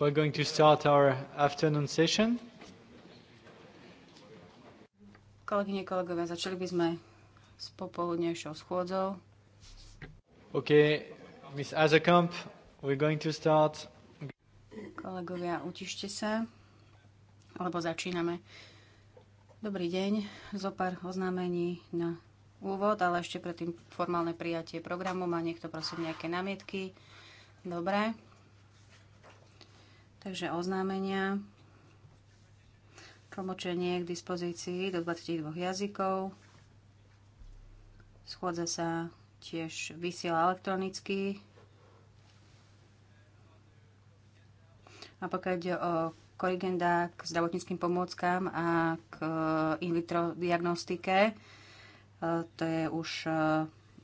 We're going to start our afternoon session. Kolegyne, kolegovia, začali by sme s popoludnejšou schôdzou. OK, Miss Azekamp, we're going to start. Kolegovia, utište sa, Alebo začíname. Dobrý deň, zo pár oznámení na úvod, ale ešte predtým formálne prijatie programu. Má niekto prosím nejaké námietky? Dobre, Takže oznámenia, tlmočenie k dispozícii do 22 jazykov. Schôdza sa tiež vysiela elektronicky. A pokiaľ ide o korigenda k zdravotníckým pomôckam a k in vitro diagnostike. E, to je už e,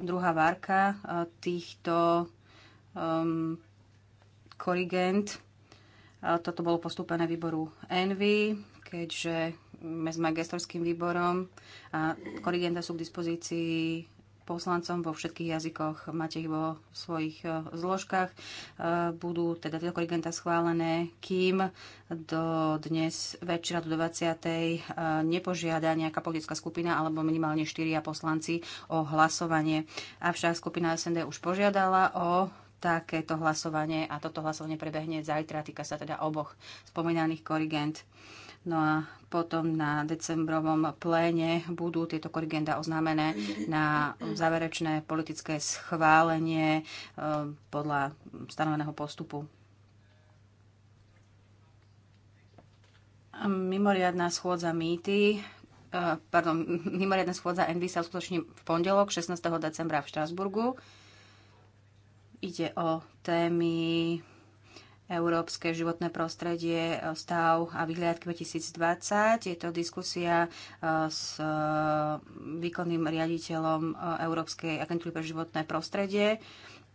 druhá várka e, týchto korigent. Toto bolo postúpené výboru ENVY, keďže my sme gestorským výborom a korigenda sú k dispozícii poslancom vo všetkých jazykoch. Máte ich vo svojich e, zložkách. E, budú teda tieto korigenta schválené, kým do dnes večera do 20. E, nepožiada nejaká politická skupina alebo minimálne štyria poslanci o hlasovanie. Avšak skupina SND už požiadala o takéto hlasovanie a toto hlasovanie prebehne zajtra, týka sa teda oboch spomínaných korigent. No a potom na decembrovom pléne budú tieto korigenda oznámené na záverečné politické schválenie e, podľa stanoveného postupu. Mimoriadná schôdza mýty, e, pardon, mimoriadná schôdza NB sa uskutoční v pondelok 16. decembra v Štrasburgu Ide o témy Európske životné prostredie, stav a vyhliadky 2020. Je to diskusia eh, s eh, výkonným riaditeľom eh, Európskej agentúry pre životné prostredie.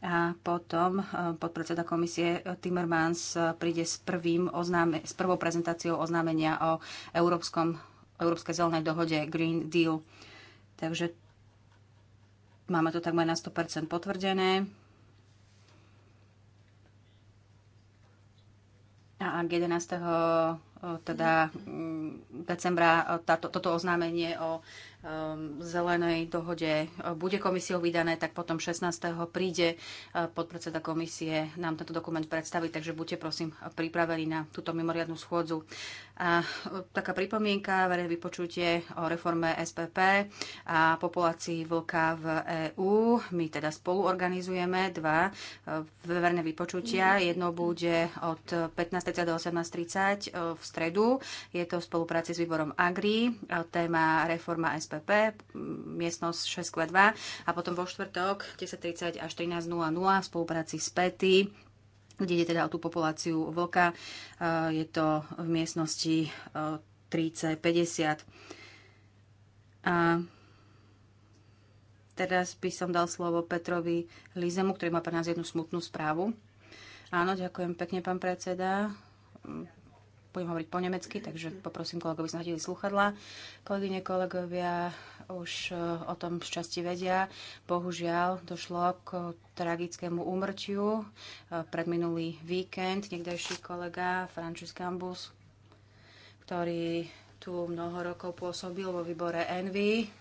A potom podpredseda komisie Timmermans príde s, prvým oznáme, s prvou prezentáciou oznámenia o Európskom, Európskej zelenej dohode Green Deal. Takže máme to takmer na 100% potvrdené A ak 11. teda decembra táto, toto oznámenie o Um, zelenej dohode bude komisiou vydané, tak potom 16. príde uh, podpredseda komisie nám tento dokument predstaviť, takže buďte prosím pripravení na túto mimoriadnú schôdzu. A uh, taká pripomienka, verejné vypočutie o reforme SPP a populácii vlka v EÚ. My teda spolu organizujeme dva uh, verejné vypočutia. Jedno bude od 15.30 do 18.30 v stredu. Je to v spolupráci s výborom AGRI. Téma reforma SPP SPP, miestnosť 6 a potom vo štvrtok 10.30 až 13.00 v spolupráci s PETI kde ide teda o tú populáciu vlka. E, je to v miestnosti 3050. E, a teraz by som dal slovo Petrovi Lízemu, ktorý má pre nás jednu smutnú správu. Áno, ďakujem pekne, pán predseda budem hovoriť po nemecky, takže poprosím kolegov, aby sme hodili sluchadla. Kolegyne, kolegovia už e, o tom v časti vedia. Bohužiaľ, došlo k tragickému úmrtiu e, pred minulý víkend. Niekdejší kolega Francis Gambus, ktorý tu mnoho rokov pôsobil vo výbore Envy,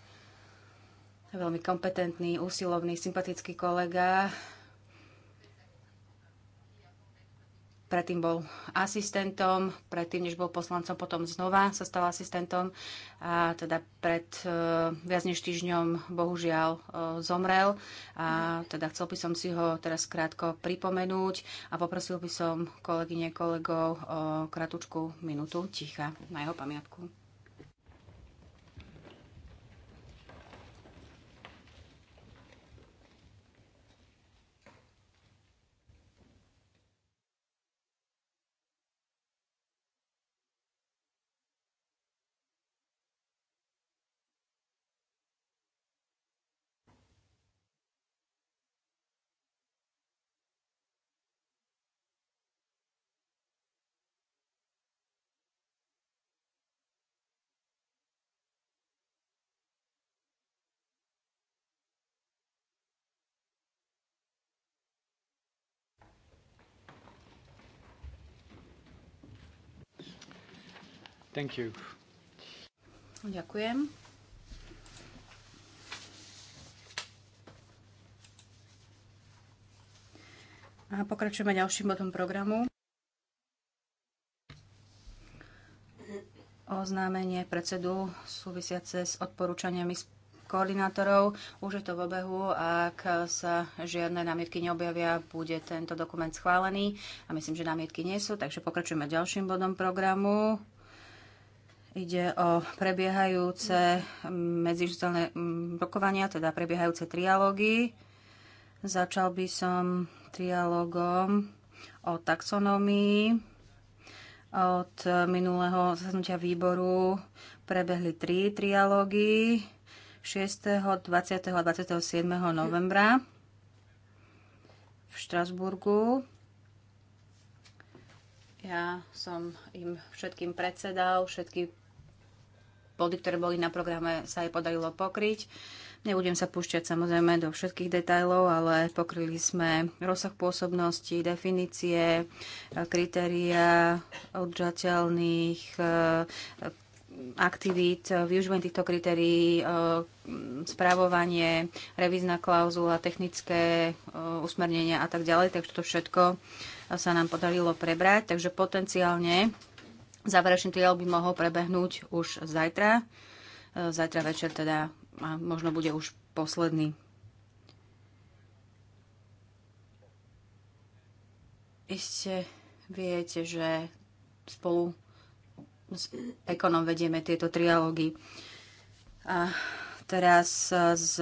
veľmi kompetentný, úsilovný, sympatický kolega, predtým bol asistentom, predtým, než bol poslancom, potom znova sa stal asistentom a teda pred uh, viac než týždňom bohužiaľ uh, zomrel a teda chcel by som si ho teraz krátko pripomenúť a poprosil by som kolegyne, kolegov o kratučku minútu ticha na jeho pamiatku. Thank you. Ďakujem. A pokračujeme ďalším bodom programu. Oznámenie predsedu súvisiace s odporúčaniami koordinátorov. Už je to v obehu. Ak sa žiadne námietky neobjavia, bude tento dokument schválený. A myslím, že námietky nie sú, takže pokračujeme ďalším bodom programu. Ide o prebiehajúce mm, medzištálne mm, rokovania, teda prebiehajúce trialógy. Začal by som trialógom o taxonomii. Od minulého zasadnutia výboru prebehli tri trialógy 6., 20. a 27. novembra v Štrasburgu. Ja som im všetkým predsedal, všetky body, ktoré boli na programe, sa aj podarilo pokryť. Nebudem sa púšťať samozrejme do všetkých detajlov, ale pokryli sme rozsah pôsobnosti, definície, kritéria udržateľných e, aktivít, využívanie týchto kritérií, e, správovanie, revízna klauzula, technické e, usmernenia a tak ďalej. Takže to všetko sa nám podarilo prebrať. Takže potenciálne Záverečný trial by mohol prebehnúť už zajtra. E, zajtra večer teda a možno bude už posledný. Ešte viete, že spolu s ekonom vedieme tieto trialógy. A teraz z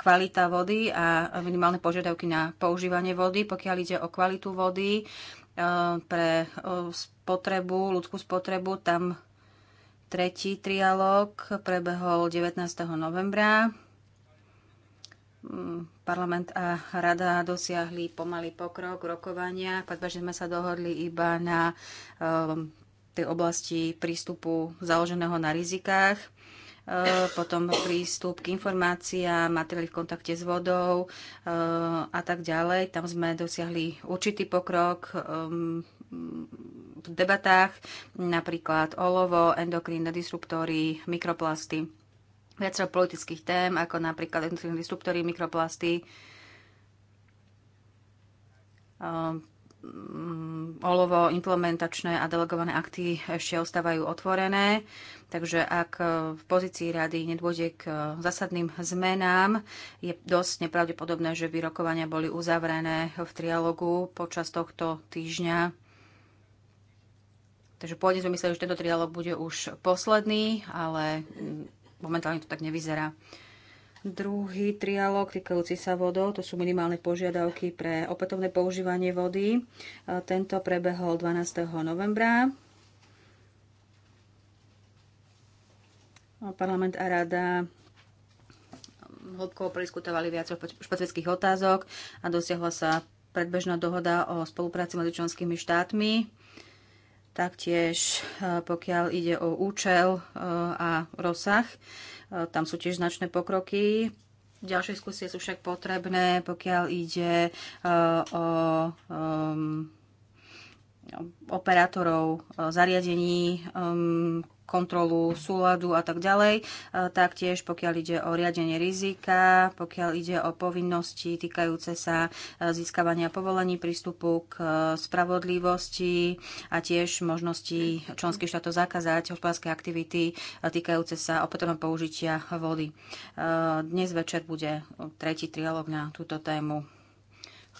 kvalita vody a minimálne požiadavky na používanie vody. Pokiaľ ide o kvalitu vody, e, pre e, spotrebu, ľudskú spotrebu, tam tretí trialóg prebehol 19. novembra. Mm, parlament a rada dosiahli pomalý pokrok rokovania, pretože sme sa dohodli iba na um, tej oblasti prístupu založeného na rizikách ehm, potom prístup k informáciám, materiály v kontakte s vodou ehm, a tak ďalej. Tam sme dosiahli určitý pokrok v debatách, napríklad olovo, endokrínne disruptory, mikroplasty. Viacero politických tém, ako napríklad endokrínne disruptory, mikroplasty, ehm, olovo, implementačné a delegované akty ešte ostávajú otvorené. Takže ak e, v pozícii rady nedôjde k e, zásadným zmenám, je dosť nepravdepodobné, že vyrokovania boli uzavrené v trialogu počas tohto týždňa Takže pôvodne sme mysleli, že tento trialog bude už posledný, ale momentálne to tak nevyzerá. Druhý trialog týkajúci sa vodou, to sú minimálne požiadavky pre opätovné používanie vody. Tento prebehol 12. novembra. Parlament a rada hĺbkovo prediskutovali viac špecifických otázok a dosiahla sa predbežná dohoda o spolupráci medzi členskými štátmi Taktiež, e, pokiaľ ide o účel e, a rozsah, e, tam sú tiež značné pokroky. Ďalšie skúsie sú však potrebné, pokiaľ ide o operátorov zariadení, kontrolu súladu a tak ďalej. E, taktiež pokiaľ ide o riadenie rizika, pokiaľ ide o povinnosti týkajúce sa e, získavania povolení prístupu k e, spravodlivosti a tiež možnosti členských štátov zakázať hospodárske aktivity týkajúce sa opätovného použitia vody. Dnes večer bude tretí trialog na túto tému.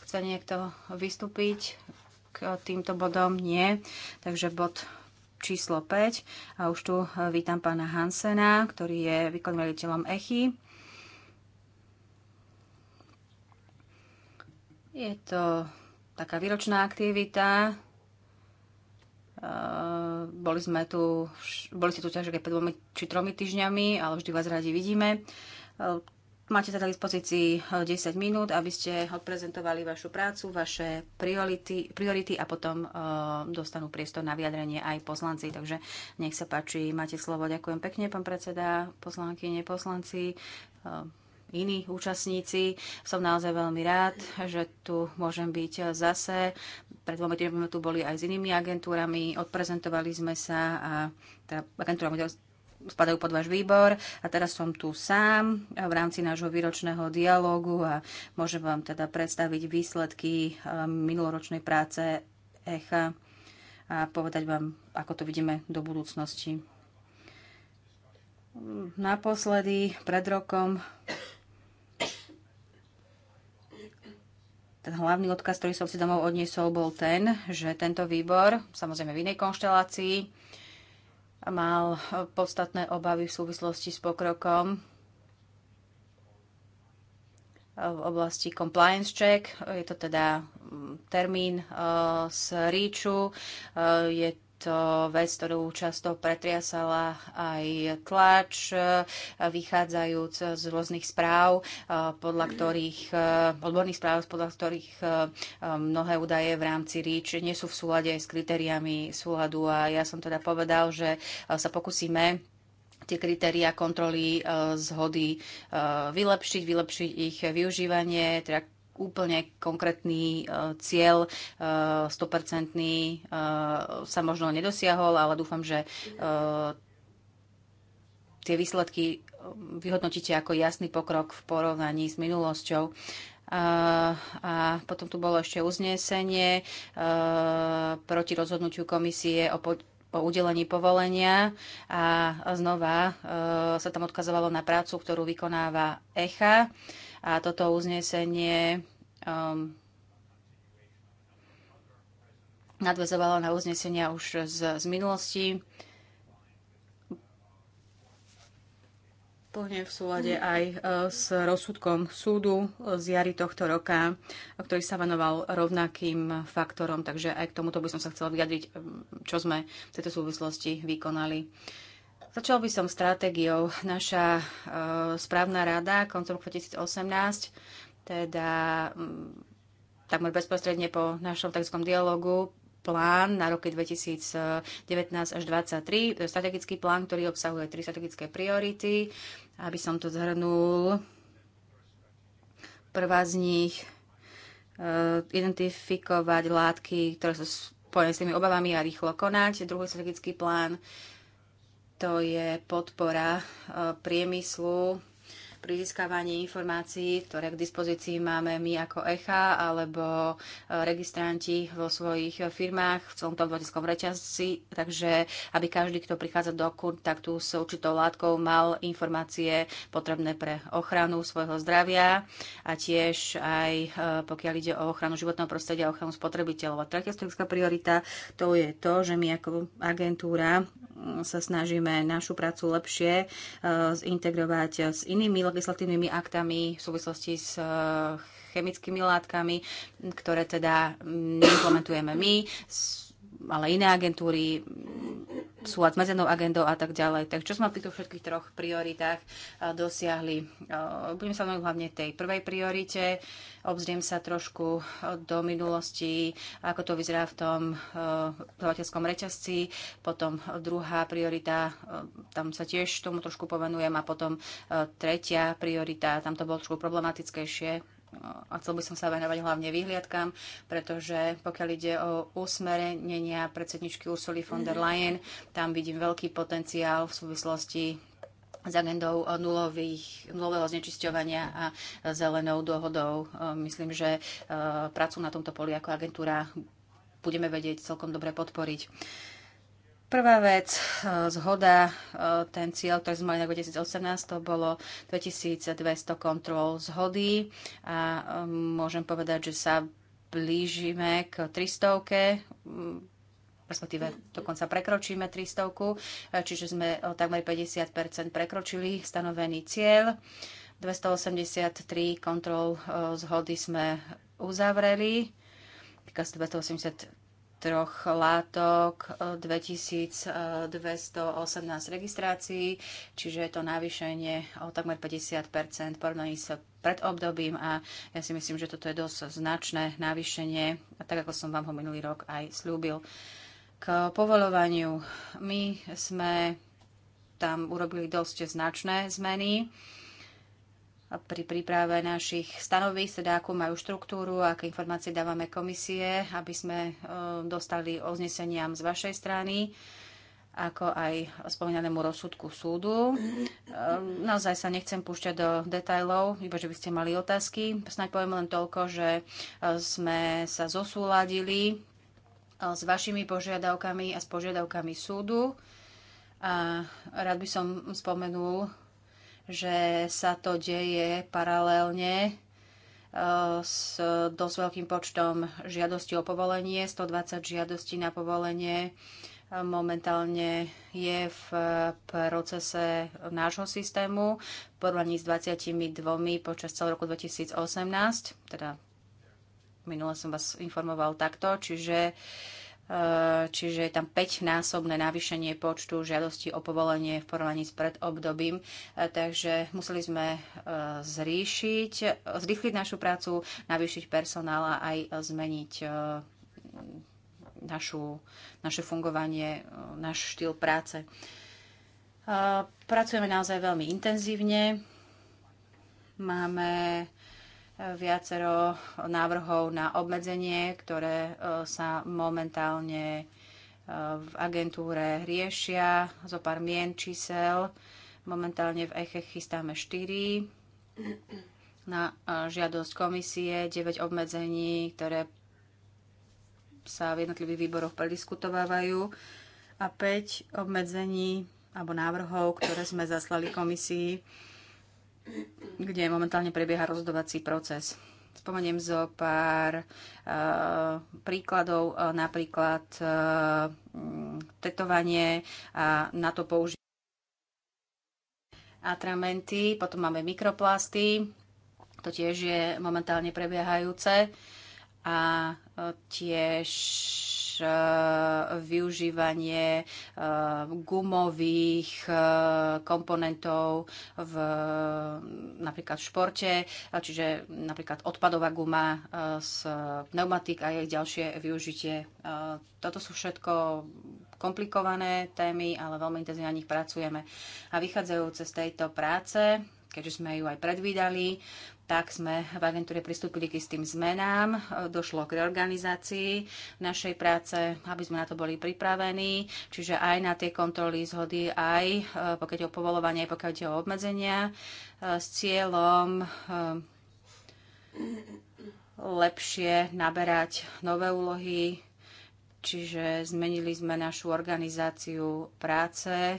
Chce niekto vystúpiť k týmto bodom? Nie. Takže bod číslo 5. A už tu e, vítam pána Hansena, ktorý je výkonným riaditeľom ECHI. Je to taká výročná aktivita. E, boli sme tu, boli ste tu ťažké pred dvomi či tromi týždňami, ale vždy vás radi vidíme. E, Máte teda dispozícii 10 eh, minút, aby ste odprezentovali vašu prácu, vaše priority, priority a potom uh, dostanú priestor na vyjadrenie aj poslanci. Takže nech sa páči, máte slovo. Ďakujem pekne, pán predseda, poslanky, neposlanci, uh, eh, iní účastníci. Som naozaj veľmi rád, že tu môžem byť zase. Pred dvomi týždňami tu boli aj s inými agentúrami, odprezentovali sme sa a teda agentúra spadajú pod váš výbor a teraz som tu sám v rámci nášho výročného dialógu a môžem vám teda predstaviť výsledky eh, minuloročnej práce ECHA a povedať vám, ako to vidíme do budúcnosti. Naposledy, pred rokom, ten hlavný odkaz, ktorý som si domov odniesol, bol ten, že tento výbor, samozrejme v inej konštelácii, mal podstatné obavy v súvislosti s pokrokom v oblasti compliance check. Je to teda mm, termín eh, z REACHu. Eh, je to vec, ktorú často pretriasala aj tlač, e, vychádzajúc z rôznych správ, e, podľa ktorých, e, odborných správ, podľa ktorých mnohé údaje v rámci REACH nie sú v súlade s kritériami súladu a ja som teda povedal, že sa pokúsime tie kritéria kontroly zhody vylepšiť, vylepšiť ich využívanie, teda úplne konkrétny e, cieľ, 100% e, e, sa možno nedosiahol, ale dúfam, že tie výsledky vyhodnotíte ako jasný pokrok v porovnaní s minulosťou. A, a potom tu bolo ešte uznesenie proti rozhodnutiu komisie o po, o udelení povolenia a znova sa tam odkazovalo na prácu, ktorú vykonáva ECHA a toto uznesenie um, nadvezovalo na uznesenia už z, z minulosti. plne v súlade aj e, s rozsudkom súdu z jary tohto roka, ktorý sa venoval rovnakým faktorom, takže aj k tomuto by som sa chcela vyjadriť, e, čo sme v tejto súvislosti vykonali. Začal by som stratégiou. Naša e, správna rada koncom 2018, teda mm, takmer bezprostredne po našom takzvanom dialogu plán na roky 2019 až 2023, e, strategický plán, ktorý obsahuje tri strategické priority. Aby som to zhrnul, prvá z nich e, identifikovať látky, ktoré sú spojené s tými obavami a rýchlo konať. Druhý strategický plán to je podpora e, priemyslu pri získavaní informácií, ktoré k dispozícii máme my ako ECHA alebo e, registranti vo svojich firmách v celom tom vodickom reťazci. Takže aby každý, kto prichádza do kontaktu s určitou látkou, mal informácie potrebné pre ochranu svojho zdravia a tiež aj e, pokiaľ ide o ochranu životného prostredia a ochranu spotrebiteľov. A tretia priorita to je to, že my ako agentúra sa snažíme našu prácu lepšie e, zintegrovať s inými legislatívnymi aktami v súvislosti s eh, chemickými látkami, ktoré teda implementujeme my ale iné agentúry, mm, sú s medzenou agendou a tak ďalej. Tak čo sme pri tých všetkých troch prioritách eh, dosiahli? Eh, Budem sa venovať hlavne tej prvej priorite. Obzriem sa trošku eh, do minulosti, ako to vyzerá v tom dovateľskom reťazci. Potom druhá priorita, tam sa tiež tomu trošku povenujem. A potom tretia priorita, tam to bolo trošku problematickejšie a chcel by som sa venovať hlavne vyhliadkám, pretože pokiaľ ide o usmerenia predsedničky Ursuly von der Leyen, tam vidím veľký potenciál v súvislosti s agendou nulových, nulového znečisťovania a zelenou dohodou. E, myslím, že e, prácu na tomto poli ako agentúra budeme vedieť celkom dobre podporiť. Prvá vec, e, zhoda, e, ten cieľ, ktorý sme mali na 2018, to bolo 2200 kontrol zhody a e, môžem povedať, že sa blížime k 300 mm, respektíve dokonca prekročíme 300, čiže sme takmer 50 prekročili stanovený cieľ. 283 kontrol zhody sme uzavreli, týka sa 283 troch látok, 2218 e, registrácií, čiže je to navýšenie o takmer 50 porovnaní s pred obdobím a ja si myslím, že toto je dosť značné navýšenie, a tak ako som vám ho minulý rok aj slúbil. K povolovaniu my sme tam urobili dosť značné zmeny pri príprave našich stanovísk, teda akú majú štruktúru, aké informácie dávame komisie, aby sme e, dostali ozneseniam z vašej strany ako aj spomínanému rozsudku súdu. E, naozaj sa nechcem púšťať do detajlov, iba že by ste mali otázky. Snaď poviem len toľko, že e, sme sa zosúladili s vašimi požiadavkami a s požiadavkami súdu. A rád by som spomenul že sa to deje paralelne e, s dosť veľkým počtom žiadostí o povolenie. 120 žiadostí na povolenie e, momentálne je v procese nášho systému v porovnaní s 22 počas celého roku 2018. Teda minule som vás informoval takto, čiže uh, Eh, čiže je tam 5-násobné navýšenie počtu žiadostí o povolenie v porovnaní s predobdobím. Eh, takže museli sme eh, zrýšiť, zrýchliť našu prácu, navýšiť personál a aj zmeniť našu, naše fungovanie, náš štýl práce. Pracujeme naozaj veľmi intenzívne. Máme viacero návrhov na obmedzenie, ktoré e, sa momentálne e, v agentúre riešia, zo pár mien čísel. Momentálne v ECHE e chystáme 4 na žiadosť komisie, 9 obmedzení, ktoré sa v jednotlivých výboroch prediskutovávajú a 5 obmedzení alebo návrhov, ktoré sme zaslali komisii kde momentálne prebieha rozhodovací proces. Spomeniem zo pár uh, príkladov, uh, napríklad uh, tetovanie a na to použiť atramenty, potom máme mikroplasty, to tiež je momentálne prebiehajúce a tiež E, využívanie e, gumových e, komponentov v, napríklad v športe, čiže napríklad odpadová guma z pneumatik a jej ďalšie využitie. Toto sú všetko komplikované témy, ale veľmi intenzívne na nich pracujeme. A vychádzajúce z tejto práce keďže sme ju aj predvídali, tak sme v agentúre pristúpili k istým zmenám. Došlo k reorganizácii našej práce, aby sme na to boli pripravení, čiže aj na tie kontroly zhody, aj e, pokiaľ o povolovanie, aj pokiaľ o obmedzenia e, s cieľom e, lepšie naberať nové úlohy, čiže zmenili sme našu organizáciu práce.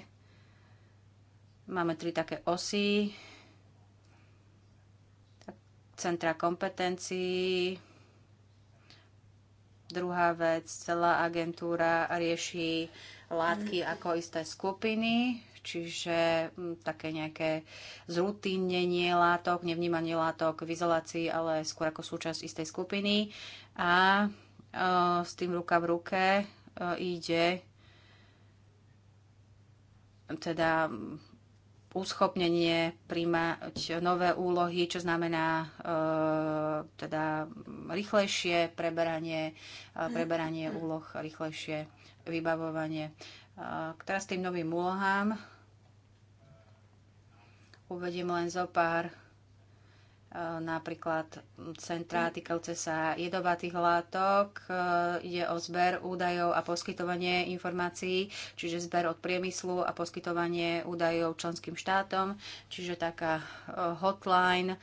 Máme tri také osy, centra kompetencií. Druhá vec, celá agentúra rieši látky mhm. ako isté skupiny, čiže mm, také nejaké zrutínenie látok, nevnímanie látok v izolácii, ale skôr ako súčasť istej skupiny. A e, s tým ruka v ruke e, ide teda uschopnenie príjmať nové úlohy, čo znamená e, teda rýchlejšie preberanie, e, preberanie mhm. úloh, rýchlejšie vybavovanie. E, teraz tým novým úlohám uvediem len zo pár Eh, napríklad centrá týkajúce sa jedovatých látok. Eh, ide o zber údajov a poskytovanie informácií, čiže zber od priemyslu a poskytovanie údajov členským štátom, čiže taká eh, hotline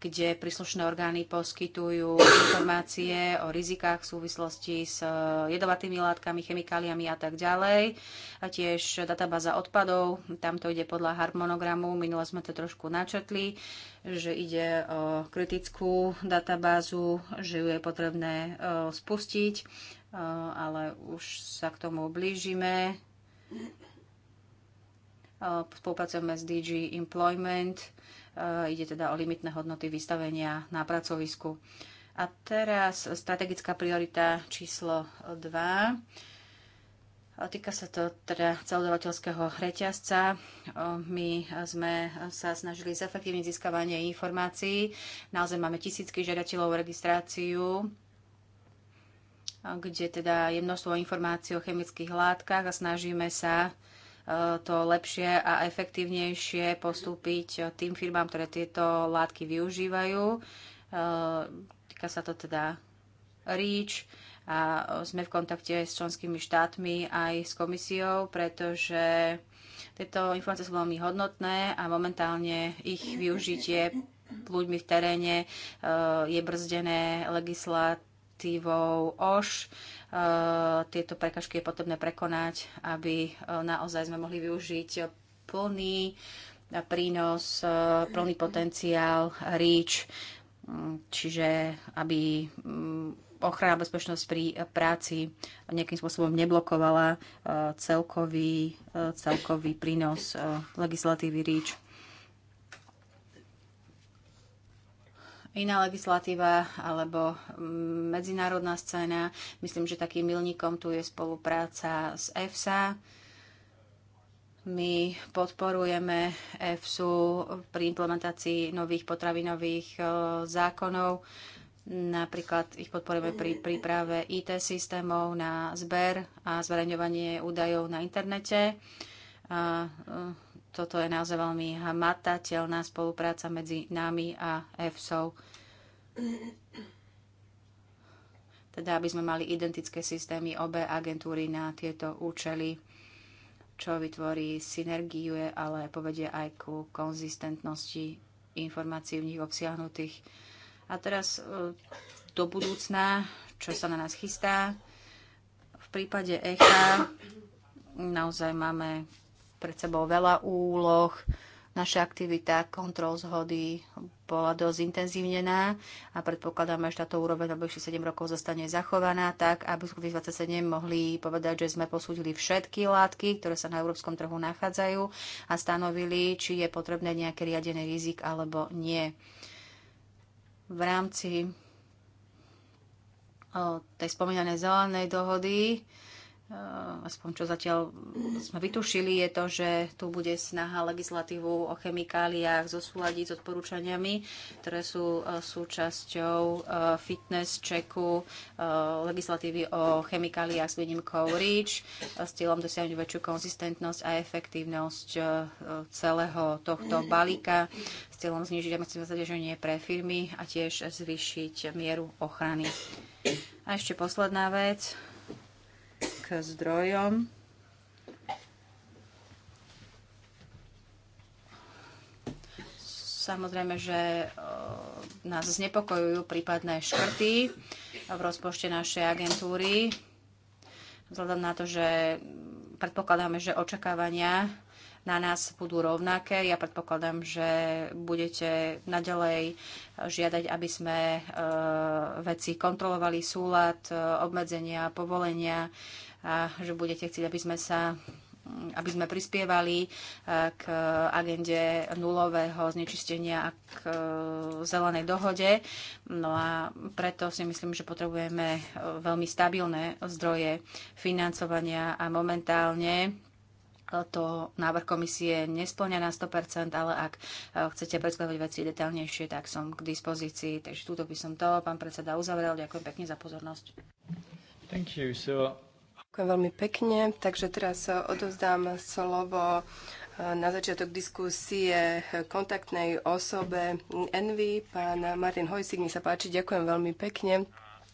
kde príslušné orgány poskytujú informácie o rizikách v súvislosti s e, jedovatými látkami, chemikáliami a tak ďalej. A tiež databáza odpadov, tam to ide podľa harmonogramu, minule sme to trošku načrtli, že ide o kritickú databázu, že ju je potrebné e, spustiť, e, ale už sa k tomu blížime. Spolupracujeme s DG Employment, Eh, ide teda o limitné hodnoty vystavenia na pracovisku. A teraz strategická priorita číslo 2. A týka sa to teda celodovateľského reťazca. My sme sa snažili zefektívne získavanie informácií. Naozaj máme tisícky žiadateľov registráciu kde teda je množstvo informácií o chemických látkach a snažíme sa to lepšie a efektívnejšie postúpiť tým firmám, ktoré tieto látky využívajú. E, týka sa to teda REACH a sme v kontakte s členskými štátmi aj s komisiou, pretože tieto informácie sú veľmi hodnotné a momentálne ich využitie ľuďmi v teréne e, je brzdené legislat direktívou OŠ. E, tieto prekažky je potrebné prekonať, aby e, naozaj sme mohli využiť plný e, prínos, plný potenciál REACH, čiže aby ochrana bezpečnosť pri práci nejakým spôsobom neblokovala celkový, celkový prínos legislatívy REACH. iná legislatíva alebo mm, medzinárodná scéna. Myslím, že takým milníkom tu je spolupráca s EFSA. My podporujeme EFSU pri implementácii nových potravinových e, zákonov. Napríklad ich podporujeme pri príprave IT systémov na zber a zverejňovanie údajov na internete. A e, toto je naozaj veľmi hmatateľná spolupráca medzi nami a EFSO. Teda, aby sme mali identické systémy obe agentúry na tieto účely, čo vytvorí synergiu, ale povedie aj ku konzistentnosti informácií v nich obsiahnutých. A teraz e, do budúcna, čo sa na nás chystá. V prípade ECHA naozaj máme pred sebou veľa úloh, naša aktivita kontrol zhody bola dosť intenzívnená a predpokladáme, že táto úroveň na bližších 7 rokov zostane zachovaná tak, aby sme 27 mohli povedať, že sme posúdili všetky látky, ktoré sa na európskom trhu nachádzajú a stanovili, či je potrebné nejaký riadený rizik alebo nie. V rámci tej spomínanej zelenej dohody Eh, aspoň čo zatiaľ sme vytušili, je to, že tu bude snaha legislatívu o chemikáliách zosúľadiť s odporúčaniami, ktoré sú eh, súčasťou eh, fitness checku legislatívy o chemikáliách s výnimkou REACH s cieľom dosiahnuť väčšiu konzistentnosť a efektívnosť celého tohto balíka s cieľom znižiť administratívne zadeženie pre firmy a tiež zvýšiť mieru ochrany. A ešte posledná vec zdrojom. Samozrejme, že e, nás znepokojujú prípadné škrty v rozpočte našej agentúry, vzhľadom na to, že predpokladáme, že očakávania na nás budú rovnaké. Ja predpokladám, že budete naďalej žiadať, aby sme e, veci kontrolovali súlad, e, obmedzenia, povolenia, a že budete chcieť, aby sme sa aby sme prispievali e, k agende nulového znečistenia a k e, zelenej dohode. No a preto si myslím, že potrebujeme e, veľmi stabilné zdroje financovania a momentálne to návrh komisie nesplňa na 100%, ale ak chcete predskladať veci detálnejšie, tak som k dispozícii. Takže túto by som to, pán predseda, uzavrel. Ďakujem pekne za pozornosť. Thank you. So Ďakujem veľmi pekne. Takže teraz odovzdám slovo e, na začiatok diskusie kontaktnej osobe Envy, pán Martin Hojsik, mi sa páči, ďakujem veľmi pekne.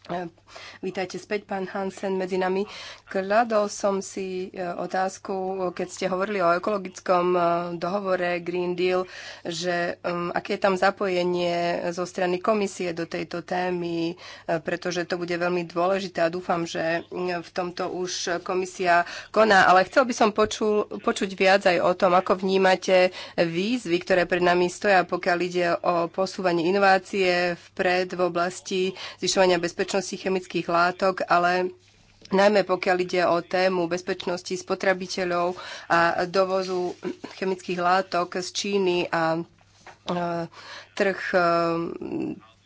E, vítajte späť, pán Hansen, medzi nami. Kladol som si e, otázku, keď ste hovorili o ekologickom e, dohovore Green Deal, že um, aké je tam zapojenie zo strany komisie do tejto témy, pretože to bude veľmi dôležité a dúfam, že v tomto už komisia koná. Ale chcel by som počul, počuť viac aj o tom, ako vnímate výzvy, ktoré pred nami stoja, pokiaľ ide o posúvanie inovácie vpred v oblasti zvyšovania bezpečnosti bezpečnosti chemických látok, ale najmä pokiaľ ide o tému bezpečnosti spotrebiteľov a dovozu chemických látok z Číny a trh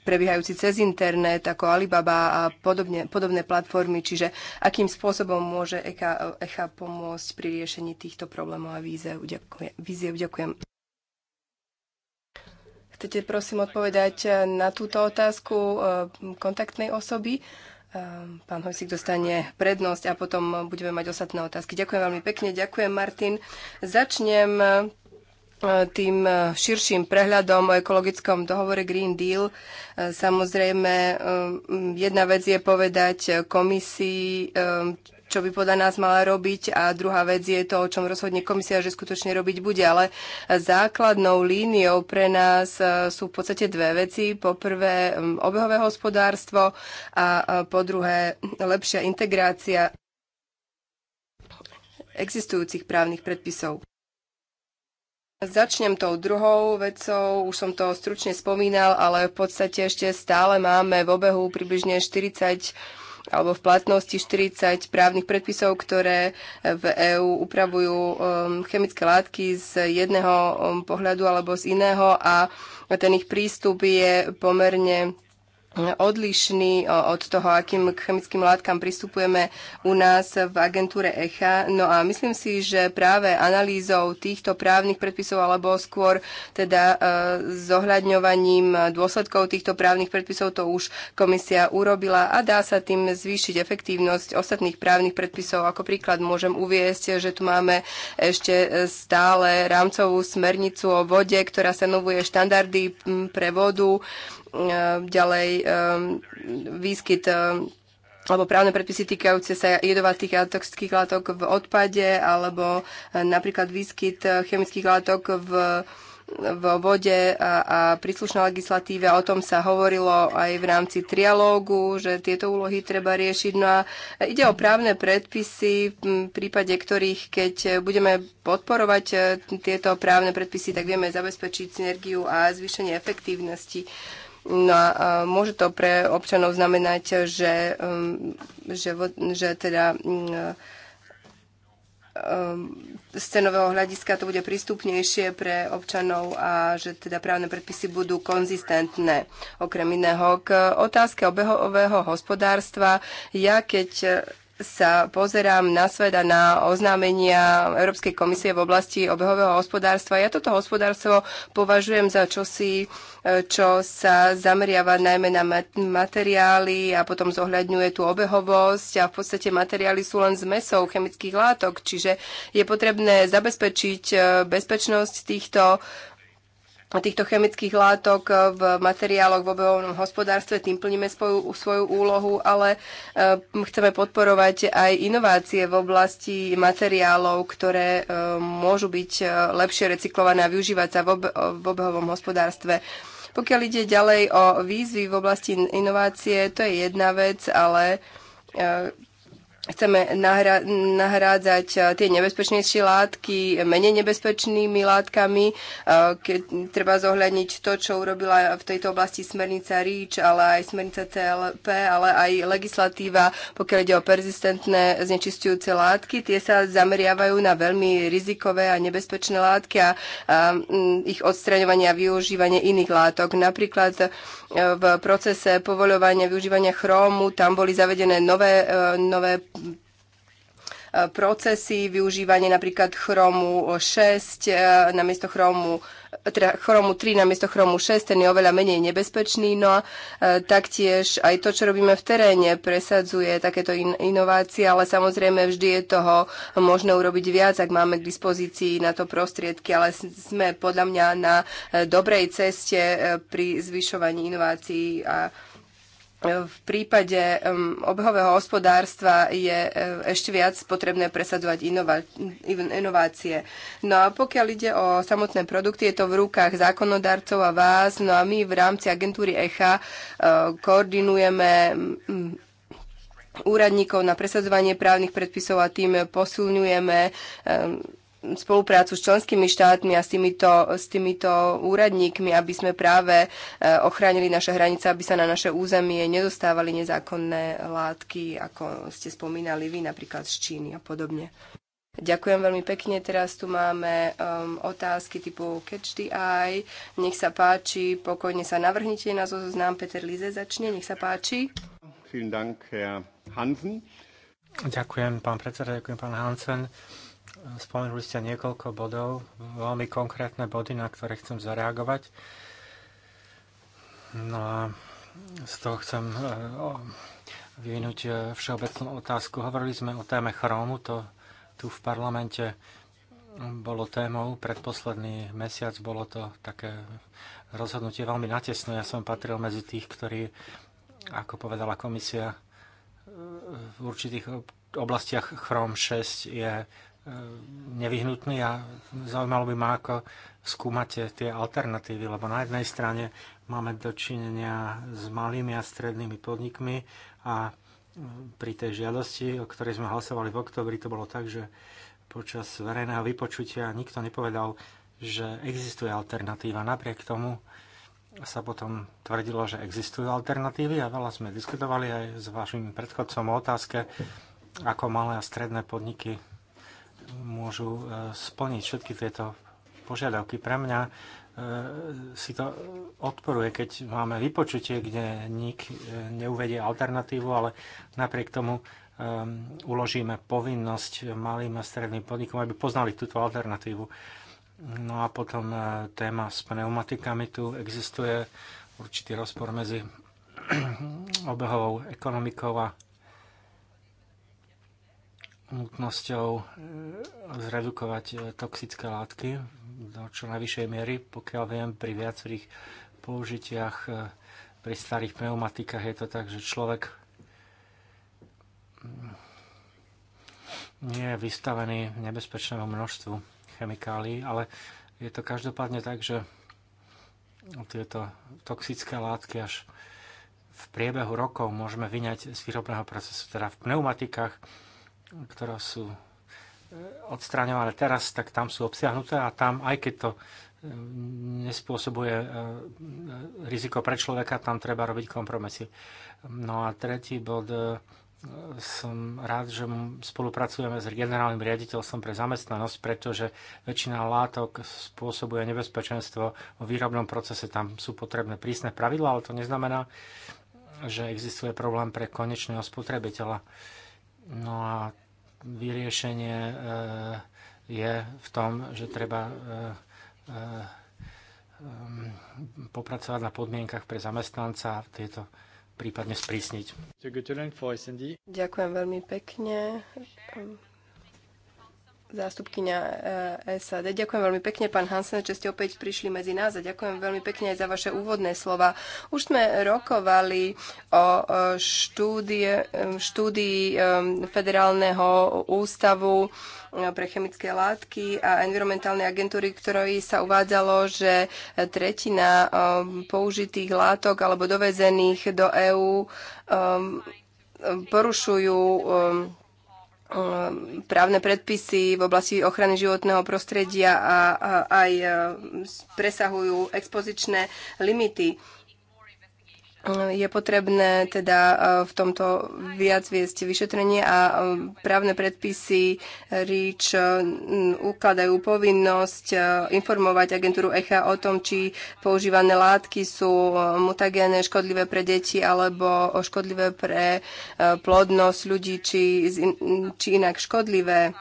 prebiehajúci cez internet, ako Alibaba a podobne, podobné platformy. Čiže akým spôsobom môže ECHA, ECHA pomôcť pri riešení týchto problémov a víziev? Ďakujem. víziev, ďakujem. Chcete prosím odpovedať eh, na túto otázku eh, kontaktnej osoby? Eh, pán Hojsik dostane prednosť a potom budeme mať ostatné otázky. Ďakujem veľmi pekne, ďakujem Martin. Začnem tým širším prehľadom o ekologickom dohovore Green Deal. Samozrejme, jedna vec je povedať komisii, čo by podľa nás mala robiť a druhá vec je to, o čom rozhodne komisia, že skutočne robiť bude, ale základnou líniou pre nás e, sú v podstate dve veci. Po prvé obehové hospodárstvo a e, po druhé lepšia integrácia existujúcich právnych predpisov. Začnem tou druhou vecou, už som to stručne spomínal, ale v podstate ešte stále máme v obehu približne 40 alebo v platnosti 40 právnych predpisov, ktoré v EÚ upravujú um, chemické látky z jedného um, pohľadu alebo z iného a ten ich prístup je pomerne odlišný od toho, akým chemickým látkam pristupujeme u nás v agentúre ECHA. No a myslím si, že práve analýzou týchto právnych predpisov alebo skôr teda e, zohľadňovaním dôsledkov týchto právnych predpisov to už komisia urobila a dá sa tým zvýšiť efektívnosť ostatných právnych predpisov. Ako príklad môžem uviesť, že tu máme ešte stále rámcovú smernicu o vode, ktorá novuje štandardy pre vodu Ehm, ďalej ehm, výskyt ehm, alebo právne predpisy týkajúce sa jedovatých a toxických látok v odpade, alebo e, napríklad výskyt e, chemických látok v vo vode a, a príslušná legislatíva. O tom sa hovorilo aj v rámci trialógu, že tieto úlohy treba riešiť. No a ide o právne predpisy, v prípade ktorých, keď budeme podporovať e, tieto právne predpisy, tak vieme zabezpečiť synergiu a zvýšenie efektívnosti uh, No a, môže to pre občanov znamenať, že, um, že, že teda mm, e, um, z cenového hľadiska to bude prístupnejšie pre občanov a že teda právne predpisy budú konzistentné. Okrem iného k otázke obehového hospodárstva, ja keď sa pozerám na sveda na oznámenia Európskej komisie v oblasti obehového hospodárstva, ja toto hospodárstvo považujem za čosi, e, čo sa zameriava najmä na materiály a potom zohľadňuje tú obehovosť a v podstate materiály sú len z mesov chemických látok, čiže je potrebné zabezpečiť e, bezpečnosť týchto týchto chemických látok eh, v materiáloch v obehovnom hospodárstve, tým plníme svoju, svoju úlohu, ale eh, chceme podporovať aj inovácie v oblasti materiálov, ktoré eh, môžu byť lepšie recyklované a využívať sa v, obe, v obehovom hospodárstve. Pokiaľ ide ďalej o výzvy v oblasti inovácie, to je jedna vec, ale chceme nahra- nahrádzať eh, tie nebezpečnejšie látky menej nebezpečnými látkami, eh, keď treba zohľadniť to, čo urobila v tejto oblasti smernica REACH, ale aj smernica CLP, ale aj legislatíva, pokiaľ ide o persistentné znečistujúce látky. Tie sa zameriavajú na veľmi rizikové a nebezpečné látky a, mm, ich odstraňovanie a využívanie iných látok. Napríklad eh, v procese povoľovania využívania chrómu tam boli zavedené nové, nové procesy, využívanie napríklad chromu 6 e, miesto chromu teda chromu 3 namiesto chromu 6, ten je oveľa menej nebezpečný, no a e, taktiež aj to, čo robíme v teréne, presadzuje takéto in- inovácie, ale samozrejme vždy je toho možné urobiť viac, ak máme k dispozícii na to prostriedky, ale sme podľa mňa na e, dobrej ceste pri zvyšovaní inovácií a v prípade obehového hospodárstva je eh, ešte viac potrebné presadzovať inovácie. No a pokiaľ ide o samotné produkty, je to v rukách zákonodarcov a vás. No a my v rámci agentúry ECHA eh, koordinujeme úradníkov na presadzovanie právnych predpisov a tým posilňujeme spoluprácu s členskými štátmi a s týmito, s týmito úradníkmi, aby sme práve e, ochránili naše hranice, aby sa na naše územie nedostávali nezákonné látky, ako ste spomínali vy, napríklad z Číny a podobne. Ďakujem veľmi pekne. Teraz tu máme um, otázky typu Catch the Eye. Nech sa páči, pokojne sa navrhnite na zoznam. Peter Lize začne, nech sa páči. Vielen Dank, Hansen. Ďakujem, pán predseda, ďakujem, pán Hansen. Spomenuli ste niekoľko bodov, veľmi konkrétne body, na ktoré chcem zareagovať. No a z toho chcem e, vyvinúť e, všeobecnú otázku. Hovorili sme o téme chrómu, to tu v parlamente bolo témou. Predposledný mesiac bolo to také rozhodnutie veľmi natesné. Ja som patril medzi tých, ktorí, ako povedala komisia, e, v určitých oblastiach Chrome 6 je nevyhnutný a zaujímalo by ma, ako skúmate tie alternatívy, lebo na jednej strane máme dočinenia s malými a strednými podnikmi a pri tej žiadosti, o ktorej sme hlasovali v oktobri, to bolo tak, že počas verejného vypočutia nikto nepovedal, že existuje alternatíva. Napriek tomu sa potom tvrdilo, že existujú alternatívy a veľa sme diskutovali aj s vašim predchodcom o otázke, ako malé a stredné podniky môžu e, splniť všetky tieto požiadavky. Pre mňa e, si to odporuje, keď máme vypočutie, kde nik e, neuvedie alternatívu, ale napriek tomu uložíme povinnosť malým a stredným podnikom, aby poznali túto alternatívu. No a potom téma s pneumatikami. Tu existuje určitý rozpor medzi obehovou ekonomikou a nutnosťou e, zredukovať e, toxické látky do čo najvyššej miery. Pokiaľ viem, pri viacerých použitiach e, pri starých pneumatikách je to tak, že človek mm, nie je vystavený nebezpečnému množstvu chemikálií, ale je to každopádne tak, že tieto toxické látky až v priebehu rokov môžeme vyňať z výrobného procesu, teda v pneumatikách ktoré sú e, odstraňované teraz, tak tam sú obsiahnuté a tam, aj keď to e, nespôsobuje e, riziko pre človeka, tam treba robiť kompromisy. No a tretí bod, som rád, že spolupracujeme s generálnym riaditeľstvom pre zamestnanosť, pretože väčšina látok spôsobuje nebezpečenstvo vo výrobnom procese. Tam sú potrebné prísne pravidlá, ale to neznamená, že existuje problém pre konečného spotrebiteľa. No a vyriešenie eh, je v tom, že treba eh, eh, um, popracovať na podmienkach pre zamestnanca a tieto prípadne sprísniť. Ďakujem veľmi pekne zástupkyňa eh, SAD. Ďakujem veľmi pekne, pán Hansen, že ste opäť prišli medzi nás a ďakujem veľmi pekne aj za vaše úvodné slova. Už sme rokovali o štúdie, štúdii Federálneho ústavu eh, pre chemické látky a environmentálnej agentúry, ktorej sa uvádzalo, že tretina použitých látok alebo dovezených do EÚ porušujú Um, právne predpisy v oblasti ochrany životného prostredia a, aj um, presahujú expozičné limity je potrebné teda e, v tomto viac viesť vyšetrenie a e, právne predpisy REACH e, ukladajú povinnosť informovať agentúru ECHA o tom, či používané látky sú mutagénne, škodlivé pre deti alebo škodlivé pre plodnosť ľudí, či, či inak škodlivé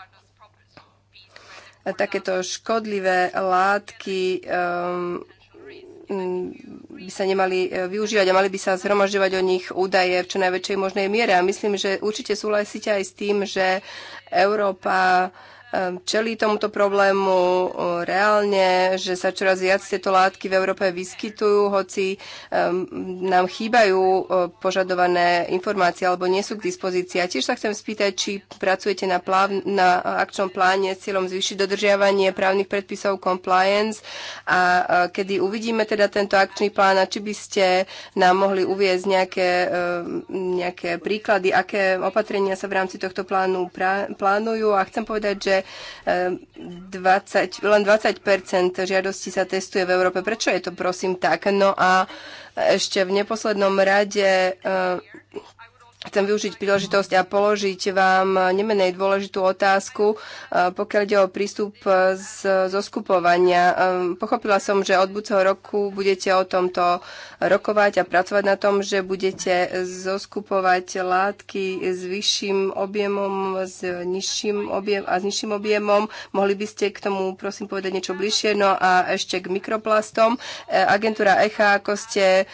takéto škodlivé látky um, by sa nemali e, využívať a mali by sa zhromažďovať o nich údaje v čo najväčšej možnej miere. A myslím, že určite súhlasíte aj s tým, že Európa čelí tomuto problému reálne, že sa čoraz viac tieto látky v Európe vyskytujú, hoci nám chýbajú požadované informácie alebo nie sú k dispozícii. A tiež sa chcem spýtať, či pracujete na, pláv- na akčnom pláne s cieľom zvýšiť dodržiavanie právnych predpisov compliance a kedy uvidíme teda tento akčný plán a či by ste nám mohli uviezť nejaké, nejaké príklady, aké opatrenia sa v rámci tohto plánu plánujú. A chcem povedať, že 20, len 20 žiadostí sa testuje v Európe. Prečo je to prosím tak? No a ešte v neposlednom rade Chcem využiť príležitosť a položiť vám nemenej dôležitú otázku, e, pokiaľ ide o prístup e, z, zo skupovania. E, pochopila som, že od budúceho roku budete o tomto rokovať a pracovať na tom, že budete zoskupovať látky s vyšším objemom s nižším objem, a s nižším objemom. Mohli by ste k tomu, prosím, povedať niečo bližšie. No a ešte k mikroplastom. Agentúra ECHA, ako ste,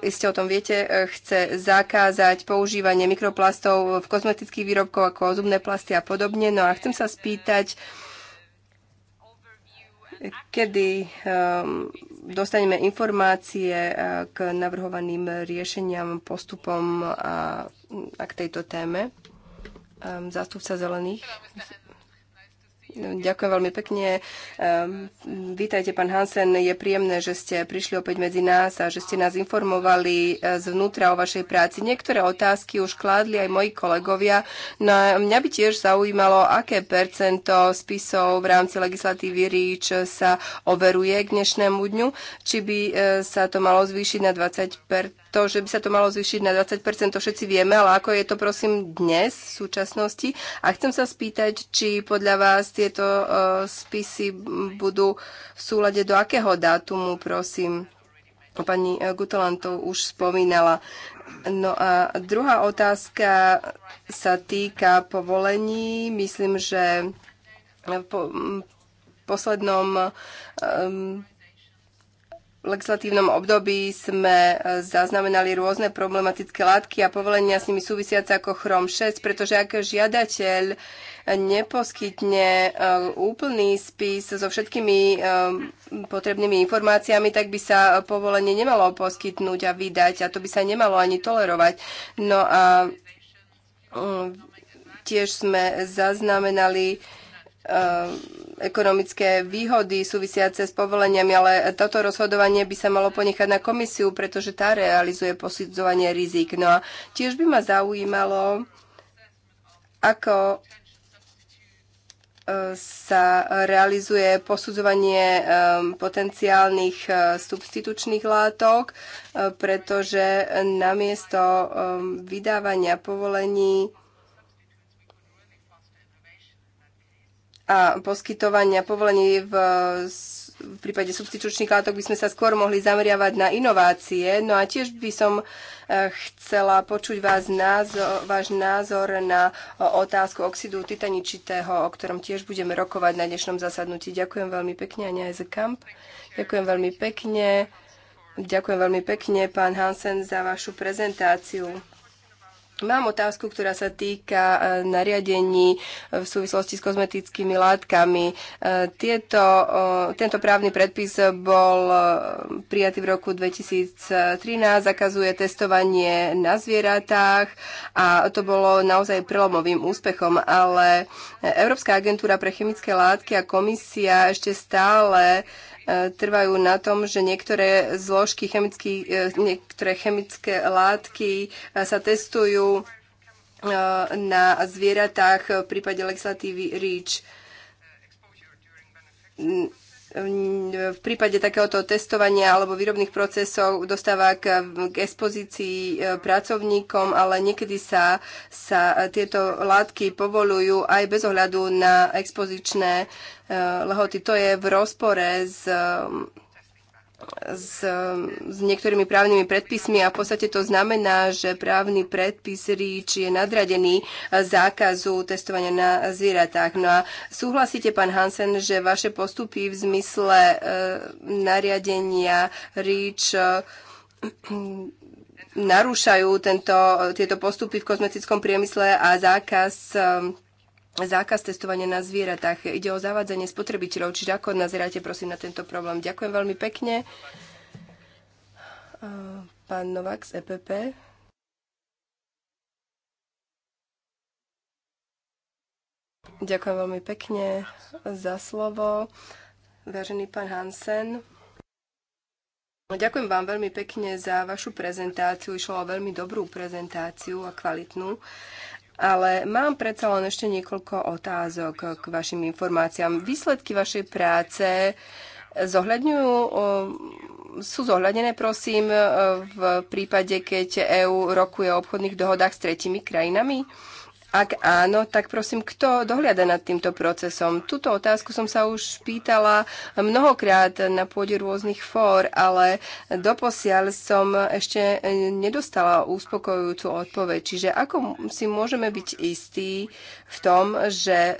ste o tom viete, chce zakázať obmedzať používanie mikroplastov v kozmetických výrobkoch ako zubné plasty a podobne. No a chcem sa spýtať, kedy um, dostaneme informácie uh, k navrhovaným riešeniam, postupom a, a k tejto téme. Um, zástupca zelených. Ďakujem veľmi pekne. Ehm, vítajte, pán Hansen. Je príjemné, že ste prišli opäť medzi nás a že ste nás informovali e, zvnútra o vašej práci. Niektoré otázky už kládli aj moji kolegovia. No mňa by tiež zaujímalo, aké percento spisov v rámci legislatívy REACH sa overuje k dnešnému dňu. Či by e, sa to malo zvýšiť na 20 per... to, že by sa to malo zvýšiť na 20%, to všetci vieme, ale ako je to prosím dnes v súčasnosti. A chcem sa spýtať, či podľa vás tieto e, spisy budú v súlade do akého dátumu, prosím? Pani e, Gutelan to už spomínala. No a druhá otázka sa týka povolení. Myslím, že po poslednom um, legislatívnom období sme e, zaznamenali rôzne problematické látky a povolenia s nimi súvisiace ako chrom 6, pretože ak žiadateľ neposkytne e, úplný spis so všetkými e, potrebnými informáciami, tak by sa povolenie nemalo poskytnúť a vydať a to by sa nemalo ani tolerovať. No a e, tiež sme zaznamenali ekonomické výhody súvisiace s povoleniami, ale toto rozhodovanie by sa malo ponechať na komisiu, pretože tá realizuje posudzovanie rizik. No a tiež by ma zaujímalo, ako sa realizuje posudzovanie um, potenciálnych uh, substitučných látok, uh, pretože namiesto um, vydávania povolení a poskytovania povolení v v prípade substitučných látok by sme sa skôr mohli zameriavať na inovácie. No a tiež by som e, chcela počuť vás názor, váš názor na e, otázku oxidu titaničitého, o ktorom tiež budeme rokovať na dnešnom zasadnutí. Ďakujem veľmi pekne, Ania Ezekamp. Ďakujem veľmi pekne. Ďakujem veľmi pekne, pán Hansen, za vašu prezentáciu. Mám otázku, ktorá sa týka e, nariadení e, v súvislosti s kozmetickými látkami. E, tieto, tento právny predpis bol prijatý v roku 2013, zakazuje testovanie na zvieratách a to bolo naozaj prelomovým úspechom, ale Európska agentúra pre chemické látky a komisia ešte stále trvajú na tom, že niektoré zložky chemických, e, niektoré chemické látky e, sa testujú e, na zvieratách v prípade legislatívy REACH v prípade takéhoto testovania alebo výrobných procesov dostáva k, k expozícii e, pracovníkom, ale niekedy sa, sa tieto látky povolujú aj bez ohľadu na expozičné e, lehoty. To je v rozpore s s, s niektorými právnymi predpismi a v podstate to znamená, že právny predpis ríč je nadradený zákazu testovania na zvieratách. No a súhlasíte, pán Hansen, že vaše postupy v zmysle e, nariadenia ríč e, narúšajú tento, tieto postupy v kozmetickom priemysle a zákaz e, zákaz testovania na zvieratách. Ide o zavádzanie spotrebiteľov, čiže ako nazeráte prosím na tento problém. Ďakujem veľmi pekne. Pán Novák z EPP. Ďakujem veľmi pekne za slovo. Vážený pán Hansen, Ďakujem vám veľmi pekne za vašu prezentáciu. Išlo o veľmi dobrú prezentáciu a kvalitnú ale mám predsa len ešte niekoľko otázok k vašim informáciám. Výsledky vašej práce zohľadňujú sú zohľadené, prosím, v prípade, keď EÚ rokuje o obchodných dohodách s tretimi krajinami? Ak áno, tak prosím, kto dohliada nad týmto procesom? Tuto otázku som sa už pýtala mnohokrát na pôde rôznych fór, ale doposiaľ som ešte nedostala uspokojujúcu odpoveď. Čiže ako si môžeme byť istí v tom, že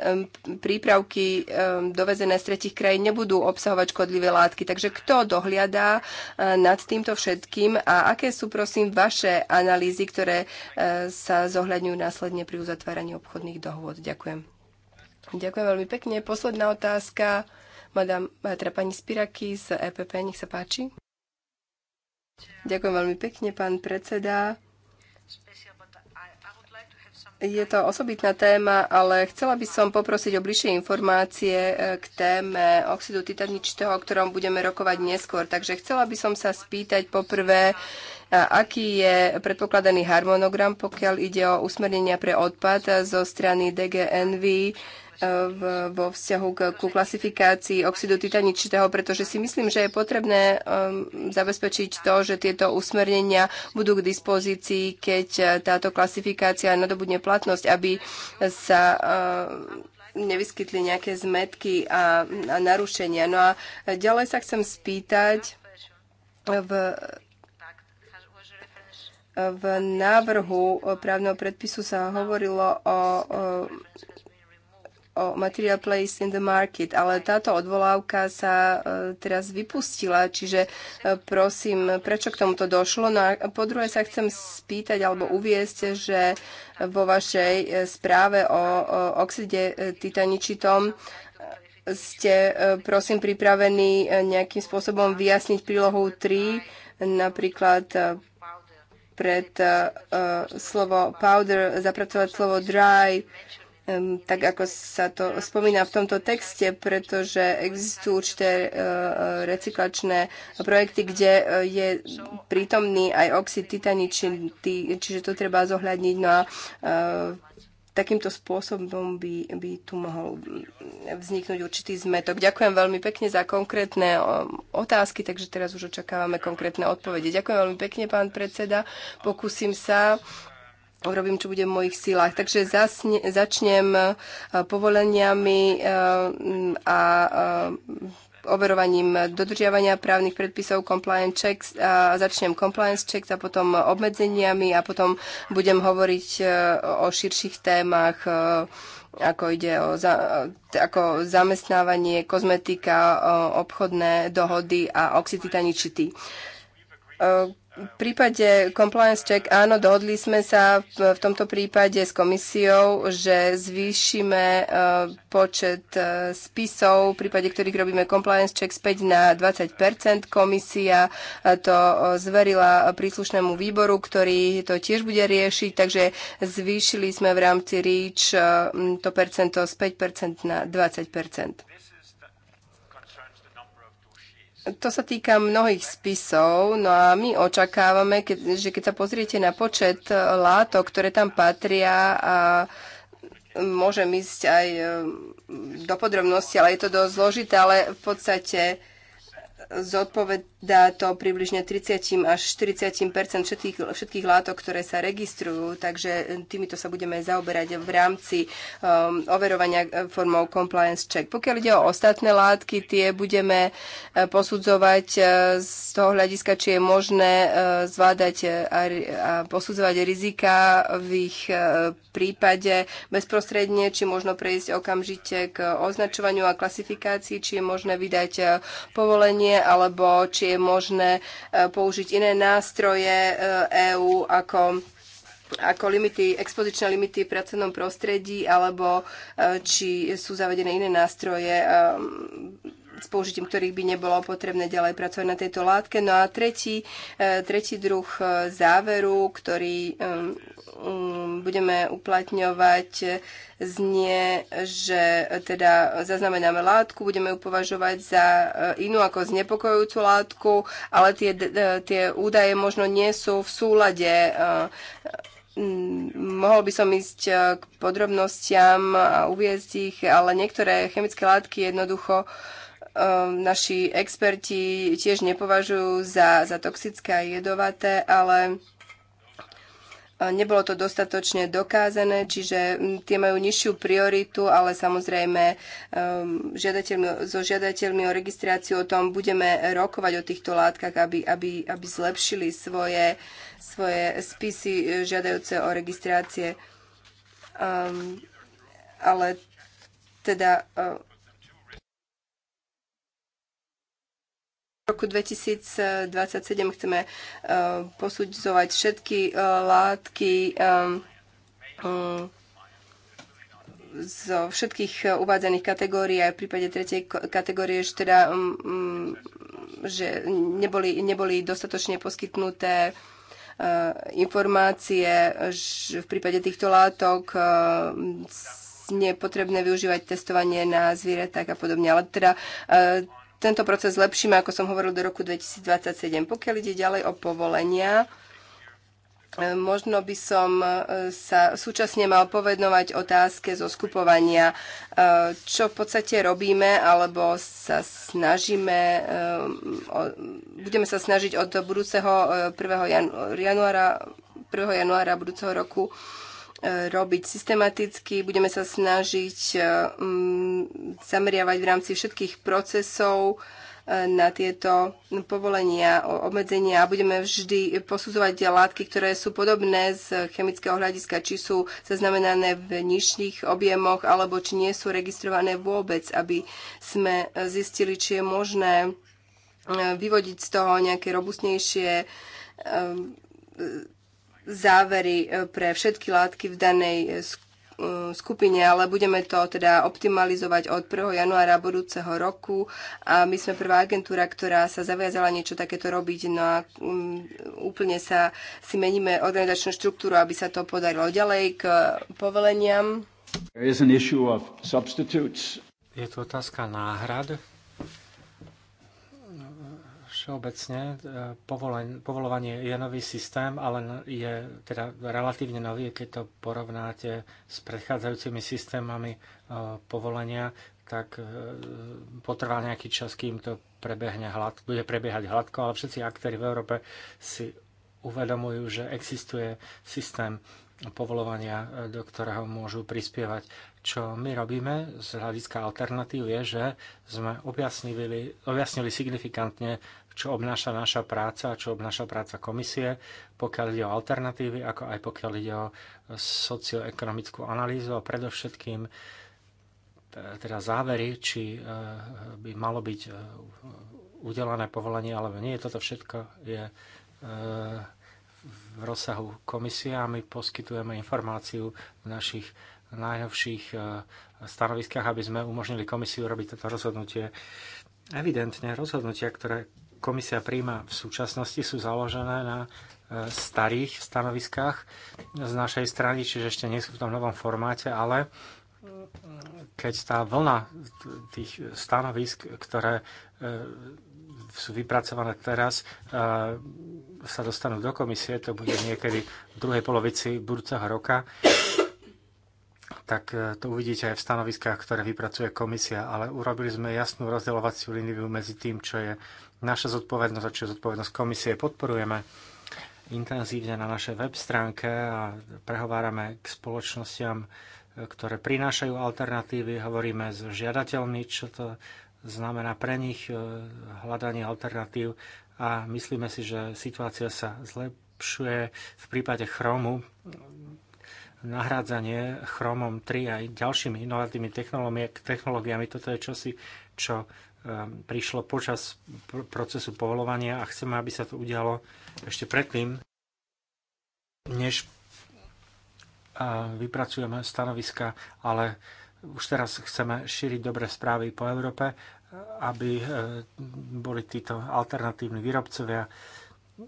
prípravky dovezené z tretich krajín nebudú obsahovať škodlivé látky? Takže kto dohliada e, nad týmto všetkým a aké sú, prosím, vaše analýzy, ktoré e, sa zohľadňujú následne pri uzatvorení uzatváraní obchodných dohôd. Ďakujem. Ďakujem veľmi pekne. Posledná otázka. Madam, teda pani Spiraky z EPP, nech sa páči. Ďakujem veľmi pekne, pán predseda. Je to osobitná téma, ale chcela by som poprosiť o bližšie informácie e, k téme oxidu titaničitého, o ktorom budeme rokovať neskôr. Takže chcela by som sa spýtať poprvé, e, aký je predpokladaný harmonogram, pokiaľ ide o usmernenia pre odpad zo strany DGNV vo vzťahu k, ku klasifikácii oxidu titaničitého, pretože si myslím, že je potrebné um, zabezpečiť to, že tieto usmernenia budú k dispozícii, keď uh, táto klasifikácia nadobudne platnosť, aby sa uh, nevyskytli nejaké zmetky a, a narušenia. No a ďalej sa chcem spýtať v v návrhu právneho predpisu sa hovorilo o, o o material place in the market, ale táto odvolávka sa e, teraz vypustila, čiže e, prosím, prečo k tomuto došlo? No a po druhé sa chcem spýtať alebo uviesť, že vo vašej e, správe o oxide titaničitom ste prosím pripravení nejakým spôsobom vyjasniť prílohu 3, napríklad pred slovo powder zapracovať slovo dry, tak ako sa to spomína v tomto texte, pretože existujú určité e, e, recyklačné projekty, kde e, je prítomný aj oxid titaničný, čiže to treba zohľadniť. No a takýmto spôsobom by, by tu mohol vzniknúť určitý zmetok. Ďakujem veľmi pekne za konkrétne otázky, takže teraz už očakávame konkrétne odpovede. Ďakujem veľmi pekne, pán predseda. Pokúsim sa Robím, čo bude v mojich silách. Takže zasne, začnem e, povoleniami e, a e, overovaním dodržiavania právnych predpisov compliance checks a začnem compliance checks a potom obmedzeniami a potom budem hovoriť o širších témach ako ide o za, ako zamestnávanie, kozmetika, obchodné dohody a oxytitaničity. V prípade compliance check, áno, dohodli sme sa v, tomto prípade s komisiou, že zvýšime e, počet e, spisov, v prípade ktorých robíme compliance check späť na 20 Komisia e, to zverila príslušnému výboru, ktorý to tiež bude riešiť, takže zvýšili sme v rámci REACH to percento z 5 na 20 to sa týka mnohých spisov, no a my očakávame, keď, že keď sa pozriete na počet látok, ktoré tam patria a môžem ísť aj ehm, do podrobnosti, ale je to dosť zložité, ale v podstate zodpovedá to približne 30 až 40 všetkých, všetkých látok, ktoré sa registrujú, takže e, týmito sa budeme zaoberať v rámci um, overovania e, formou compliance check. Pokiaľ ide o ostatné látky, tie budeme posudzovať z toho hľadiska, či je možné zvládať a, a posudzovať rizika v ich prípade bezprostredne, či možno prejsť okamžite k označovaniu a klasifikácii, či je možné vydať povolenie alebo či je možné e, použiť iné nástroje EÚ e ako ako limity, expozičné limity v pracovnom prostredí, alebo e, či sú zavedené iné nástroje s použitím ktorých by nebolo potrebné ďalej pracovať na tejto látke. No a tretí, e, tretí druh e, záveru, ktorý e, budeme uplatňovať, znie, že teda zaznamenáme látku, budeme ju považovať za inú ako znepokojujúcu látku, ale tie, tie údaje možno nie sú v súlade Mohol by som ísť k podrobnostiam a uviezť ich, ale niektoré chemické látky jednoducho uh, Ehm, naši experti tiež nepovažujú za, za toxické a jedovaté, ale e, Nebolo to dostatočne dokázané, čiže tie majú nižšiu prioritu, ale samozrejme ehm, žiadateľmi, so žiadateľmi o registráciu o tom budeme rokovať o týchto látkach, aby, aby, aby zlepšili svoje, svoje spisy e, žiadajúce o registrácie. Um, ale teda uh, roku 2027 chceme eh, posudzovať všetky eh, látky eh, mm, zo všetkých uvádzaných kategórií aj v prípade tretej kategórie, že, teda, mm, mm, že neboli, neboli dostatočne poskytnuté informácie že v prípade týchto látok nepotrebné využívať testovanie na zvieratách a podobne. Ale teda tento proces zlepšíme, ako som hovoril, do roku 2027. Pokiaľ ide ďalej o povolenia, e, možno by som e, sa súčasne mal povednovať otázke zo skupovania, e, čo v podstate robíme, alebo sa snažíme, budeme sa snažiť od budúceho 1. januára, 1. januára budúceho roku robiť systematicky, budeme sa snažiť eh, mm, zameriavať v rámci všetkých procesov eh, na tieto povolenia, obmedzenia a budeme vždy posudzovať látky, ktoré sú podobné z chemického hľadiska, či sú zaznamenané v nižších objemoch alebo či nie sú registrované vôbec, aby sme eh, zistili, či je možné vyvodiť z toho nejaké robustnejšie závery e, pre všetky látky v danej e, e, skupine, ale budeme to teda optimalizovať od 1. januára budúceho roku a my sme prvá agentúra, ktorá sa zaviazala niečo takéto robiť, no a mm, úplne sa si meníme organizačnú štruktúru, aby sa to podarilo ďalej k povoleniam. Je to otázka náhrad Všeobecne e, povolovanie je nový systém, ale je teda relatívne nový, keď to porovnáte s predchádzajúcimi systémami e, povolenia, tak e, potrvá nejaký čas, kým to prebehne hlad, bude prebiehať hladko, ale všetci aktéri v Európe si uvedomujú, že existuje systém povolovania, do ktorého môžu prispievať. Čo my robíme z hľadiska alternatív je, že sme objasnili, objasnili signifikantne čo obnáša naša práca, čo obnáša práca komisie, pokiaľ ide o alternatívy, ako aj pokiaľ ide o socioekonomickú analýzu a predovšetkým teda závery, či e, by malo byť e, udelané povolenie alebo nie. Toto všetko je e, v rozsahu komisie a my poskytujeme informáciu v našich najnovších stanoviskách, aby sme umožnili komisiu robiť toto rozhodnutie. Evidentne rozhodnutia, ktoré komisia príjma v súčasnosti, sú založené na e, starých stanoviskách z našej strany, čiže ešte nie sú v tom novom formáte, ale mm, keď tá vlna tých stanovisk, ktoré e, sú vypracované teraz, e, sa dostanú do komisie, to bude niekedy v druhej polovici budúceho roka, tak e, to uvidíte aj v stanoviskách, ktoré vypracuje komisia, ale urobili sme jasnú rozdeľovaciu líniu medzi tým, čo je naša zodpovednosť a čo je zodpovednosť komisie. Podporujeme intenzívne na našej web stránke a prehovárame k spoločnostiam, e, ktoré prinášajú alternatívy, hovoríme s žiadateľmi, čo to znamená pre nich e, hľadanie alternatív a myslíme si, že situácia sa zlepšuje v prípade chromu nahrádzanie chromom 3 aj ďalšími inovatívnymi technológiami. Toto je čosi, čo um, prišlo počas procesu povolovania a chceme, aby sa to udialo ešte predtým, než vypracujeme stanoviska, ale už teraz chceme šíriť dobré správy po Európe, aby e, boli títo alternatívni výrobcovia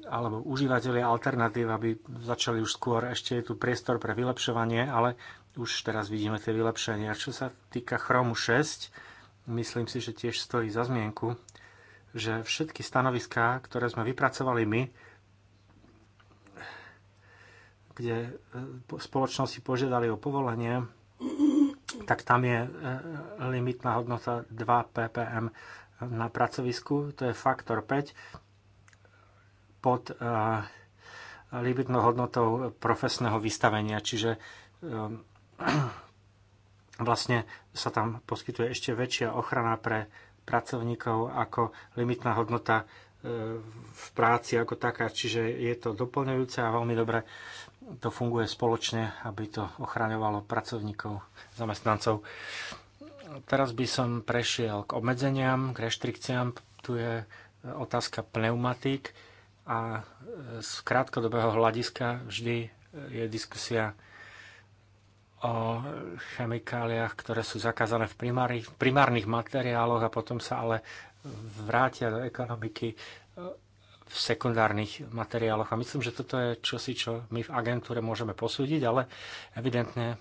alebo užívateľi alternatív, aby začali už skôr. Ešte je tu priestor pre vylepšovanie, ale už teraz vidíme tie vylepšenia. Čo sa týka Chromu 6, myslím si, že tiež stojí za zmienku, že všetky stanoviská, ktoré sme vypracovali my, kde e, spoločnosti požiadali o povolenie, tak tam je e, e, limitná hodnota 2 ppm na pracovisku, to je faktor 5 pod eh, limitnou hodnotou profesného vystavenia, čiže eh, vlastne sa tam poskytuje ešte väčšia ochrana pre pracovníkov ako limitná hodnota eh, v práci ako taká, čiže je to doplňujúce a veľmi dobre to funguje spoločne, aby to ochraňovalo pracovníkov, zamestnancov. Teraz by som prešiel k obmedzeniam, k reštrikciám. Tu je otázka pneumatík a e, z krátkodobého hľadiska vždy e, je diskusia o chemikáliách, ktoré sú zakázané v primárnych, primárnych materiáloch a potom sa ale vrátia do ekonomiky e, v sekundárnych materiáloch. A myslím, že toto je čosi, čo my v agentúre môžeme posúdiť, ale evidentne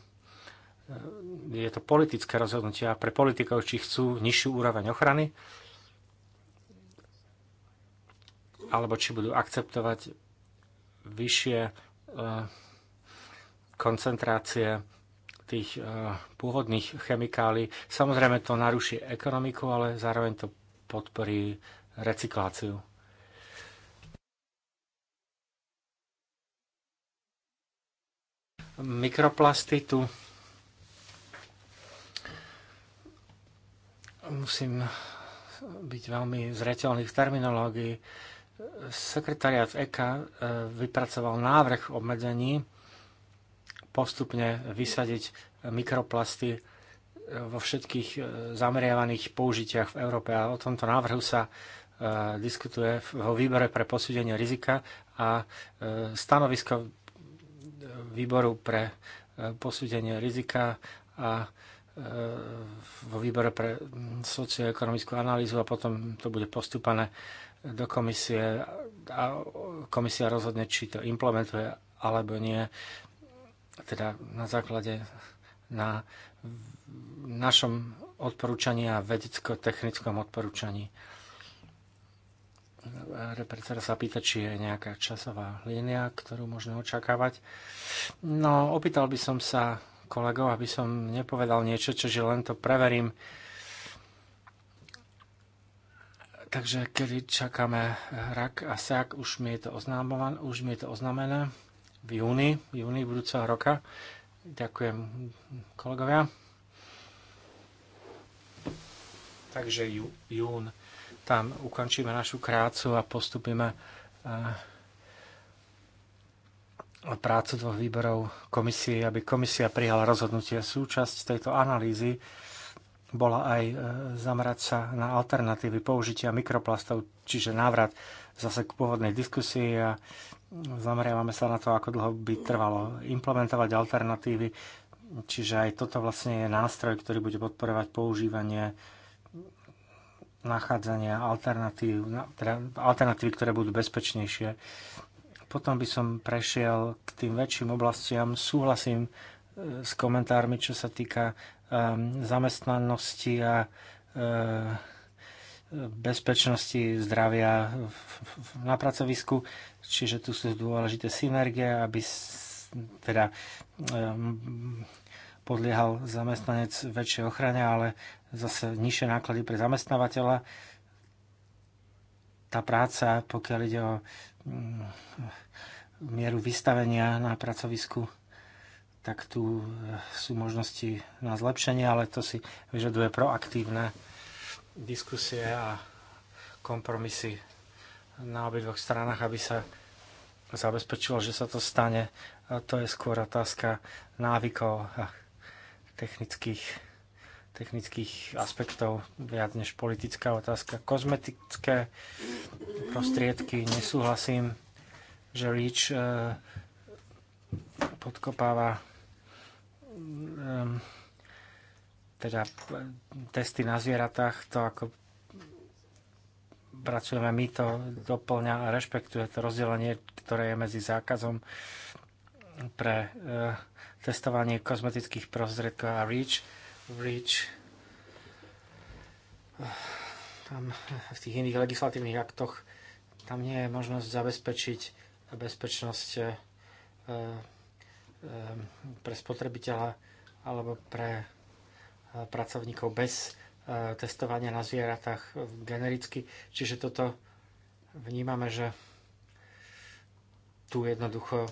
je to politické rozhodnutie pre politikov, či chcú nižšiu úroveň ochrany alebo či budú akceptovať vyššie eh, koncentrácie tých eh, pôvodných chemikálií. Samozrejme to naruší ekonomiku, ale zároveň to podporí recykláciu. Mikroplasty tu musím byť veľmi zreteľný v terminológii Sekretariat EKA e, vypracoval návrh obmedzení postupne vysadiť mikroplasty e, vo všetkých e, zameriavaných použitiach v Európe. A o tomto návrhu sa diskutuje vo výbore pre posúdenie rizika a stanovisko výboru pre posúdenie rizika a E, vo výbore pre socioekonomickú analýzu a potom to bude postupané do komisie a komisia rozhodne, či to implementuje alebo nie. Teda na základe na našom odporúčaní a vedecko-technickom odporúčaní. Reportér sa pýta, či je nejaká časová línia, ktorú možno očakávať. No, opýtal by som sa kolegov, aby som nepovedal niečo, čože len to preverím. Takže kedy čakáme rak a sak, už mi je to, oznámované, už mi je to oznamené v júni, v júni budúceho roka. Ďakujem kolegovia. Takže jú, jún tam ukončíme našu krácu a postupíme uh, a prácu dvoch výborov komisie, aby komisia prijala rozhodnutie. Súčasť tejto analýzy bola aj e, zamerať sa na alternatívy použitia mikroplastov, čiže návrat zase k pôvodnej diskusii a zameriavame sa na to, ako dlho by trvalo implementovať alternatívy, čiže aj toto vlastne je nástroj, ktorý bude podporovať používanie nachádzania alternatív, teda alternatívy, ktoré budú bezpečnejšie potom by som prešiel k tým väčším oblastiam. Súhlasím e, s komentármi, čo sa týka e, zamestnanosti a e, bezpečnosti zdravia na pracovisku, čiže tu sú dôležité synergie, aby teda podliehal zamestnanec väčšej ochrane, ale zase nižšie náklady pre zamestnávateľa. Tá práca, pokiaľ ide o Mm, mieru vystavenia na pracovisku, tak tu e, sú možnosti na zlepšenie, ale to si vyžaduje proaktívne diskusie a kompromisy na obidvoch stranách, aby sa zabezpečilo, že sa to stane. A to je skôr otázka návykov a technických technických aspektov, viac než politická otázka. Kozmetické prostriedky, nesúhlasím, že REACH eh, podkopáva eh, teda eh, testy na zvieratách, to ako pracujeme my, to doplňa a rešpektuje to rozdelenie, ktoré je medzi zákazom pre testovanie kozmetických prostriedkov a REACH REACH, tam v tých iných legislatívnych aktoch tam nie je možnosť zabezpečiť bezpečnosť eh, eh, pre spotrebiteľa alebo pre eh, pracovníkov bez testovania na zvieratách genericky. Čiže toto vnímame, že tu jednoducho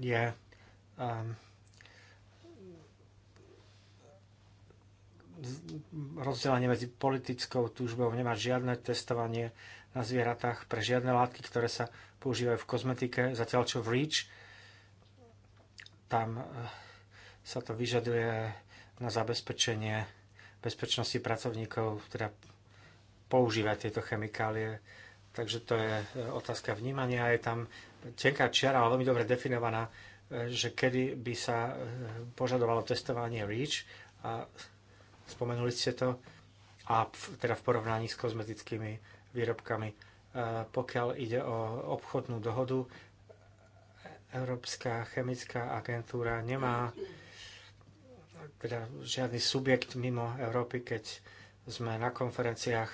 je um, rozdelenie medzi politickou túžbou nemá žiadne testovanie na zvieratách pre žiadne látky, ktoré sa používajú v kozmetike, zatiaľ čo v REACH tam eh, sa to vyžaduje na zabezpečenie bezpečnosti pracovníkov, teda používať tieto chemikálie. Takže to je eh, otázka vnímania. Je tam tenká čiara, ale veľmi dobre definovaná, eh, že kedy by sa požadovalo testovanie REACH a spomenuli ste to, a v, teda v porovnaní s kozmetickými výrobkami. E, pokiaľ ide o obchodnú dohodu, Európska chemická agentúra nemá teda žiadny subjekt mimo Európy, keď sme na konferenciách,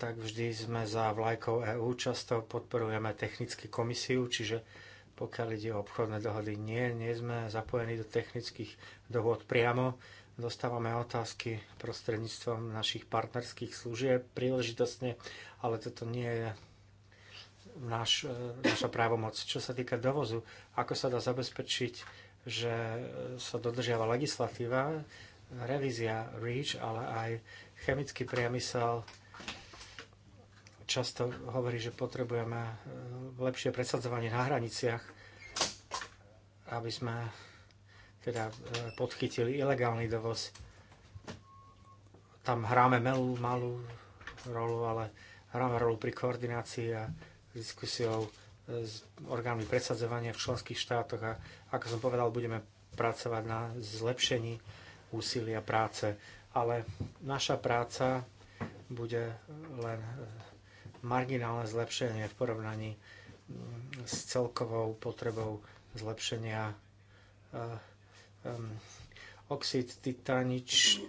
tak vždy sme za vlajkou EÚ, často podporujeme technickú komisiu, čiže pokiaľ ide o obchodné dohody, nie, nie sme zapojení do technických dohod priamo, dostávame otázky prostredníctvom našich partnerských služieb príležitostne, ale toto nie je naš, e, naša právomoc. Čo sa týka dovozu, ako sa dá zabezpečiť, že sa dodržiava legislatíva, revízia REACH, ale aj chemický priemysel často hovorí, že potrebujeme e, lepšie presadzovanie na hraniciach, aby sme teda e, podchytili ilegálny dovoz. Tam hráme malú, malú rolu, ale hráme rolu pri koordinácii a diskusiou e, s orgánmi presadzovania v členských štátoch a ako som povedal, budeme pracovať na zlepšení úsilia práce. Ale naša práca bude len e, marginálne zlepšenie v porovnaní s celkovou potrebou zlepšenia um, oxid titanič,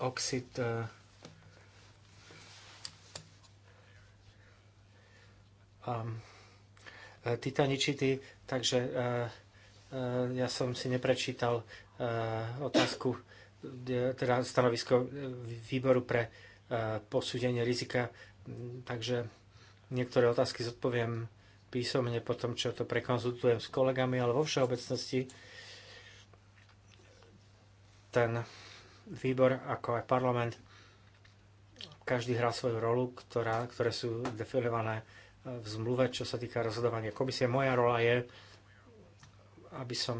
oxid uh, eh, um, ehm, eh, titaničity, takže uh, uh, ja som si neprečítal uh, otázku, teda stanovisko výboru pre uh, posúdenie rizika, mm, takže niektoré otázky zodpoviem písomne potom, čo to prekonzultujem s kolegami, ale vo všeobecnosti ten výbor, ako aj parlament, každý hrá svoju rolu, ktorá, ktoré sú definované e, v zmluve, čo sa týka rozhodovania komisie. Moja rola je, aby som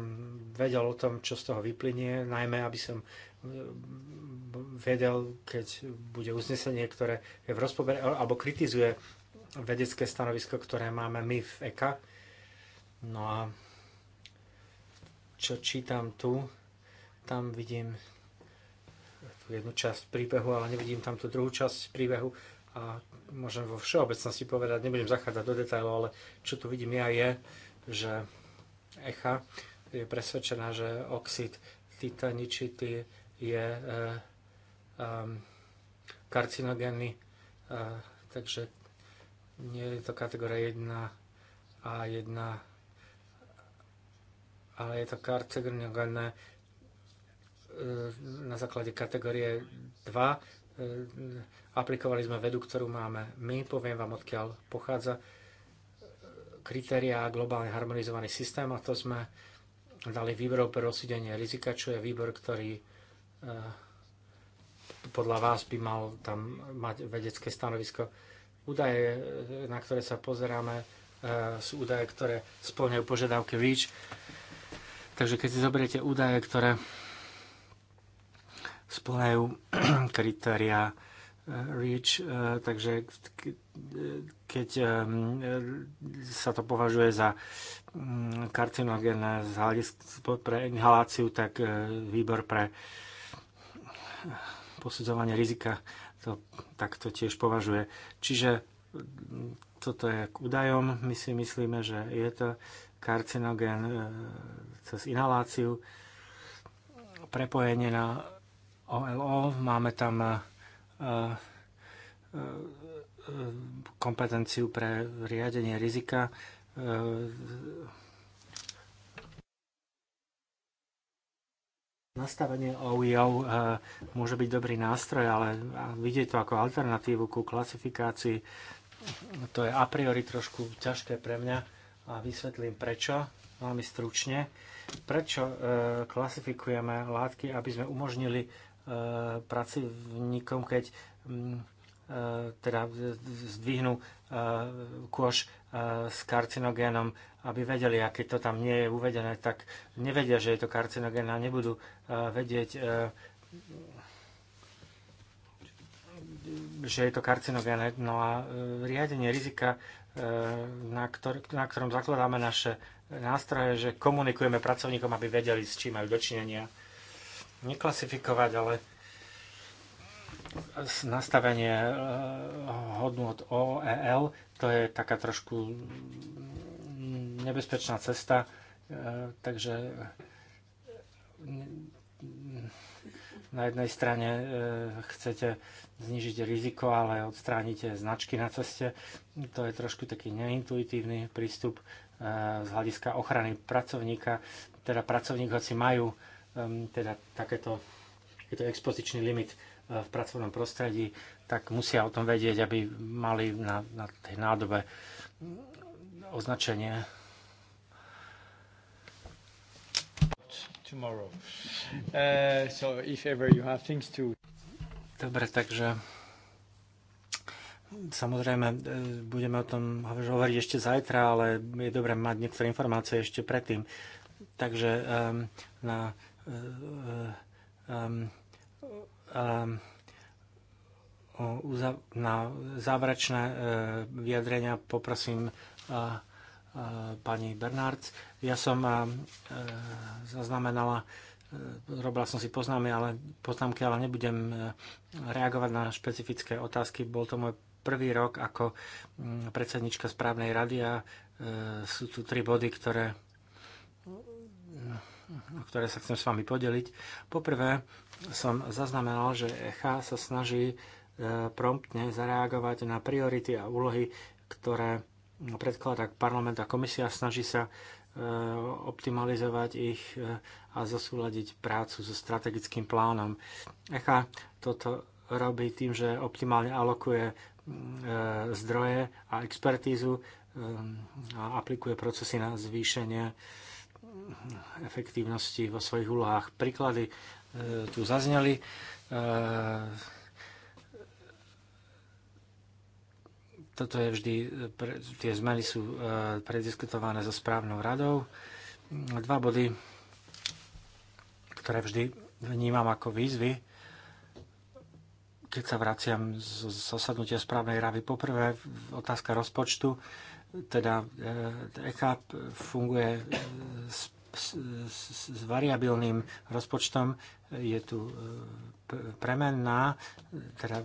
vedel o tom, čo z toho vyplynie, najmä aby som e, vedel, keď bude uznesenie, ktoré je v rozpobere alebo kritizuje vedecké stanovisko, ktoré máme my v EKA. No a čo čítam tu, tam vidím tú jednu časť príbehu, ale nevidím tam tú druhú časť príbehu a môžem vo všeobecnosti povedať, nebudem zachádzať do detailov, ale čo tu vidím ja je, že Echa je presvedčená, že oxid titaničity je e, e, karcinogénny, e, takže nie je to kategória 1 a 1, ale je to karcinogénne E, na základe kategórie 2. E, aplikovali sme vedu, ktorú máme my, poviem vám, odkiaľ pochádza e, kritéria globálne harmonizovaný systém a to sme dali výborov pre rozsúdenie rizika, čo je výbor, ktorý podľa vás by mal tam mať vedecké stanovisko. Údaje, na ktoré sa pozeráme, sú údaje, ktoré spĺňajú požiadavky REACH. Takže keď si zoberiete údaje, ktoré splňajú kritéria eh, REACH, eh, takže keď eh, sa to považuje za mm, karcinogénne pre inhaláciu, tak výbor pre posudzovanie rizika to takto tiež považuje. Čiže mm, toto je k údajom. My si myslíme, že je to karcinogén cez inhaláciu, prepojenie na OLO. Máme tam eh, eh, eh, kompetenciu pre riadenie rizika. Nastavenie OEO môže byť dobrý nástroj, ale vidieť to ako alternatívu ku klasifikácii, to je a priori trošku ťažké pre mňa a vysvetlím prečo, veľmi stručne. Prečo klasifikujeme látky, aby sme umožnili E, pracovníkom, keď mm, e, teda zdvihnú e, kôž s karcinogénom, aby vedeli, a keď to tam nie je uvedené, tak nevedia, že je to karcinogén a nebudú vedieť, že je to karcinogén. No a riadenie rizika, na, ktor- na ktorom zakladáme naše nástroje, že komunikujeme pracovníkom, aby vedeli, s čím majú dočinenia neklasifikovať, ale nastavenie e, hodnot OEL, to je taká trošku nebezpečná cesta, e, takže na jednej strane e, chcete znižiť riziko, ale odstránite značky na ceste. To je trošku taký neintuitívny prístup z hľadiska ochrany pracovníka. Teda pracovník, hoci majú Ehm, teda takéto, takéto expozičný limit eh, v pracovnom prostredí, tak musia o tom vedieť, aby mali na, na tej nádobe označenie. Tomorrow. Uh, so if ever you have things to... Dobre, takže Samozrejme, eh, budeme o tom hovoriť ešte zajtra, ale je dobré mať niektoré informácie ešte predtým. Takže ehm, na Eh, eh, na záverečné eh, vyjadrenia poprosím pani Bernard. Ja som zaznamenala robila som si poznámy, ale, poznámky, ale nebudem reagovať na špecifické otázky. Bol to môj prvý rok ako mm, predsednička správnej rady a sú tu tri body, ktoré o ktoré sa chcem s vami podeliť. Poprvé som zaznamenal, že ECHA sa snaží e, promptne zareagovať na priority a úlohy, ktoré predkladá parlament a komisia. Snaží sa e, optimalizovať ich e, a zosúľadiť prácu so strategickým plánom. ECHA toto robí tým, že optimálne alokuje zdroje a expertízu a aplikuje procesy na zvýšenie efektívnosti vo svojich úlohách. Príklady e, tu zazneli. E, toto je vždy, tie zmeny sú e, prediskutované so správnou radou. Dva body, ktoré vždy vnímam ako výzvy, keď sa vraciam z osadnutia správnej rady. Poprvé, otázka rozpočtu teda ECAP e funguje e, s, s, s, s variabilným rozpočtom, je tu e, premenná, teda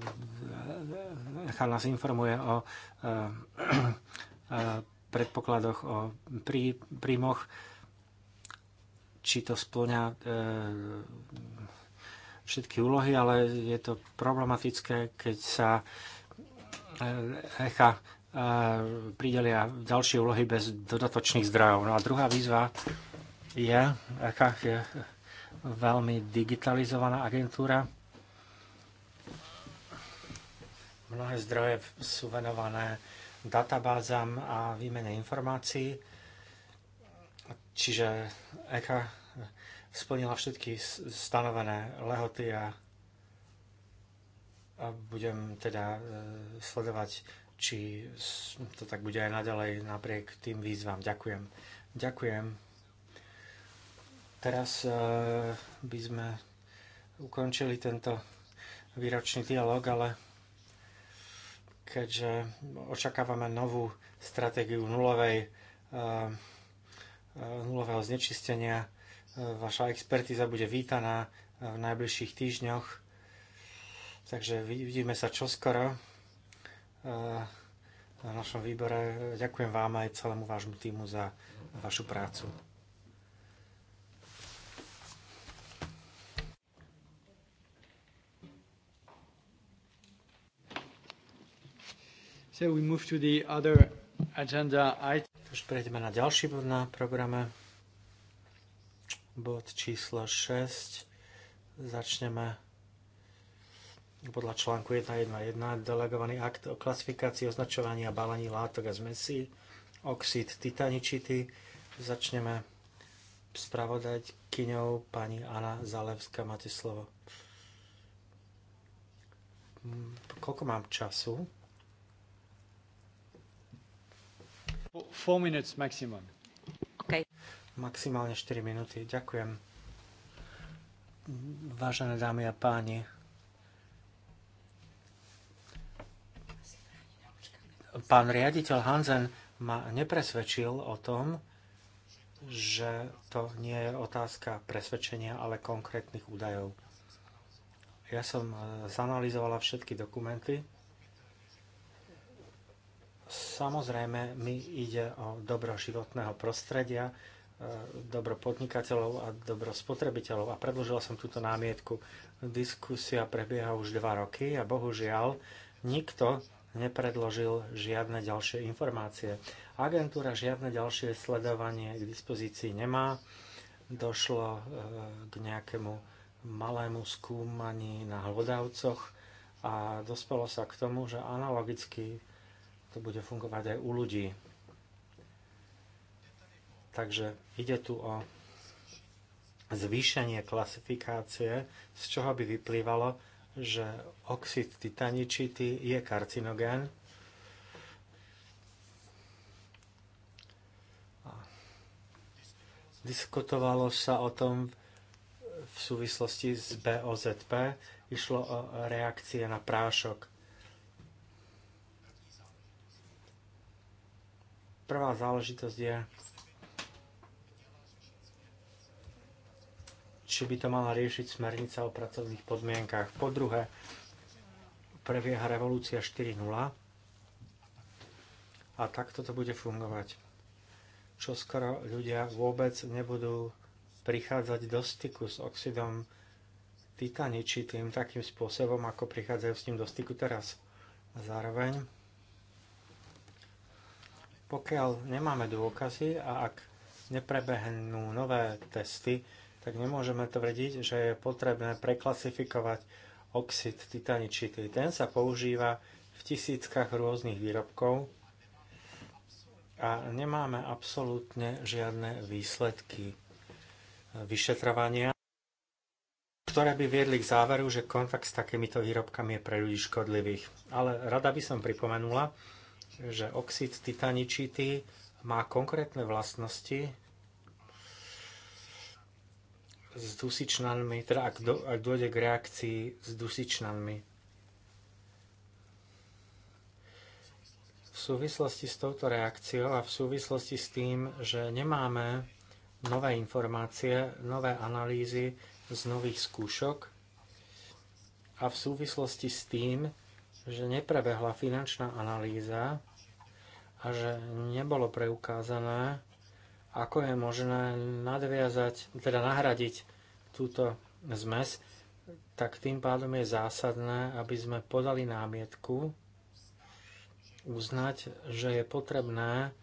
ECAP nás informuje o predpokladoch o prí, príjmoch, či to splňa všetky úlohy, ale je to problematické, keď sa ECHA pridelia ďalšie úlohy bez dodatočných zdrojov. No a druhá výzva je, aká je veľmi digitalizovaná agentúra. Mnohé zdroje sú venované databázam a výmene informácií. Čiže EKA splnila všetky stanovené lehoty a, a budem teda e, sledovať či to tak bude aj naďalej napriek tým výzvam. Ďakujem. Ďakujem. Teraz e, by sme ukončili tento výročný dialog, ale keďže očakávame novú stratégiu nulovej, e, e, nulového znečistenia, vaša expertiza bude vítaná v najbližších týždňoch. Takže vidíme sa čoskoro. Eh, na našom výbore. Ďakujem vám aj celému vášmu týmu za vašu prácu. So we move to the other agenda item. Už prejdeme na ďalší bod na programe. Bod číslo 6. Začneme podľa článku 1.1.1 delegovaný akt o klasifikácii označovania balení látok a zmesí, oxid titaničity. Začneme spravodať kyňou pani Anna Zalevská. Máte slovo. Mm, koľko mám času? 4 minutes maximum. Okay. Maximálne 4 minúty. Ďakujem. Vážené dámy a páni, pán riaditeľ Hanzen ma nepresvedčil o tom, že to nie je otázka presvedčenia, ale konkrétnych údajov. Ja som e, zanalizovala všetky dokumenty. Samozrejme, mi ide o dobro životného prostredia, e, dobro podnikateľov a dobro spotrebiteľov. A predložila som túto námietku. Diskusia prebieha už dva roky a bohužiaľ nikto nepredložil žiadne ďalšie informácie. Agentúra žiadne ďalšie sledovanie k dispozícii nemá. Došlo e, k nejakému malému skúmaní na hlodavcoch a dospelo sa k tomu, že analogicky to bude fungovať aj u ľudí. Takže ide tu o zvýšenie klasifikácie, z čoho by vyplývalo, že oxid titaničitý je karcinogén. Diskutovalo sa o tom v súvislosti s BOZP. Išlo o reakcie na prášok. Prvá záležitosť je, či by to mala riešiť smernica o pracovných podmienkách. Po druhé, prebieha revolúcia 4.0 a takto to bude fungovať. Čo skoro ľudia vôbec nebudú prichádzať do styku s oxidom titaničitým takým spôsobom, ako prichádzajú s ním do styku teraz. A zároveň, pokiaľ nemáme dôkazy a ak neprebehnú nové testy, tak nemôžeme tvrdiť, že je potrebné preklasifikovať oxid titaničitý. Ten sa používa v tisíckach rôznych výrobkov a nemáme absolútne žiadne výsledky vyšetrovania, ktoré by viedli k záveru, že kontakt s takýmito výrobkami je pre ľudí škodlivých. Ale rada by som pripomenula, že oxid titaničitý má konkrétne vlastnosti, s dusičnanmi, teda ak, do, ak dôjde k reakcii s dusičnanmi. V súvislosti s touto reakciou a v súvislosti s tým, že nemáme nové informácie, nové analýzy z nových skúšok a v súvislosti s tým, že neprebehla finančná analýza a že nebolo preukázané, ako je možné nadviazať, teda nahradiť túto zmes, tak tým pádom je zásadné, aby sme podali námietku, uznať, že je potrebné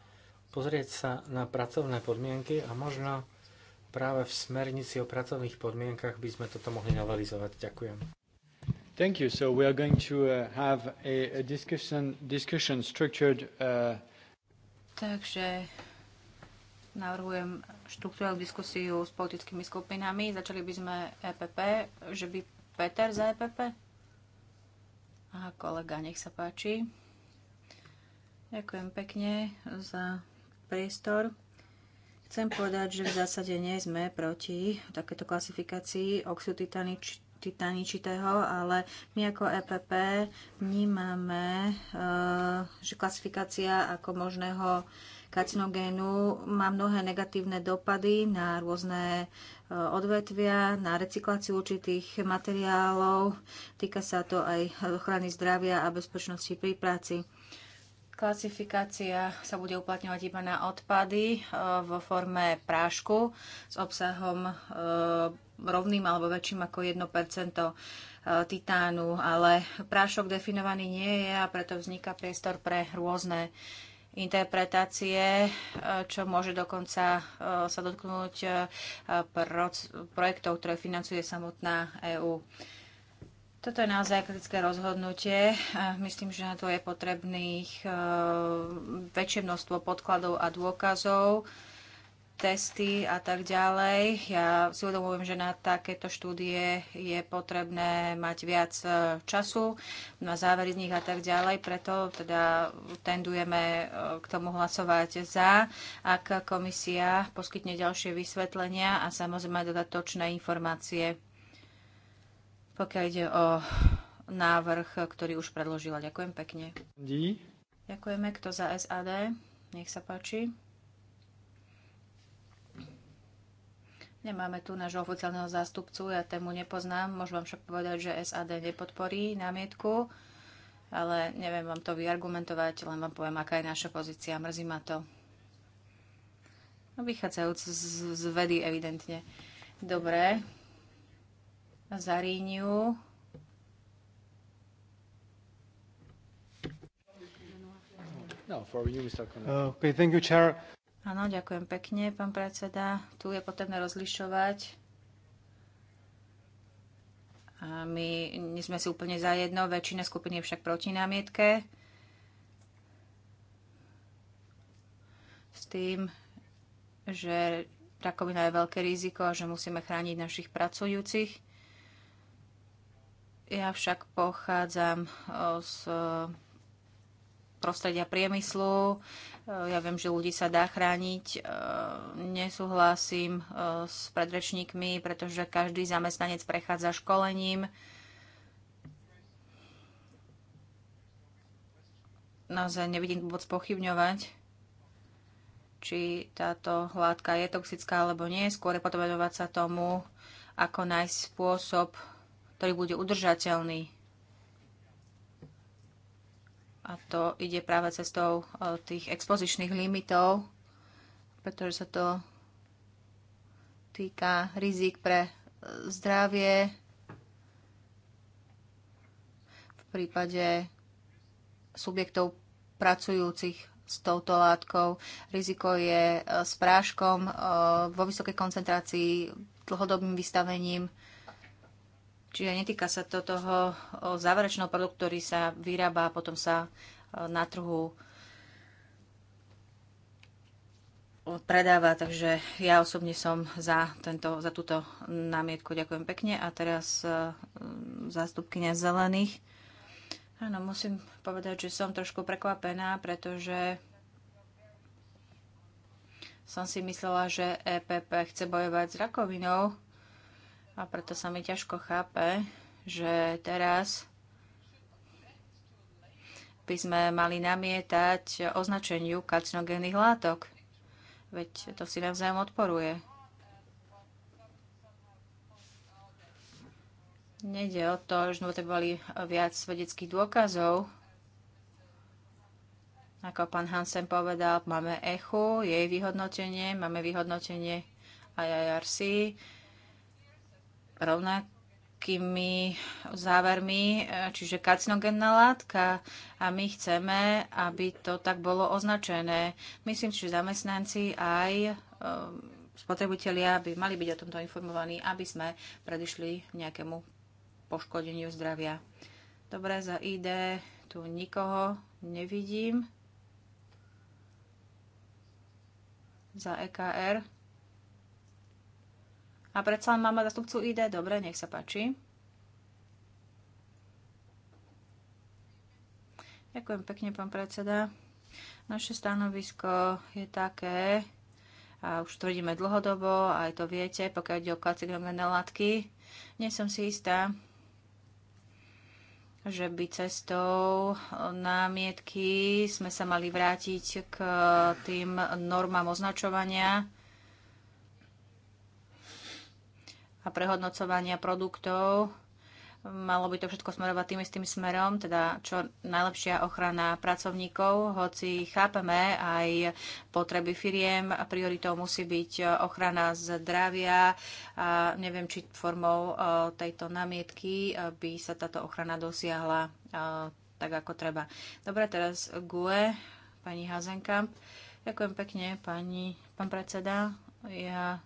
pozrieť sa na pracovné podmienky a možno práve v smernici o pracovných podmienkach by sme toto mohli novelizovať. Ďakujem. Thank you. So we are going to uh, have a, a discussion, discussion structured. Uh... Takže Navrhujem štruktúrnu diskusiu s politickými skupinami. Začali by sme EPP, že by Peter za EPP? A kolega, nech sa páči. Ďakujem pekne za priestor. Chcem povedať, že v zásade nie sme proti takéto klasifikácii oxidu titaničitého, ale my ako EPP vnímame, eh, že klasifikácia ako možného karcinogénu má mnohé negatívne dopady na rôzne e, odvetvia, na recykláciu určitých materiálov. Týka sa to aj ochrany zdravia a bezpečnosti pri práci. Klasifikácia sa bude uplatňovať iba na odpady e, vo forme prášku s obsahom e, rovným alebo väčším ako 1 titánu, ale prášok definovaný nie je a preto vzniká priestor pre rôzne interpretácie, e, čo môže dokonca e, sa dotknúť e, projektov, ktoré financuje samotná EÚ. Toto je naozaj kritické rozhodnutie. Myslím, že na to je potrebných väčšie množstvo podkladov a dôkazov testy a tak ďalej. Ja si uvedomujem, že na takéto štúdie je potrebné mať viac e, času na závery z nich a tak ďalej. Preto teda tendujeme e, k tomu hlasovať za, ak komisia poskytne ďalšie vysvetlenia a samozrejme dodatočné informácie, pokiaľ ide o návrh, ktorý už predložila. Ďakujem pekne. Dí. Ďakujeme. Kto za SAD? Nech sa páči. Nemáme tu nášho oficiálneho zástupcu, ja tému nepoznám. Môžem vám však povedať, že SAD nepodporí námietku, ale neviem vám to vyargumentovať, len vám poviem, aká je naša pozícia. Mrzí ma to. No, vychádzajúc z, z vedy, evidentne. Dobre. Zaríňu. No, for you, Mr. Uh, okay, thank you, Chair. Áno, ďakujem pekne, pán predseda. Tu je potrebné rozlišovať. A my nie sme si úplne za jedno, väčšina skupiny je však proti námietke. S tým, že rakovina je veľké riziko a že musíme chrániť našich pracujúcich. Ja však pochádzam z prostredia priemyslu. E, ja viem, že ľudí sa dá chrániť. E, nesúhlasím e, s predrečníkmi, pretože každý zamestnanec prechádza školením. Naozaj nevidím dôvod spochybňovať, či táto hladka je toxická alebo nie. Skôr je potom venovať sa tomu, ako nájsť spôsob, ktorý bude udržateľný a to ide práve cestou e, tých expozičných limitov, pretože sa to týka rizik pre e, zdravie v prípade subjektov pracujúcich s touto látkou. Riziko je e, s práškom vo vysokej koncentrácii, dlhodobým vystavením Čiže netýka sa to toho záverečného produktu, ktorý sa vyrába a potom sa na trhu predáva, takže ja osobne som za, tento, za túto námietku. Ďakujem pekne. A teraz zástupkynia zelených. Áno, musím povedať, že som trošku prekvapená, pretože som si myslela, že EPP chce bojovať s rakovinou a preto sa mi ťažko chápe, že teraz by sme mali namietať označeniu karcinogénnych látok. Veď to si navzájom odporuje. Nejde o to, že sme boli viac svedeckých dôkazov. Ako pán Hansen povedal, máme echu, jej vyhodnotenie, máme vyhodnotenie IIRC, rovnakými závermi, eh, čiže karcinogénna látka a my chceme, aby to tak bolo označené. Myslím, že zamestnanci aj eh, spotrebitelia by mali byť o tomto informovaní, aby sme predišli nejakému poškodeniu zdravia. Dobre, za ID tu nikoho nevidím. Za EKR a predsa len máme zastupcu ID. Dobre, nech sa páči. Ďakujem pekne, pán predseda. Naše stanovisko je také, a už to vidíme dlhodobo, aj to viete, pokiaľ ide o karcinogénne látky. Nie som si istá, že by cestou námietky sme sa mali vrátiť k tým normám označovania, a prehodnocovania produktov. Malo by to všetko smerovať tým istým smerom, teda čo najlepšia ochrana pracovníkov, hoci chápeme aj potreby firiem. Prioritou musí byť ochrana zdravia. A neviem, či formou e, tejto namietky e, by sa táto ochrana dosiahla e, tak, ako treba. Dobre, teraz GUE, pani Hazenkamp. Ďakujem pekne, pani, pán predseda. Ja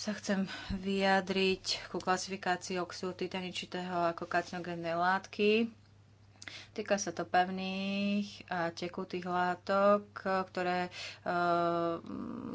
sa chcem vyjadriť ku klasifikácii oxidu titaničitého ako karcinogénnej látky. Týka sa to pevných a tekutých látok, ktoré e,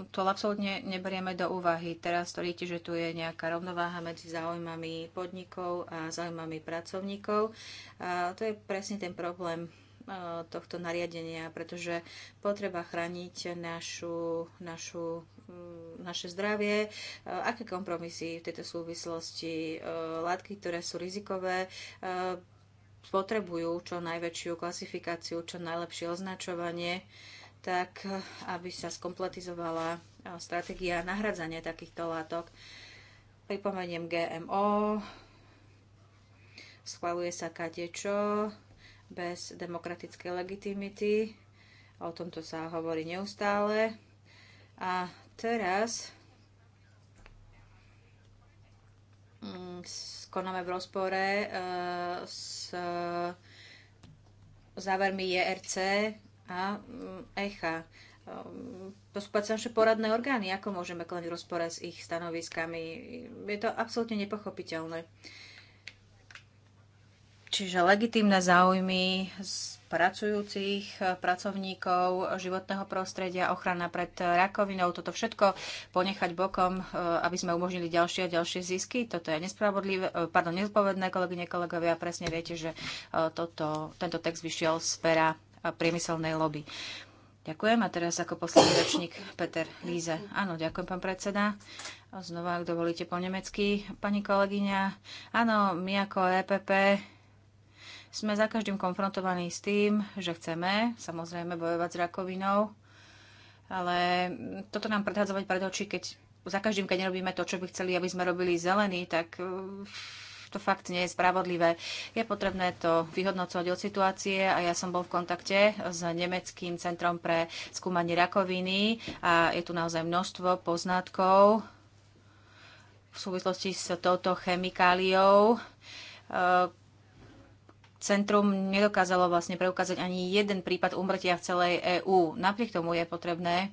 to absolútne neberieme do úvahy. Teraz tvrdíte, že tu je nejaká rovnováha medzi záujmami podnikov a záujmami pracovníkov. A to je presne ten problém eh, tohto nariadenia, pretože potreba chrániť našu, našu Mm, naše zdravie, e, aké kompromisy v tejto súvislosti, e, látky, ktoré sú rizikové, e, potrebujú čo najväčšiu klasifikáciu, čo najlepšie označovanie, tak aby sa skompletizovala stratégia nahradzania takýchto látok. Pripomeniem GMO, schvaluje sa kadečo bez demokratickej legitimity, o tomto sa hovorí neustále a Teraz mm, konáme v rozpore eh, s závermi JRC e a ECHA. To sú naše poradné orgány. Ako môžeme konať v rozpore s ich stanoviskami? Je to absolútne nepochopiteľné. Čiže legitímne záujmy pracujúcich eh, pracovníkov, životného prostredia, ochrana pred rakovinou, toto všetko ponechať bokom, eh, aby sme umožnili ďalšie a ďalšie zisky. Toto je nespravodlivé, eh, pardon, nezpovedné, kolegyne, kolegovia, presne viete, že toto, tento text vyšiel z pera priemyselnej lobby. Ďakujem. A teraz ako posledný rečník Peter Líze. Áno, ďakujem, pán predseda. Znova, ak dovolíte po nemecky, pani kolegyňa. Áno, my ako EPP sme za každým konfrontovaní s tým, že chceme samozrejme bojovať s rakovinou, ale toto nám predhádzovať pred oči, keď za každým, keď nerobíme to, čo by chceli, aby sme robili zelený, tak e, to fakt nie je spravodlivé. Je potrebné to vyhodnocovať od situácie a ja som bol v kontakte s Nemeckým centrom pre skúmanie rakoviny a je tu naozaj množstvo poznatkov v súvislosti s touto chemikáliou, e, centrum nedokázalo vlastne preukázať ani jeden prípad umrtia v celej EÚ. Napriek tomu je potrebné e,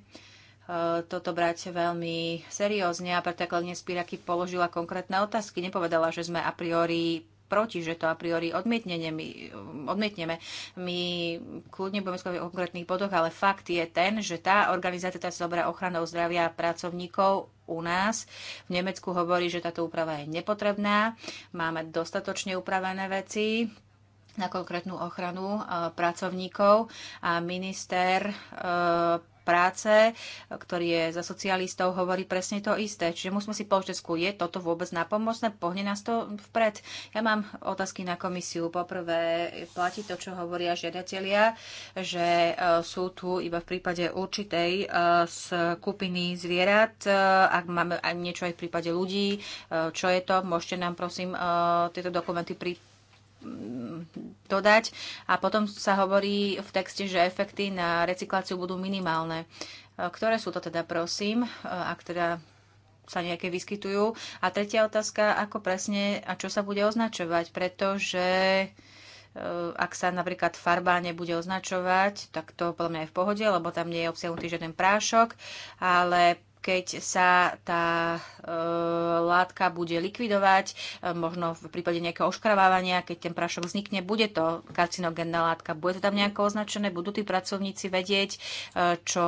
toto brať veľmi seriózne a preto kolegyňa Spiraky položila konkrétne otázky. Nepovedala, že sme a priori proti, že to a priori odmietneme. My kľudne budeme skôr o konkrétnych bodoch, ale fakt je ten, že tá organizácia, tá dobrá ochranou zdravia pracovníkov, u nás. V Nemecku hovorí, že táto úprava je nepotrebná, máme dostatočne upravené veci, na konkrétnu ochranu e, pracovníkov a minister e, práce, ktorý je za socialistov, hovorí presne to isté. Čiže musíme si povedať, je toto vôbec napomocné, pohne nás to vpred. Ja mám otázky na komisiu. Poprvé, platí to, čo hovoria žiadatelia, že e, sú tu iba v prípade určitej skupiny zvierat, ak máme niečo aj v prípade ľudí, čo je to, môžete nám prosím tieto dokumenty pri Mm, dodať. A potom sa hovorí v texte, že efekty na recykláciu budú minimálne. E, ktoré sú to teda, prosím, e, ak teda sa nejaké vyskytujú? A tretia otázka, ako presne a čo sa bude označovať, pretože e, ak sa napríklad farba nebude označovať, tak to podľa mňa je v pohode, lebo tam nie je obsiahnutý žiaden prášok, ale keď sa tá e, látka bude likvidovať, e, možno v prípade nejakého oškravávania, keď ten prašok vznikne, bude to karcinogénna látka, bude to tam nejako označené, budú tí pracovníci vedieť, e, čo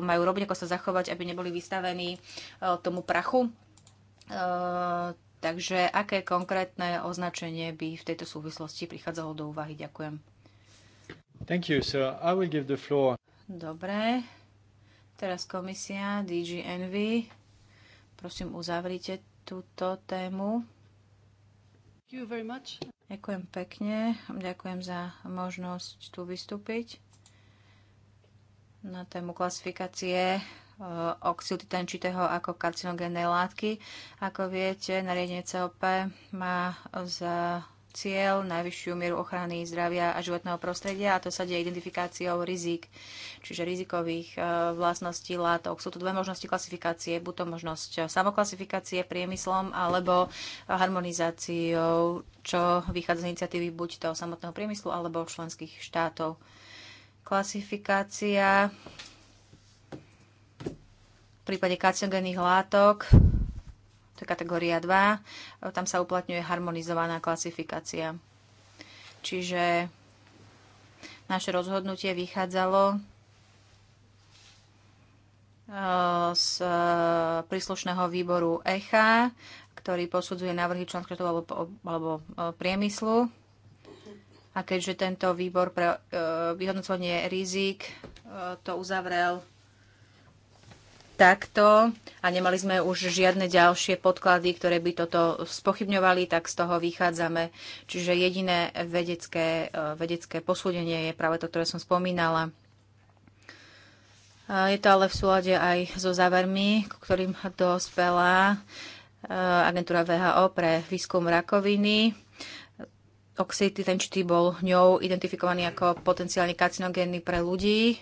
majú robiť, ako sa zachovať, aby neboli vystavení e, tomu prachu. E, Takže aké konkrétne označenie by v tejto súvislosti prichádzalo do úvahy? Ďakujem. Thank you, sir. I will give the floor. Dobre, Teraz komisia DG Envy. Prosím, uzavrite túto tému. Ďakujem pekne. Ďakujem za možnosť tu vystúpiť na tému klasifikácie e, oxyltitančitého ako karcinogénnej látky. Ako viete, nariadenie COP má za cieľ, najvyššiu mieru ochrany zdravia a životného prostredia a to sa deje identifikáciou rizik, čiže rizikových e, vlastností látok. Sú tu dve možnosti klasifikácie, buď to možnosť e, samoklasifikácie priemyslom alebo harmonizáciou, čo vychádza z iniciatívy buď toho samotného priemyslu alebo členských štátov. Klasifikácia v prípade karcinogénnych látok to je kategória 2, tam sa uplatňuje harmonizovaná klasifikácia. Čiže naše rozhodnutie vychádzalo e, z príslušného výboru ECHA, ktorý posudzuje návrhy členského alebo, alebo e, priemyslu. A keďže tento výbor pre e, vyhodnocovanie rizik to uzavrel takto a nemali sme už žiadne ďalšie podklady, ktoré by toto spochybňovali, tak z toho vychádzame. Čiže jediné vedecké, e, vedecké posúdenie je práve to, ktoré som spomínala. Je to ale v súlade aj so závermi, k ktorým dospela e, agentúra VHO pre výskum rakoviny. Oxid bol ňou identifikovaný ako potenciálne karcinogénny pre ľudí.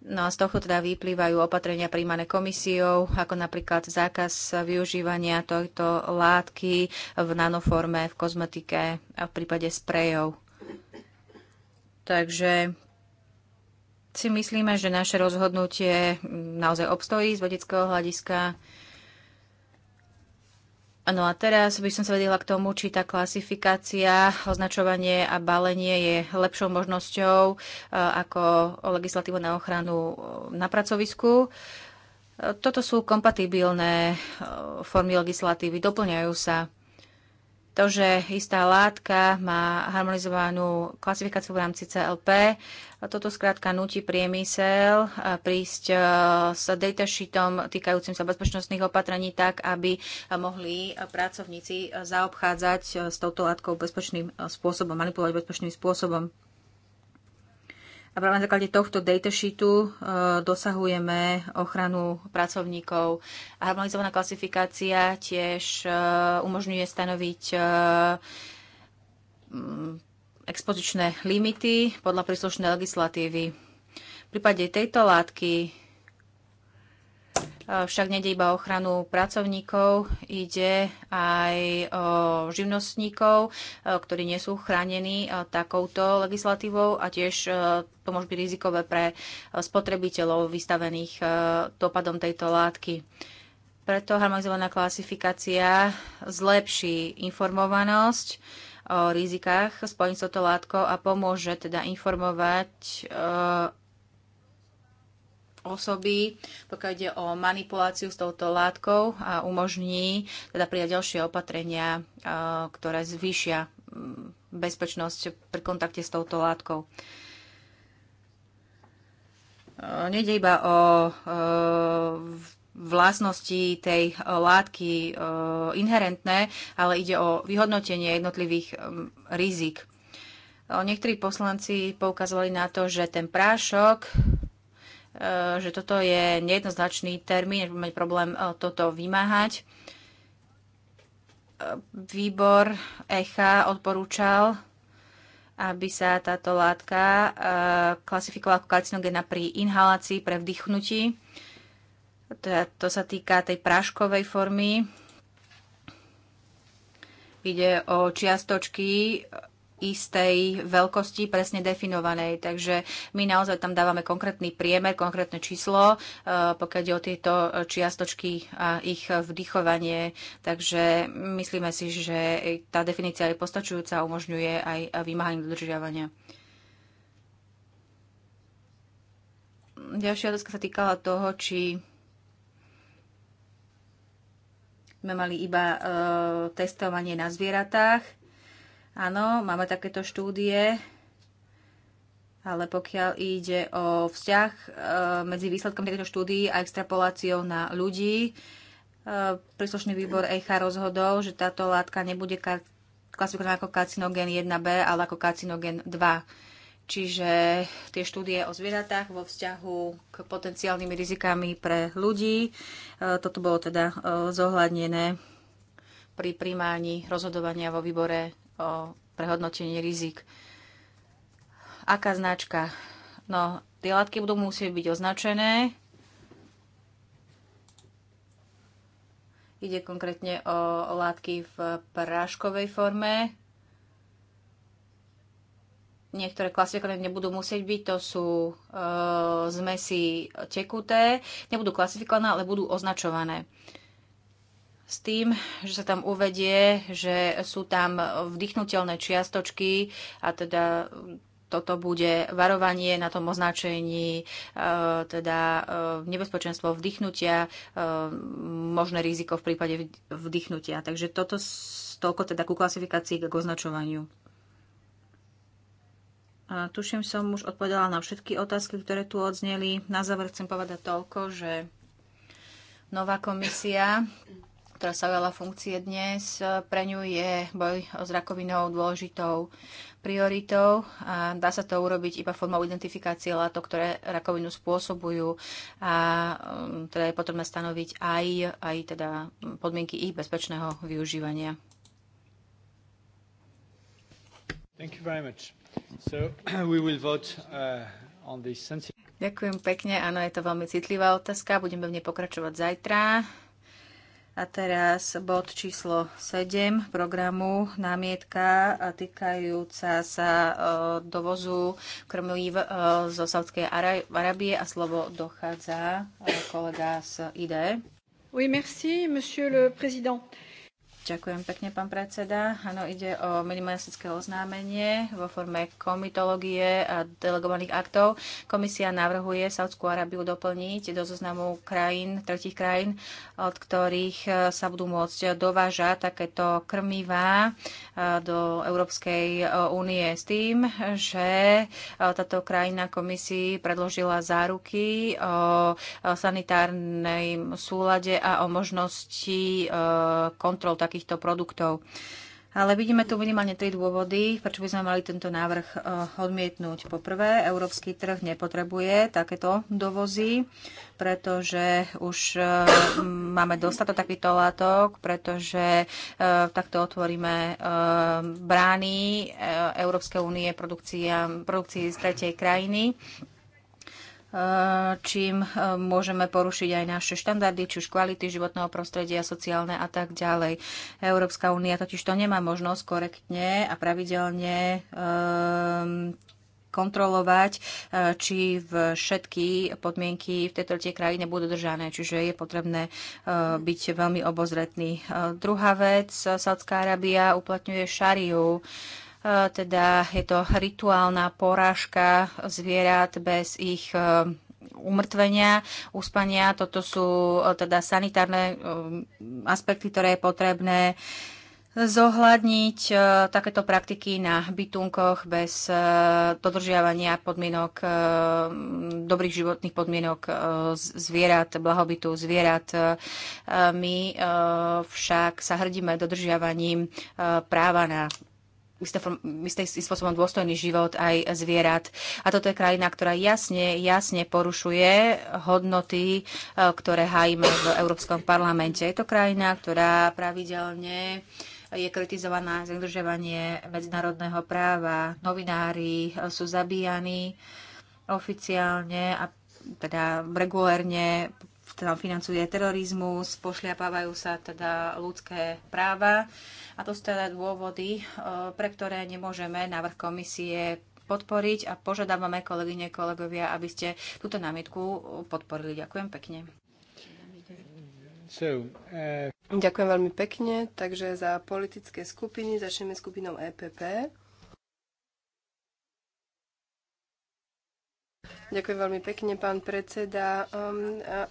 No a z toho teda vyplývajú opatrenia príjmané komisiou, ako napríklad zákaz využívania tohto látky v nanoforme, v kozmetike a v prípade sprejov. Takže si myslíme, že naše rozhodnutie naozaj obstojí z vedeckého hľadiska No a teraz by som sa vedela k tomu, či tá klasifikácia, označovanie a balenie je lepšou možnosťou e, ako legislatíva na ochranu e, na pracovisku. E, toto sú kompatibilné formy legislatívy, doplňajú sa to, že istá látka má harmonizovanú klasifikáciu v rámci CLP, toto skrátka nutí priemysel eh, prísť eh, s datasheetom týkajúcim sa bezpečnostných opatrení tak, aby eh, mohli pracovníci zaobchádzať s touto látkou bezpečným spôsobom, manipulovať bezpečným spôsobom. A práve na základe tohto datasheetu e, dosahujeme ochranu pracovníkov. A harmonizovaná klasifikácia tiež e, umožňuje stanoviť e, mm, expozičné limity podľa príslušnej legislatívy. V prípade tejto látky však nejde iba o ochranu pracovníkov, ide aj o živnostníkov, e, ktorí nie sú chránení e, takouto legislatívou a tiež e, to môže byť rizikové pre spotrebiteľov vystavených dopadom tejto látky. Preto harmonizovaná klasifikácia zlepší informovanosť o rizikách spojených s touto látkou a pomôže teda informovať osoby, pokiaľ ide o manipuláciu s touto látkou a umožní teda prijať ďalšie opatrenia, e, ktoré zvýšia mm, bezpečnosť pri kontakte s touto látkou. E, nejde iba o e, vlastnosti tej látky inherentné, ale ide o vyhodnotenie jednotlivých rizik. Niektorí poslanci poukazovali na to, že ten prášok že toto je nejednoznačný termín, že mať problém eh, toto vymáhať. Eh, výbor ECHA odporúčal, aby sa táto látka eh, klasifikovala ako karcinogéna pri inhalácii, pre vdychnutí. to sa týka tej práškovej formy. Ide o čiastočky istej veľkosti presne definovanej. Takže my naozaj tam dávame konkrétny priemer, konkrétne číslo, eh, pokiaľ ide o tieto eh, čiastočky a ich vdychovanie. Takže myslíme si, že tá definícia je postačujúca a umožňuje aj vymáhanie dodržiavania. Ďalšia otázka sa týkala toho, či sme mali iba e, testovanie na zvieratách Áno, máme takéto štúdie, ale pokiaľ ide o vzťah e, medzi výsledkom tejto štúdii a extrapoláciou na ľudí, e, príslušný výbor EICHA rozhodol, že táto látka nebude klasifikovaná ako karcinogen 1B, ale ako karcinogen 2. Čiže tie štúdie o zvieratách vo vzťahu k potenciálnymi rizikami pre ľudí, e, toto bolo teda zohľadnené pri príjmaní rozhodovania vo výbore o prehodnotenie rizik. Aká značka? No, tie látky budú musieť byť označené. Ide konkrétne o látky v práškovej forme. Niektoré klasifikované nebudú musieť byť, to sú e, zmesi tekuté. Nebudú klasifikované, ale budú označované. E, s tým, že sa tam uvedie, že sú tam vdychnutelné čiastočky a teda toto bude varovanie na tom označení, e, teda e, nebezpečenstvo vdychnutia, e, možné riziko v prípade vdychnutia. Takže toto toľko teda ku klasifikácii, k označovaniu. A tuším, som už odpovedala na všetky otázky, ktoré tu odzneli. Na záver chcem povedať toľko, že nová komisia ktorá sa veľa funkcie dnes. Pre ňu je boj s rakovinou dôležitou prioritou a dá sa to urobiť iba formou identifikácie látok, ktoré rakovinu spôsobujú a um, teda je potrebné stanoviť aj, aj teda podmienky ich bezpečného využívania. Thank you very much. So we will vote uh, on this sensitive... Ďakujem pekne. Áno, je to veľmi citlivá otázka. Budeme v nej pokračovať zajtra. A teraz bod číslo 7 programu námietka týkajúca sa e, dovozu krmiv e, zo Saudskej Arábie a slovo dochádza e, kolega z IDE. Oui, merci, monsieur le président. Uh, Ďakujem pekne, pán predseda. Áno, ide o minimalistické oznámenie vo forme komitológie a delegovaných aktov. Komisia navrhuje Saudskú Arabiu doplniť do zoznamu krajín, tretich krajín, od ktorých eh, sa budú môcť dovážať takéto krmivá eh, do Európskej eh, únie s tým, že táto krajina komisii predložila záruky o sanitárnej súlade a o možnosti kontrol takých týchto produktov. Ale vidíme tu minimálne tri dôvody, prečo by sme mali tento návrh eh, odmietnúť. Po prvé, európsky trh nepotrebuje takéto dovozy, pretože už eh, máme dostatok takýchto látok, pretože eh, takto otvoríme brány Európskej únie produkcii z tretej krajiny čím eh, môžeme porušiť aj naše štandardy, či už kvality životného prostredia, sociálne a tak ďalej. Európska únia totiž to nemá možnosť korektne a pravidelne eh, kontrolovať, eh, či všetky podmienky v tejto tie krajine budú držané. Čiže je potrebné byť veľmi obozretný. Druhá vec, Saudská Arábia uplatňuje šariu E, teda je to rituálna porážka zvierat bez ich e, umrtvenia, uspania. Toto sú e, teda sanitárne aspekty, ktoré je potrebné zohľadniť takéto praktiky na bytunkoch bez dodržiavania podmienok, dobrých životných podmienok zvierat, blahobytu zvierat. My však sa hrdíme dodržiavaním práva na istým spôsobom dôstojný život aj zvierat. A toto je krajina, ktorá jasne, jasne porušuje hodnoty, e, ktoré hájime v Európskom parlamente. Je to krajina, ktorá pravidelne je kritizovaná za dodržiavanie medzinárodného práva. Novinári e, sú zabíjani oficiálne a teda regulérne teda financuje terorizmus, pošliapávajú sa teda ľudské práva a to sú teda dôvody, e, pre ktoré nemôžeme návrh komisie podporiť a požiadavame kolegyne, kolegovia, aby ste túto námietku podporili. Ďakujem pekne. So, uh... Ďakujem veľmi pekne. Takže za politické skupiny začneme skupinou EPP. Ďakujem veľmi pekne, pán predseda. Um,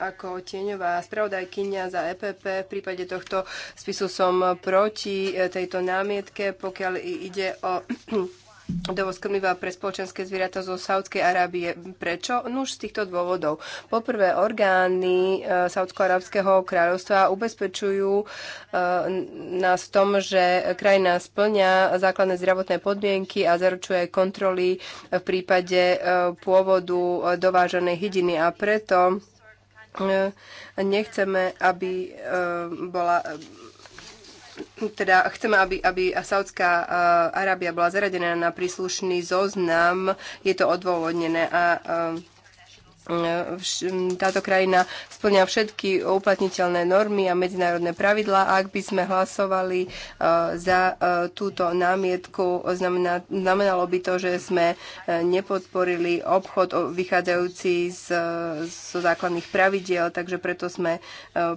ako tieňová spravodajkynia za EPP, v prípade tohto spisu som proti eh, tejto námietke, pokiaľ ide o dovoz krmiva pre spoločenské zvieratá zo Saudskej Arábie. Prečo? No už z týchto dôvodov. Poprvé, orgány e, Saudsko-Arabského kráľovstva ubezpečujú e, nás v tom, že krajina splňa základné zdravotné podmienky a zaručuje kontroly v prípade e, pôvodu dováženej hydiny a preto nechceme, aby bola teda chceme, aby, aby Saudská eh, Arábia bola zaradená na príslušný zoznam, je to odôvodnené a eh, táto krajina splňa všetky uplatniteľné normy a medzinárodné pravidlá. Ak by sme hlasovali e, za e, túto námietku, znamená, znamenalo by to, že sme e, nepodporili obchod vychádzajúci z, základných pravidiel, takže preto sme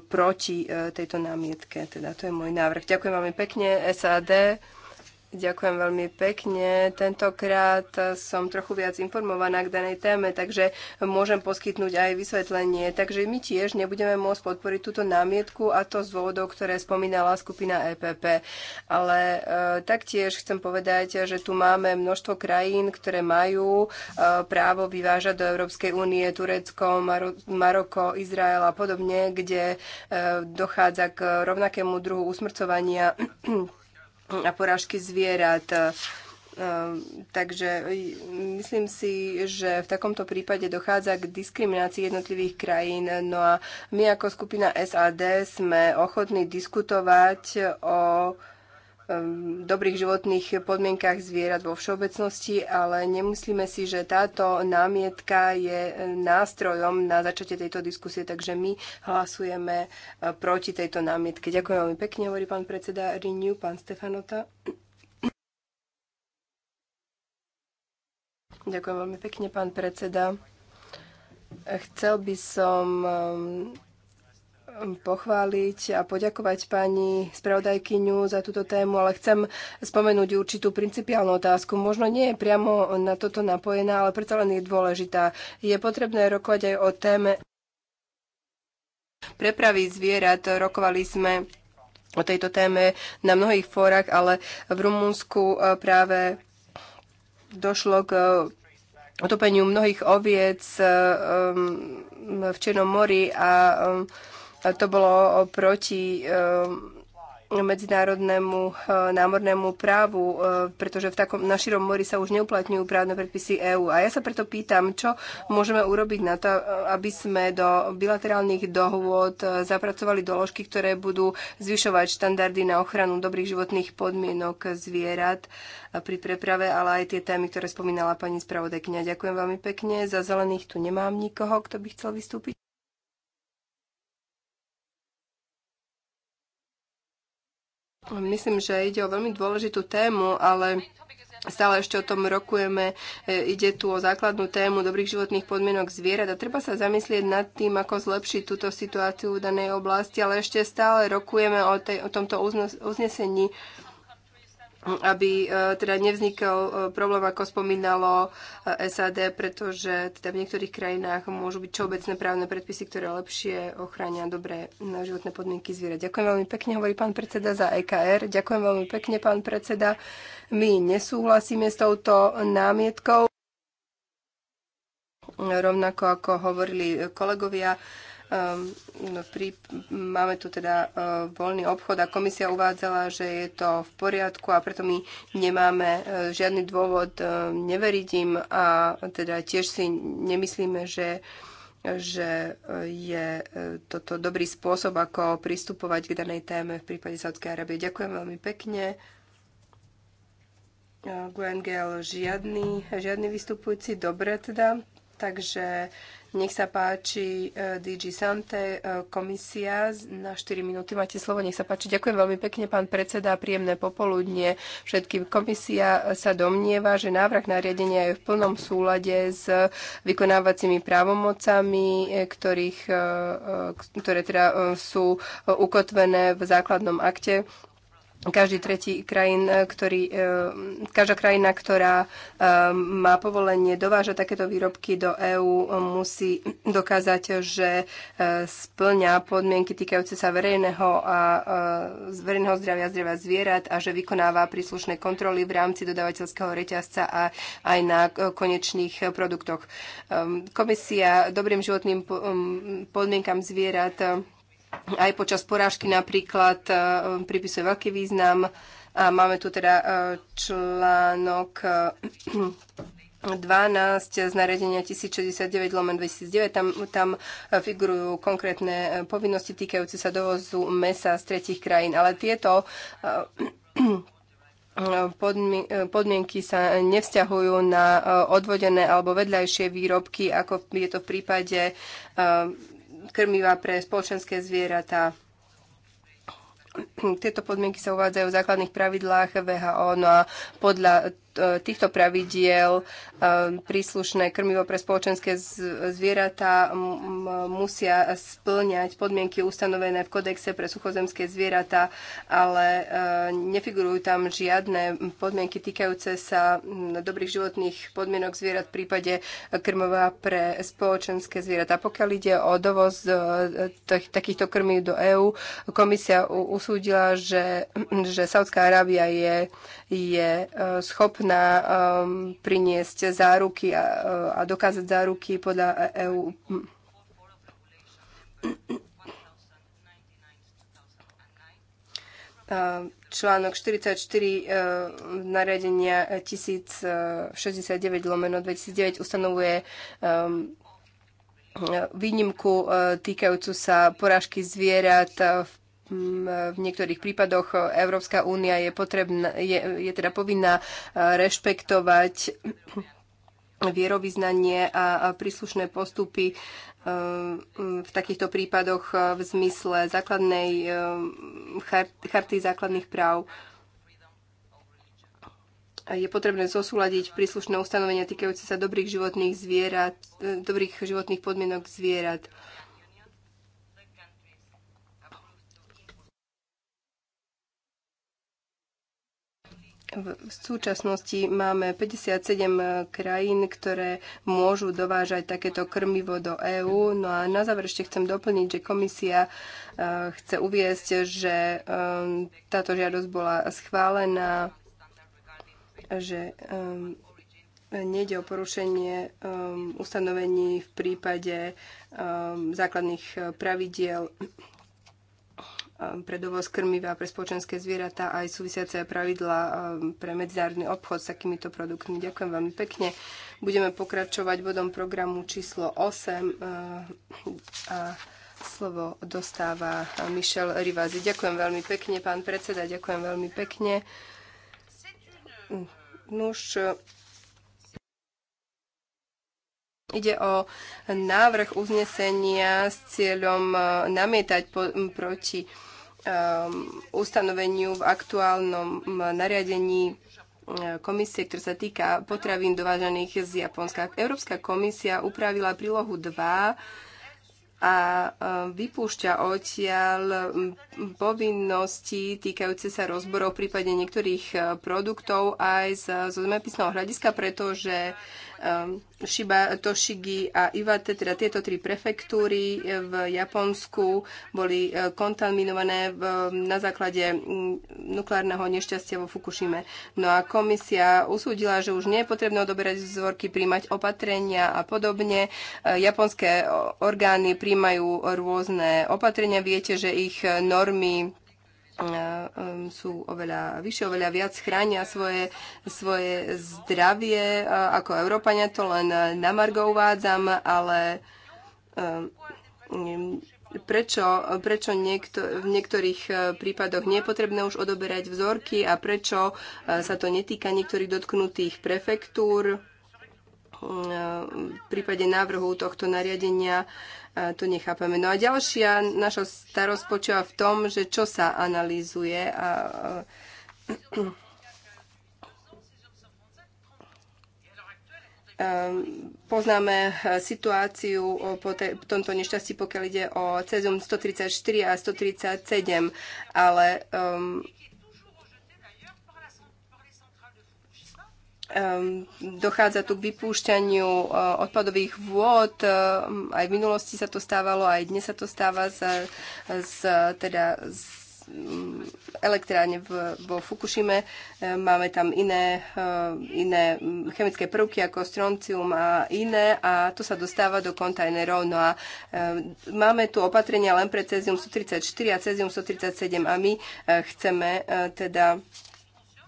proti tejto námietke. Teda to je môj návrh. Ďakujem veľmi pekne. SAD. Ďakujem veľmi pekne. Tentokrát som trochu viac informovaná k danej téme, takže môžem poskytnúť aj vysvetlenie. Takže my tiež nebudeme môcť podporiť túto námietku a to z dôvodov, ktoré spomínala skupina EPP. Ale e, taktiež chcem povedať, že tu máme množstvo krajín, ktoré majú e, právo vyvážať do Európskej únie, Turecko, Mar- Maroko, Izrael a podobne, kde e, dochádza k rovnakému druhu usmrcovania a porážky zvierat. E, takže myslím si, že v takomto prípade dochádza k diskriminácii jednotlivých krajín. No a my ako skupina SAD sme ochotní diskutovať o dobrých životných podmienkach zvierat vo všeobecnosti, ale nemyslíme si, že táto námietka je nástrojom na začatie tejto diskusie, takže my hlasujeme e, proti tejto námietke. Ďakujem veľmi pekne, hovorí pán predseda Riniu, pán Stefanota. Ďakujem veľmi pekne, pán predseda. Chcel by som pochváliť a poďakovať pani spravodajkyňu za túto tému, ale chcem spomenúť určitú principiálnu otázku. Možno nie je priamo na toto napojená, ale preto len je dôležitá. Je potrebné rokovať aj o téme prepravy zvierat. Rokovali sme o tejto téme na mnohých fórach, ale v Rumunsku e, práve došlo k e, otopeniu mnohých oviec e, v Černom mori a to bolo proti eh, medzinárodnému eh, námornému právu, eh, pretože v takom, na širom mori sa už neuplatňujú právne predpisy EÚ. A ja sa preto pýtam, čo môžeme urobiť na to, aby sme do bilaterálnych dohôd zapracovali doložky, ktoré budú zvyšovať štandardy na ochranu dobrých životných podmienok zvierat pri preprave, ale aj tie témy, ktoré spomínala pani spravodajkynia. Ďakujem veľmi pekne. Za zelených tu nemám nikoho, kto by chcel vystúpiť. Myslím, že ide o veľmi dôležitú tému, ale stále ešte o tom rokujeme. E, ide tu o základnú tému dobrých životných podmienok zvierat a treba sa zamyslieť nad tým, ako zlepšiť túto situáciu v danej oblasti, ale ešte stále rokujeme o, tej, o tomto uznesení aby e, teda nevznikol e, problém, ako spomínalo e, SAD, pretože teda v niektorých krajinách môžu byť všeobecné právne predpisy, ktoré lepšie ochránia dobré životné podmienky zvierat. Ďakujem veľmi pekne, hovorí pán predseda za EKR. Ďakujem veľmi pekne, pán predseda. My nesúhlasíme s touto námietkou. Rovnako ako hovorili kolegovia, Ehm, no, pri, máme tu teda e, voľný obchod a komisia uvádzala, že je to v poriadku a preto my nemáme e, žiadny dôvod e, neveriť im a teda tiež si nemyslíme, že že je toto dobrý spôsob, ako pristupovať k danej téme v prípade Sádskej Arábie. Ďakujem veľmi pekne. Guengel, žiadny, žiadny vystupujúci, dobre teda. Takže nech sa páči e, DG Sante, e, komisia, na 4 minúty máte slovo, nech sa páči. Ďakujem veľmi pekne, pán predseda, príjemné popoludnie všetkým. Komisia sa domnieva, že návrh nariadenia je v plnom súlade s vykonávacími právomocami, e, ktorých, ktoré teda sú ukotvené v základnom akte každý tretí krajín, e, ktorý, e, každá krajina, ktorá e, má povolenie dovážať takéto výrobky do EÚ, musí dokázať, že splňa podmienky týkajúce sa verejného a verejného zdravia zdravia zvierat a že vykonáva príslušné kontroly v rámci dodávateľského reťazca a aj na konečných produktoch. Komisia dobrým životným podmienkam zvierat aj počas porážky napríklad e, pripisuje veľký význam. A máme tu teda e, článok 12 e, z nariadenia 1069 lomen 2009. Tam, tam figurujú konkrétne povinnosti týkajúce sa dovozu mesa z tretich krajín. Ale tieto podmienky sa nevzťahujú na odvodené alebo vedľajšie výrobky, ako je to v prípade krmiva pre spoločenské zvieratá. Tieto podmienky sa uvádzajú v základných pravidlách VHO, no a podľa týchto pravidiel e, príslušné krmivo pre spoločenské zvieratá musia splňať podmienky ustanovené v kodexe pre suchozemské zvieratá, ale e, nefigurujú tam žiadne podmienky týkajúce sa dobrých životných podmienok zvierat v prípade krmova pre spoločenské zvieratá. Pokiaľ ide o dovoz e, takýchto krmiv do EÚ, komisia usúdila, že, že Saudská Arábia je, je schopná schopná um, priniesť záruky a, uh, a dokázať záruky podľa EU. článok 44 uh, nariadenia 1069 uh, lomeno 2009 ustanovuje um, výnimku týkajúcu sa porážky zvierat v Mm, v niektorých prípadoch e, Európska únia je, potrebná, je, je teda povinná e, rešpektovať vierovýznanie a príslušné postupy e, v takýchto prípadoch v zmysle základnej charty základných práv. Je potrebné zosúľadiť príslušné ustanovenia týkajúce sa dobrých životných zvierat, dobrých životných podmienok zvierat. V súčasnosti máme 57 krajín, ktoré môžu dovážať takéto krmivo do EÚ. No a na záver ešte chcem doplniť, že komisia e, chce uviesť, že e, táto žiadosť bola schválená, že e, nejde o porušenie ustanovení v prípade základných pravidiel Um, pre dovoz krmiva pre spoločenské zvieratá aj súvisiace pravidla um, pre medzinárodný obchod s takýmito produktmi. Ďakujem veľmi pekne. Budeme pokračovať bodom programu číslo 8 uh, a slovo dostáva Michel Rivazi. Ďakujem veľmi pekne, pán predseda, ďakujem veľmi pekne. Nuž, Ide o návrh uznesenia s cieľom uh, namietať po, proti Um, ustanoveniu v aktuálnom um, nariadení um, komisie, ktorá sa týka potravín dovážaných z Japonska. Európska komisia upravila prílohu 2 a vypúšťa odtiaľ povinnosti týkajúce sa rozborov v prípade niektorých uh, produktov aj z, z zemepisného hľadiska, pretože Ehm, Shiba, Toshigi a Iwate, teda tieto tri prefektúry eh, v Japonsku boli eh, kontaminované na základe mm, nukleárneho nešťastia vo Fukushime. No a komisia usúdila, že už nie je potrebné odoberať vzorky, príjmať opatrenia a podobne. Eh, Japonské orgány príjmajú rôzne opatrenia. Viete, že ich normy Um, sú oveľa vyššie, oveľa viac chránia svoje, svoje zdravie ako Európania. To len na Margo uvádzam, ale um, um, prečo, prečo niekto, v niektorých uh, prípadoch nie je potrebné už odoberať vzorky a prečo uh, sa to netýka niektorých dotknutých prefektúr v prípade návrhu tohto nariadenia e, to nechápame. No a ďalšia naša starosť počúva v tom, že čo sa analýzuje a e, poznáme situáciu po, te, tomto nešťastí, pokiaľ ide o cezum 134 a 137, ale um, dochádza tu k vypúšťaniu e, odpadových vôd. E, aj v minulosti sa to stávalo, aj dnes sa to stáva z, z, teda z mm, elektrárne v, vo Fukushime. E, máme tam iné, iné chemické prvky ako stroncium a iné a to sa dostáva do kontajnerov. No a máme tu opatrenia len pre cezium 134 a cezium 137 a my chceme teda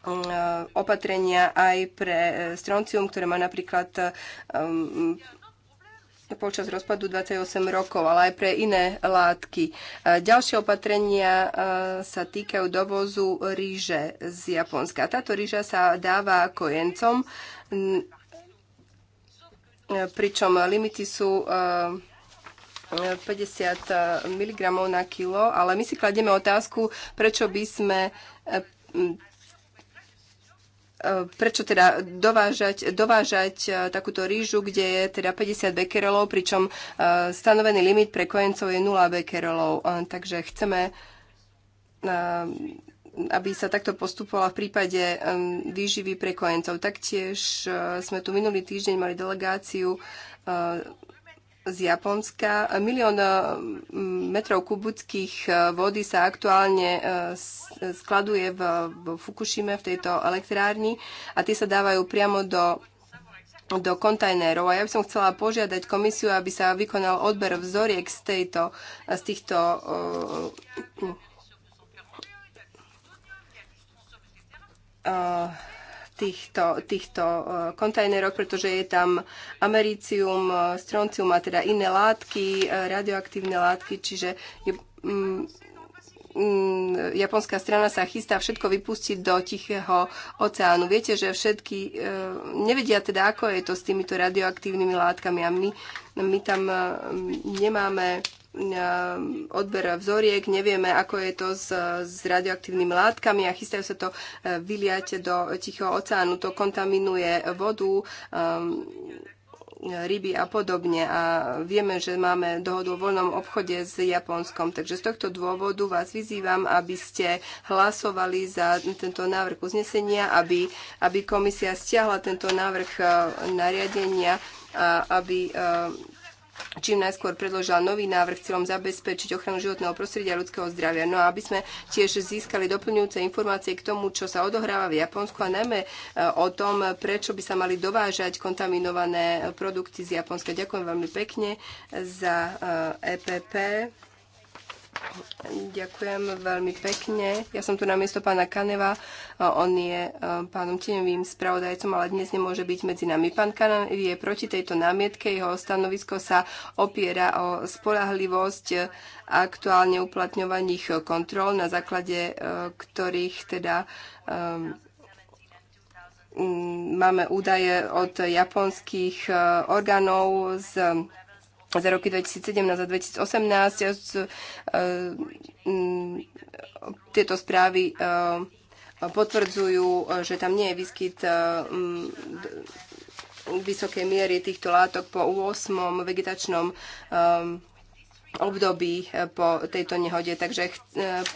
Mm, opatrenia aj pre e, stroncium, ktoré má napríklad e, počas rozpadu 28 rokov, ale aj pre iné látky. E, ďalšie opatrenia sa týkajú dovozu ríže z Japonska. Táto ríža sa dáva kojencom, mm, pričom limity sú 50 mg na kilo, ale my si kladieme otázku, prečo by sme prečo teda dovážať, dovážať e, takúto rížu, kde je teda 50 bekerolov, pričom e, stanovený limit pre kojencov je 0 bekerolov. E, takže chceme aby sa takto postupovala v prípade výživy pre kojencov. Taktiež sme tu minulý týždeň mali delegáciu z Japonska. Milión eh, metrov kubických eh, vody sa aktuálne eh, skladuje v, Fukušime, Fukushime, v tejto elektrárni a tie sa dávajú priamo do do kontajnerov. A ja by som chcela požiadať komisiu, aby sa vykonal odber vzoriek z, tejto, z týchto uh, uh, týchto, týchto eh, kontajneroch, pretože je tam americium, eh, stroncium a teda iné látky, eh, radioaktívne látky, čiže je, mm, mm, japonská strana sa chystá všetko vypustiť do Tichého oceánu. Viete, že všetky nevedia teda, ako je to s týmito radioaktívnymi látkami a my, my tam nemáme Um, odber vzoriek, nevieme, ako je to s, s radioaktívnymi látkami a chystajú sa to uh, vyliať do Tichého oceánu. To kontaminuje vodu, um, ryby a podobne. A vieme, že máme dohodu o voľnom obchode s Japonskom. Takže z tohto dôvodu vás vyzývam, aby ste hlasovali za tento návrh uznesenia, aby, aby komisia stiahla tento návrh uh, nariadenia a aby uh, čím najskôr predložila nový návrh cieľom zabezpečiť ochranu životného prostredia a ľudského zdravia. No a aby sme tiež získali doplňujúce informácie k tomu, čo sa odohráva v Japonsku a najmä e, o tom, prečo by sa mali dovážať kontaminované produkty z Japonska. Ďakujem veľmi pekne za EPP. E Ďakujem veľmi pekne. Ja som tu na miesto pána Kaneva. On je eh, pánom Tenevým spravodajcom, ale dnes nemôže byť medzi nami. Pán Kanev je proti tejto námietke. Jeho stanovisko sa opiera o spolahlivosť aktuálne uplatňovaných kontrol, na základe eh, ktorých teda eh, máme údaje od japonských orgánov z za roky 2017 a 2018 e, tieto správy e, potvrdzujú, že tam nie je výskyt e, vysokej miery týchto látok po 8. vegetačnom období eh, po tejto nehode. Takže eh,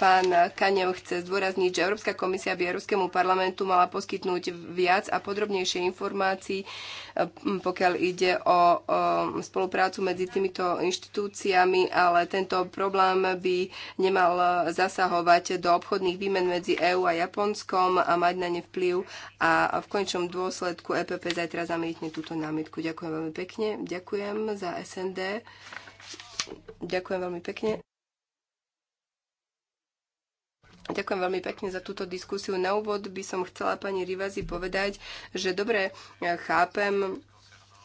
pán Kanev chce zdôrazniť, že Európska komisia by Európskemu parlamentu mala poskytnúť viac a podrobnejšie informácií, eh, pokiaľ ide o, o spoluprácu medzi týmito inštitúciami, ale tento problém by nemal zasahovať do obchodných výmen medzi EÚ a Japonskom a mať na ne vplyv a v končnom dôsledku EPP zajtra zamietne túto námietku. Ďakujem veľmi pekne. Ďakujem za SND. Ďakujem veľmi pekne. Ďakujem veľmi pekne za túto diskusiu. Na úvod by som chcela pani Rivazi povedať, že dobre chápem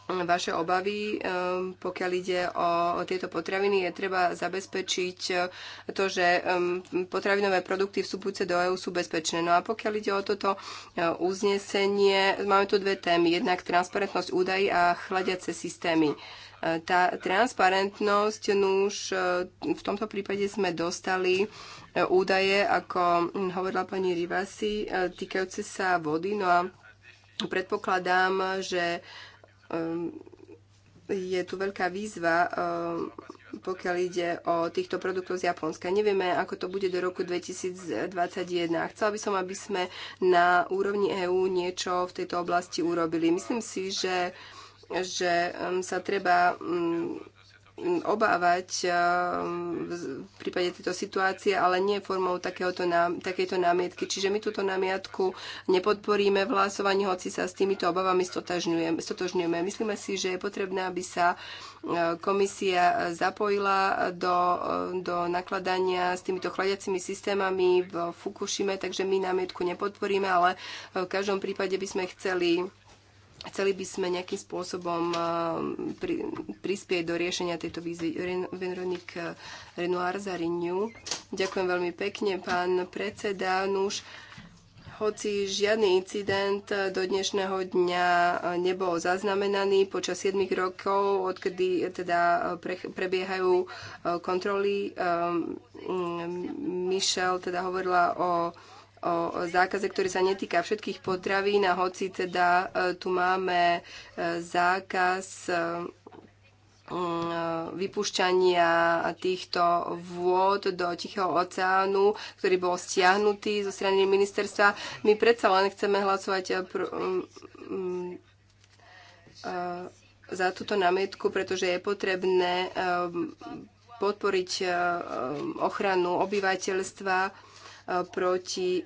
vaše obavy, um, pokiaľ ide o tieto potraviny. Je treba zabezpečiť to, že um, potravinové produkty vstupujúce do EÚ sú bezpečné. No a pokiaľ ide o toto uh, uznesenie, máme tu dve témy. Jednak transparentnosť údají a chladiace systémy. Uh, tá transparentnosť, nuž, no uh, v tomto prípade sme dostali údaje, ako hovorila pani Rivasi, týkajúce sa vody. No a predpokladám, že Ehm, je tu veľká výzva, ehm, pokiaľ ide o týchto produktov z Japonska. Nevieme, ako to bude do roku 2021. Chcela by som, aby sme na úrovni EÚ niečo v tejto oblasti urobili. Myslím si, že že ehm, sa treba obávať eh, v prípade tejto situácie, ale nie formou takéhoto, takéto námietky. Čiže my túto námietku nepodporíme v hlasovaní, hoci sa s týmito obavami stotožňujeme. Myslíme si, že je potrebné, aby sa eh, komisia zapojila do, eh, do nakladania s týmito chladiacimi systémami v Fukushime, takže my námietku nepodporíme, ale v každom prípade by sme chceli Chceli by sme nejakým spôsobom eh, pri, prispieť do riešenia tejto výzvy. Venronik eh, Renoir za Renew. Ďakujem veľmi pekne, pán predseda. Nuž, hoci žiadny incident eh, do dnešného dňa nebol zaznamenaný počas 7 rokov, odkedy teda pre, prebiehajú kontroly. Michelle teda hovorila o o zákaze, ktorý sa netýka všetkých potravín a hoci teda e, tu máme e, zákaz e, mm, vypušťania týchto vôd do Tichého oceánu, ktorý bol stiahnutý zo strany ministerstva. My predsa len chceme hlasovať pr- mm, mm, za túto námietku, pretože je potrebné podporiť ochranu obyvateľstva proti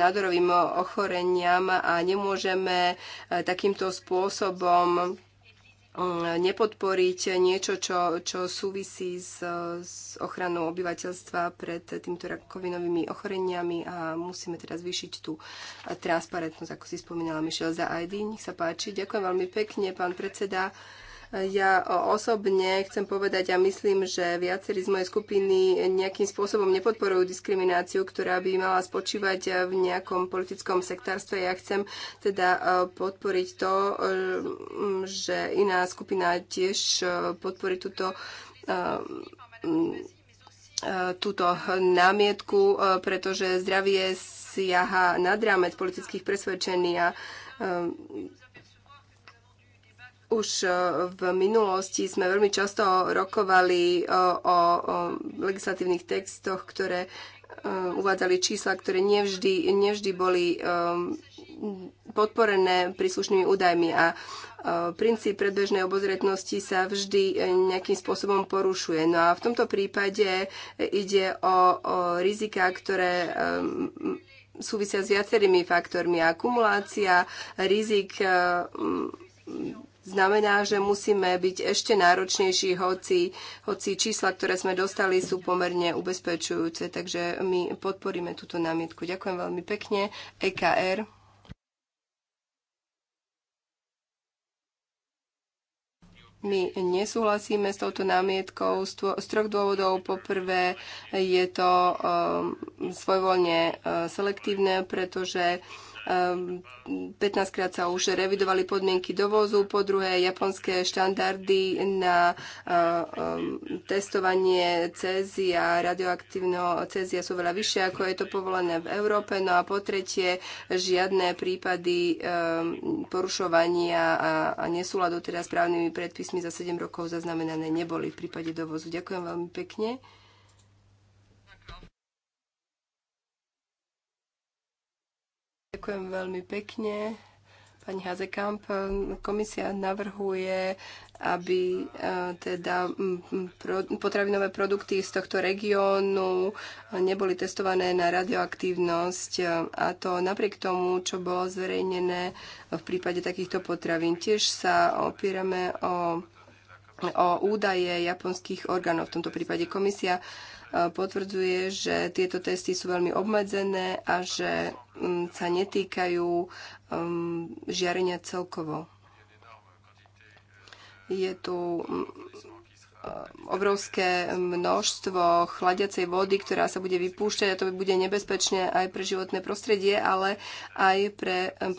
nádorovým ochoreniam a nemôžeme eh, takýmto spôsobom mm, nepodporiť niečo, čo, čo súvisí s, s ochranou obyvateľstva pred týmto rakovinovými ochoreniami a musíme teraz vyšiť tú transparentnosť, ako si spomínala Michelle za ID. Nech sa páči. Ďakujem veľmi pekne, pán predseda. Ja osobne chcem povedať a ja myslím, že viacerí z mojej skupiny nejakým spôsobom nepodporujú diskrimináciu, ktorá by mala spočívať v nejakom politickom sektárstve. Ja chcem teda e, podporiť to, e, že iná skupina tiež e, podporí túto túto námietku, pretože zdravie siaha nad rámec politických presvedčení a už e, v minulosti sme veľmi často rokovali e, o, o legislatívnych textoch, ktoré e, uvádzali čísla, ktoré nevždy, nevždy boli podporené príslušnými údajmi a princíp predbežnej obozretnosti sa vždy nejakým spôsobom porušuje. No a v tomto prípade ide o, o rizika, ktoré súvisia s viacerými faktormi. Akumulácia rizik znamená, že musíme byť ešte náročnejší, hoci, hoci čísla, ktoré sme dostali, sú pomerne ubezpečujúce. Takže my podporíme túto námietku. Ďakujem veľmi pekne. EKR. My nesúhlasíme s touto námietkou z troch dôvodov. Poprvé, je to um, svojvoľne uh, selektívne, pretože 15 ehm, krát sa už revidovali podmienky dovozu, po druhé japonské štandardy na ehm, testovanie cézia, radioaktívneho cézia sú veľa vyššie, ako je to povolené v Európe, no a po tretie žiadne prípady ehm, porušovania a nesúladu teda s právnymi predpismi za 7 rokov zaznamenané neboli v prípade dovozu. Ďakujem veľmi pekne. Ďakujem veľmi pekne. Pani Hazekamp, komisia navrhuje, aby e, teda potravinové produkty z tohto regiónu neboli testované na radioaktívnosť e, a to napriek tomu, čo bolo zverejnené v prípade takýchto potravín. Tiež sa opierame o, o údaje japonských orgánov, v tomto prípade komisia potvrdzuje, že tieto testy sú veľmi obmedzené a že mm, sa netýkajú mm, žiarenia celkovo. Je tu mm, obrovské množstvo chladiacej vody, ktorá sa bude vypúšťať a to bude nebezpečné aj pre životné prostredie, ale aj pre, um,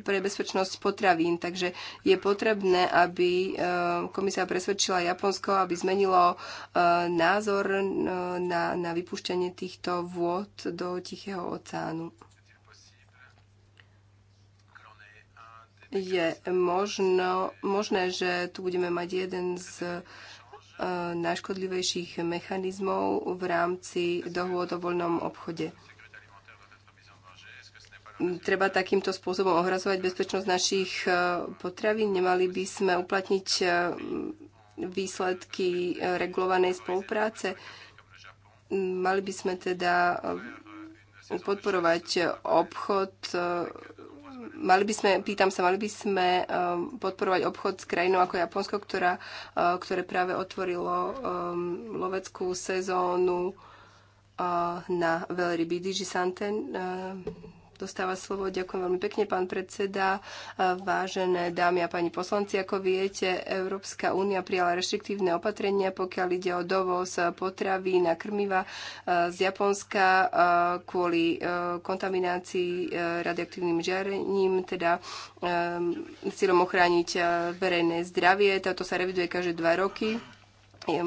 pre bezpečnosť potravín. Takže je potrebné, aby um, komisia presvedčila Japonsko, aby zmenilo uh, názor uh, na, na vypúšťanie týchto vôd do Tichého oceánu. je možno, možné, že tu budeme mať jeden z e, najškodlivejších mechanizmov v rámci dohôd o voľnom obchode. Treba takýmto spôsobom ohrazovať bezpečnosť našich e, potravín. Nemali by sme uplatniť e, výsledky regulovanej spolupráce. Mali by sme teda podporovať obchod mali by sme, pýtam sa, mali by sme um, podporovať obchod s krajinou ako Japonsko, ktorá, uh, ktoré práve otvorilo um, loveckú sezónu uh, na veľryby. Digi Santen uh, dostáva slovo. Ďakujem veľmi pekne, pán predseda. Vážené dámy a pani poslanci, ako viete, Európska únia prijala reštriktívne opatrenia, pokiaľ ide o dovoz potravy na krmiva e, z Japonska e, kvôli e, kontaminácii radioaktívnym žiarením, teda s cieľom ochrániť verejné zdravie. Táto sa reviduje každé dva roky. Je,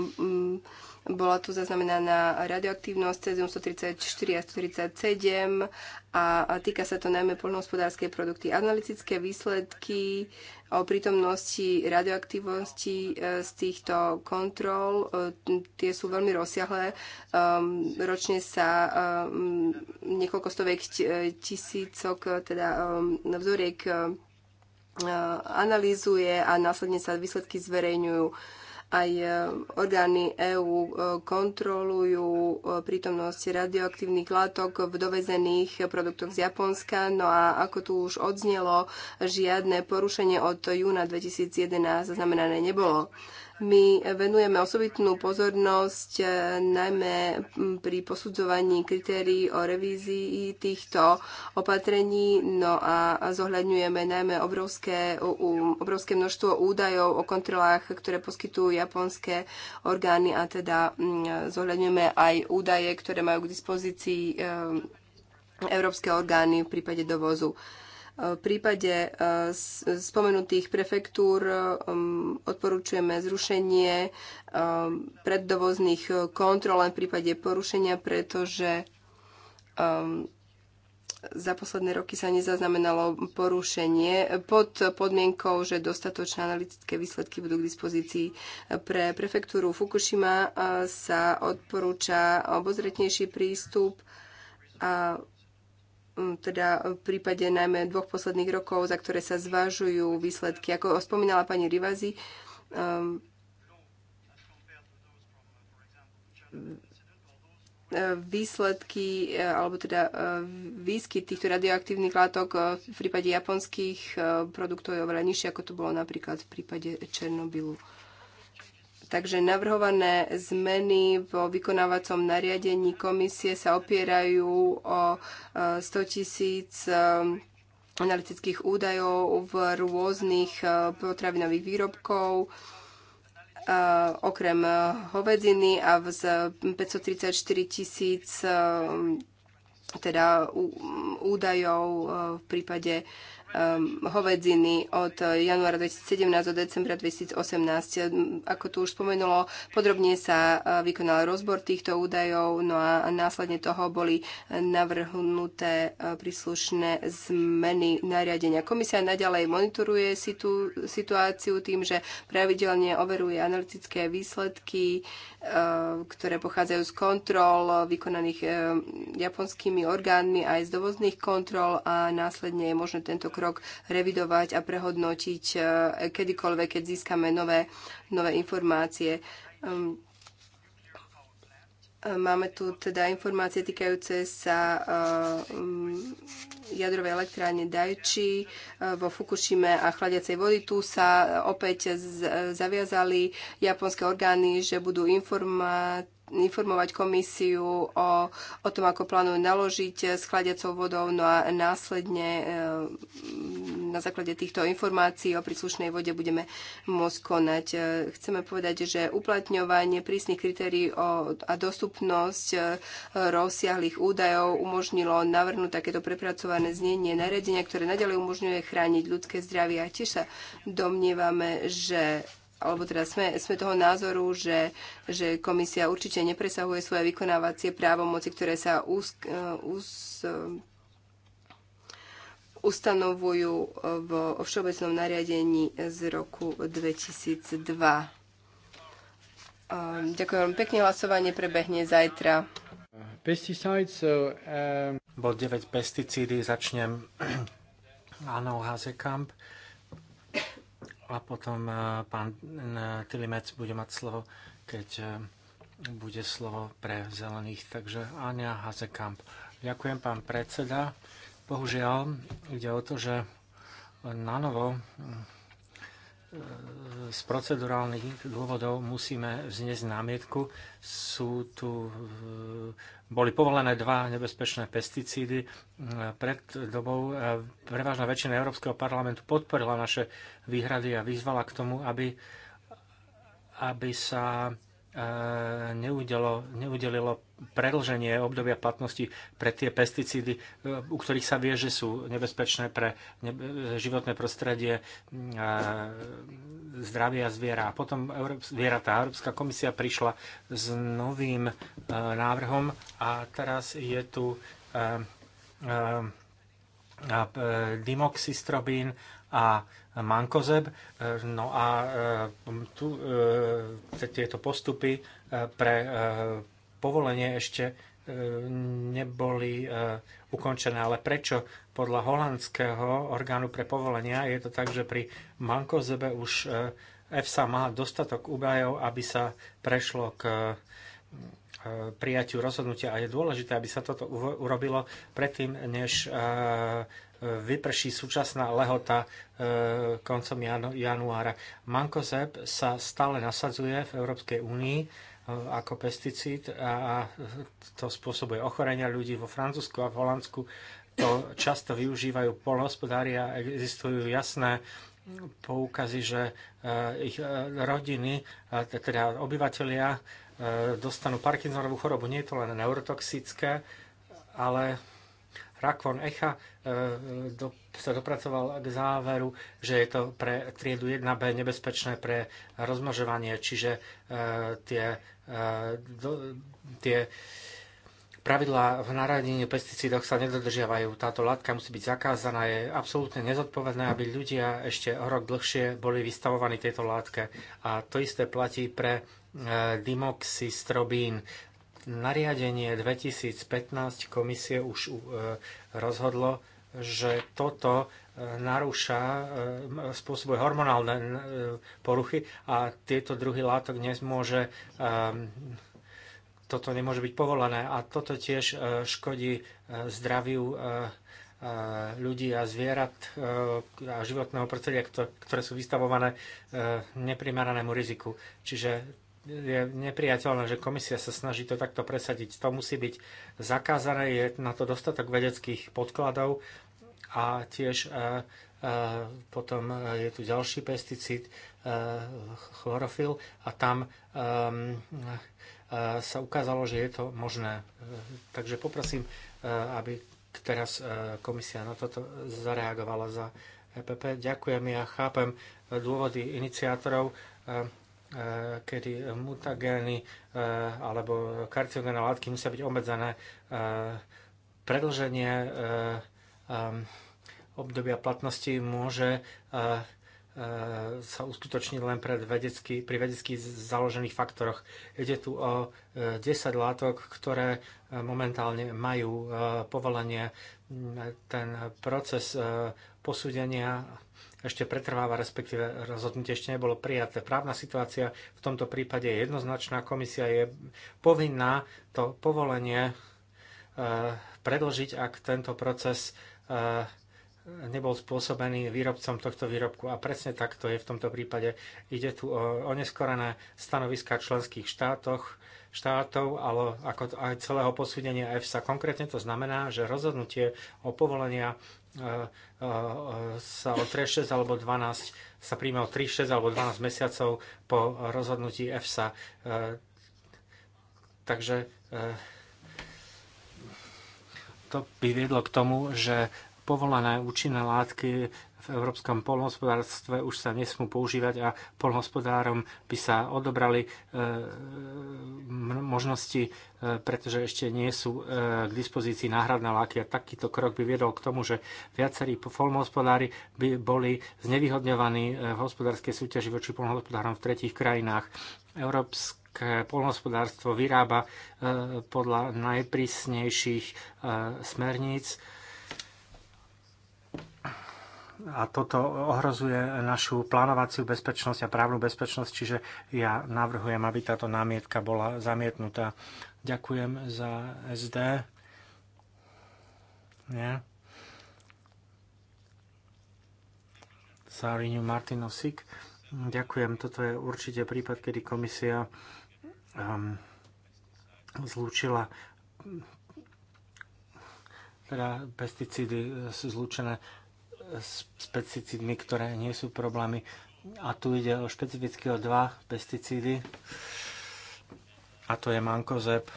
bola tu zaznamenaná radioaktívnosť cezium 134 a 137 a týka sa to najmä poľnohospodárskej produkty. Analytické výsledky o prítomnosti radioaktívnosti e, z týchto kontrol, e, tie sú veľmi rozsiahlé. E, ročne sa niekoľko stoviek tisícok teda vzoriek analýzuje a následne sa výsledky zverejňujú aj e, orgány EÚ e, kontrolujú e, prítomnosť radioaktívnych látok v dovezených produktoch z Japonska. No a ako tu už odznelo, žiadne porušenie od júna 2011 zaznamenané nebolo. My venujeme osobitnú pozornosť e, najmä pri posudzovaní kritérií o revízii týchto opatrení, no a zohľadňujeme najmä obrovské, obrovské množstvo údajov o kontrolách, ktoré poskytujú japonské orgány a teda zohľadňujeme aj údaje, ktoré majú k dispozícii e, európske orgány v prípade dovozu. V prípade eh, spomenutých prefektúr eh, odporúčujeme zrušenie eh, preddovozných kontrol len v prípade porušenia, pretože ehm, za posledné roky sa nezaznamenalo porušenie pod podmienkou, že dostatočné analytické výsledky budú k dispozícii. Pre prefektúru Fukushima sa odporúča obozretnejší prístup a teda e, v prípade najmä dvoch posledných rokov, za ktoré sa zvážujú výsledky. Ako spomínala pani Rivazi, um, výsledky, e, alebo teda výskyt týchto radioaktívnych látok v prípade japonských produktov je oveľa nižšie, ako to bolo napríklad v prípade Černobylu. Takže navrhované zmeny vo vykonávacom nariadení komisie sa opierajú o 100 e, tisíc e, analytických údajov v rôznych e, potravinových výrobkov, okrem hovedziny a z 534 tisíc teda údajov v prípade Um, hovedziny od januára 2017 do decembra 2018. Ako tu už spomenulo, podrobne sa uh, vykonal rozbor týchto údajov, no a následne toho boli navrhnuté uh, príslušné zmeny nariadenia. Komisia naďalej monitoruje situ- situáciu tým, že pravidelne overuje analytické výsledky Eh, ktoré pochádzajú z kontrol vykonaných eh, japonskými orgánmi aj z dovozných kontrol a následne je možné tento krok revidovať a prehodnotiť eh, kedykoľvek, keď získame nové, nové informácie. Ehm, Máme tu teda informácie týkajúce sa e, jadrovej elektrárne Dajči e, vo Fukushime a chladiacej vody. Tu sa opäť e, zaviazali japonské orgány, že budú informovať informovať komisiu o, o tom, ako plánujú naložiť s chladiacou vodou, no a následne e, na základe týchto informácií o príslušnej vode budeme môcť konať. E, chceme povedať, že uplatňovanie prísnych kritérií o, a dostupnosť e, rozsiahlých údajov umožnilo navrhnúť takéto prepracované znenie nariadenia, ktoré nadalej umožňuje chrániť ľudské zdravie a tiež sa domnievame, že alebo teda sme, sme toho názoru, že, že komisia určite nepresahuje svoje vykonávacie právomoci, ktoré sa ús, e, ús, e, ustanovujú v všeobecnom nariadení z roku 2002. E, ďakujem veľmi pekne, hlasovanie prebehne zajtra. So, um, Bod 9 pesticídy, začnem Anou Hazekamp a potom e, pán e, Tilimec bude mať slovo, keď e, bude slovo pre zelených. Takže Ania Hazekamp. Ďakujem, pán predseda. Bohužiaľ, ide o to, že na novo z procedurálnych dôvodov musíme vzniesť námietku. Sú tu, e, boli povolené dva nebezpečné pesticídy. E, pred dobou e, prevažná väčšina Európskeho parlamentu podporila naše výhrady a vyzvala k tomu, aby, aby sa E, neudelo, neudelilo predlženie obdobia platnosti pre tie pesticídy, e, u ktorých sa vie, že sú nebezpečné pre e, životné prostredie, zdravia zviera. A potom zvieratá. Európska komisia prišla s novým návrhom a teraz je tu dimoxistrobín a Mankozeb. E, no a e, tu, e, tieto postupy pre povolenie ešte neboli ukončené. Ale prečo? Podľa holandského orgánu pre povolenia je to tak, že pri Mankozebe už EFSA má dostatok údajov, aby sa prešlo k prijatiu rozhodnutia a je dôležité, aby sa toto urobilo predtým, než vyprší súčasná lehota e, koncom januára. Mankozeb sa stále nasadzuje v Európskej únii e, ako pesticíd a to spôsobuje ochorenia ľudí vo Francúzsku a v Holandsku. To často využívajú polnohospodári a existujú jasné poukazy, že e, ich rodiny, teda obyvateľia, dostanú Parkinsonovú chorobu. Nie je to len neurotoxické, ale Rakon Echa e, e, do, sa dopracoval k záveru, že je to pre triedu 1B nebezpečné pre rozmnožovanie, čiže e, tie, do, tie pravidlá v naradení pesticídoch sa nedodržiavajú. Táto látka musí byť zakázaná. Je absolútne nezodpovedné, aby ľudia ešte o rok dlhšie boli vystavovaní tejto látke. A to isté platí pre e, dimoxystrobín. Nariadenie 2015 komisie už e, rozhodlo, že toto e, narúša, e, spôsobuje hormonálne poruchy a tieto druhy látok nezmôže ehm, toto nemôže byť povolené a toto tiež škodí zdraviu ľudí a zvierat a životného prostredia, ktoré sú vystavované neprimeranému riziku. Čiže je nepriateľné, že komisia sa snaží to takto presadiť. To musí byť zakázané, je na to dostatok vedeckých podkladov a tiež e, e, potom e, je tu ďalší pesticíd, chlorofil a tam ehm, sa ukázalo, že je to možné. Takže poprosím, aby teraz komisia na toto zareagovala za EPP. Ďakujem, ja chápem dôvody iniciátorov E, kedy mutagény e, alebo karcinogénne látky musia byť obmedzené e, predlženie obdobia platnosti môže sa uskutočniť len pred vedecky, pri vedecky založených faktoroch. Ide tu o 10 látok, ktoré momentálne majú povolenie. Ten proces posúdenia ešte pretrváva, respektíve rozhodnutie ešte nebolo prijaté. Právna situácia v tomto prípade je jednoznačná. Komisia je povinná to povolenie e, predlžiť, ak tento proces e, nebol spôsobený výrobcom tohto výrobku. A presne takto je v tomto prípade. Ide tu o oneskorené stanoviska členských štátoch, štátov, ale ako aj celého posúdenia EFSA. Konkrétne to znamená, že rozhodnutie o povolenia Eh, eh, sa o 3, 6 alebo 12 sa príjme o 3, 6 alebo 12 mesiacov po rozhodnutí EFSA. Eh, takže to by viedlo k tomu, že povolené účinné látky v európskom polnohospodárstve už sa nesmú používať a polnohospodárom by sa odobrali e, možnosti, e, pretože ešte nie sú e, k dispozícii náhradné láky. A takýto krok by viedol k tomu, že viacerí polnohospodári by boli znevýhodňovaní v hospodárskej súťaži voči polnohospodárom v tretích krajinách. Európsk polnohospodárstvo vyrába podľa najprísnejších smerníc a toto ohrozuje našu plánovaciu bezpečnosť a právnu bezpečnosť, čiže ja navrhujem, aby táto námietka bola zamietnutá. Ďakujem za SD. Nie? Za Riniu Martinosik. Ďakujem. Toto je určite prípad, kedy komisia um, zlúčila teda pesticídy zlúčené s, s pesticídmi, ktoré nie sú problémy. A tu ide o špecificky o dva pesticídy. A to je mankozeb eh,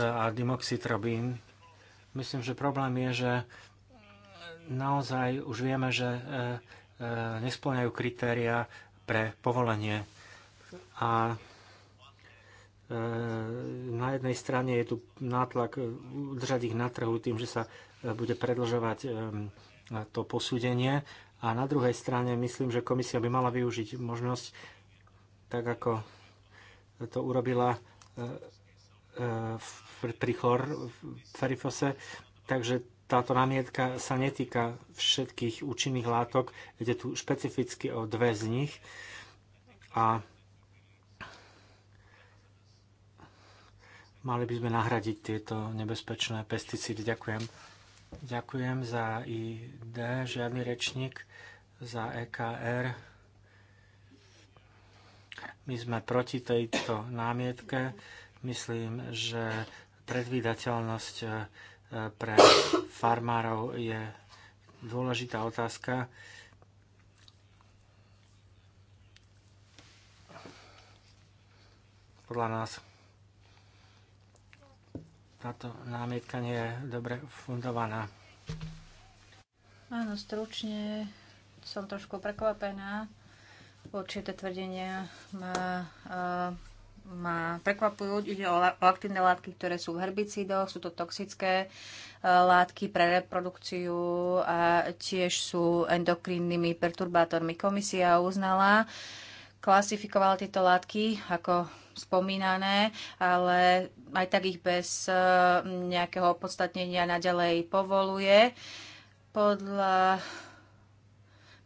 a dimoxitrobín. Myslím, že problém je, že naozaj už vieme, že eh, eh, nesplňajú kritéria pre povolenie. A na jednej strane je tu nátlak e, držať ich na trhu tým, že sa e, bude predlžovať e, to posúdenie a na druhej strane myslím, že komisia by mala využiť možnosť, tak ako to urobila pri chlor v Ferifose, takže táto námietka sa netýka všetkých účinných látok, ide tu špecificky o dve z nich a Mali by sme nahradiť tieto nebezpečné pesticídy. Ďakujem. Ďakujem za ID, žiadny rečník, za EKR. My sme proti tejto námietke. Myslím, že predvídateľnosť e, pre farmárov je dôležitá otázka. Podľa nás táto námietka nie je dobre fundovaná. Áno, stručne som trošku prekvapená. Určité tvrdenia má, e, má prekvapujú. Ide o aktívne látky, ktoré sú v herbicídoch, sú to toxické e, látky pre reprodukciu a tiež sú endokrinnými perturbátormi. Komisia uznala, klasifikovala tieto látky ako spomínané, ale aj tak ich bez eh, nejakého podstatnenia naďalej povoluje. Podľa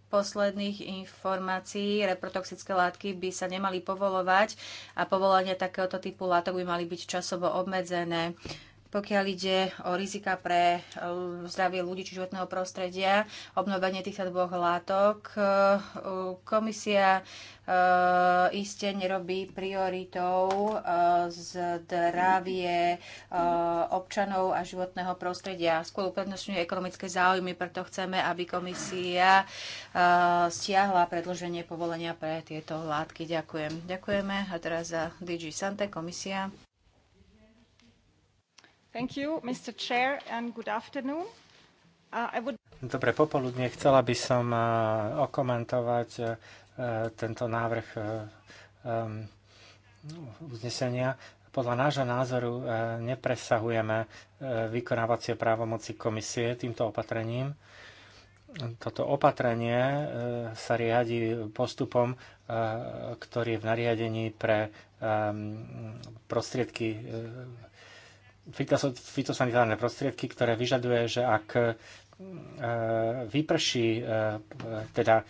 posledných informácií reprotoxické látky by sa nemali povolovať a povolania takéhoto typu látok by mali byť časovo obmedzené pokiaľ ide o rizika pre eh, zdravie ľudí či životného prostredia, obnovenie týchto dvoch látok. Eh, komisia eh, iste nerobí prioritou zdravie občanov a životného prostredia. Skôr uprednostňuje ekonomické záujmy, preto chceme, aby komisia stiahla predloženie povolenia pre tieto látky. Ďakujem. Ďakujeme. A teraz za DG Sante, komisia. Uh, Dobre popoludne. Chcela by som uh, okomentovať uh, tento návrh um, uznesenia. Podľa nášho názoru nepresahujeme vykonávacie právomoci komisie týmto opatrením. Toto opatrenie sa riadi postupom, ktorý je v nariadení pre um, prostriedky fitosanitárne prostriedky, ktoré vyžaduje, že ak e, vyprší e, teda e,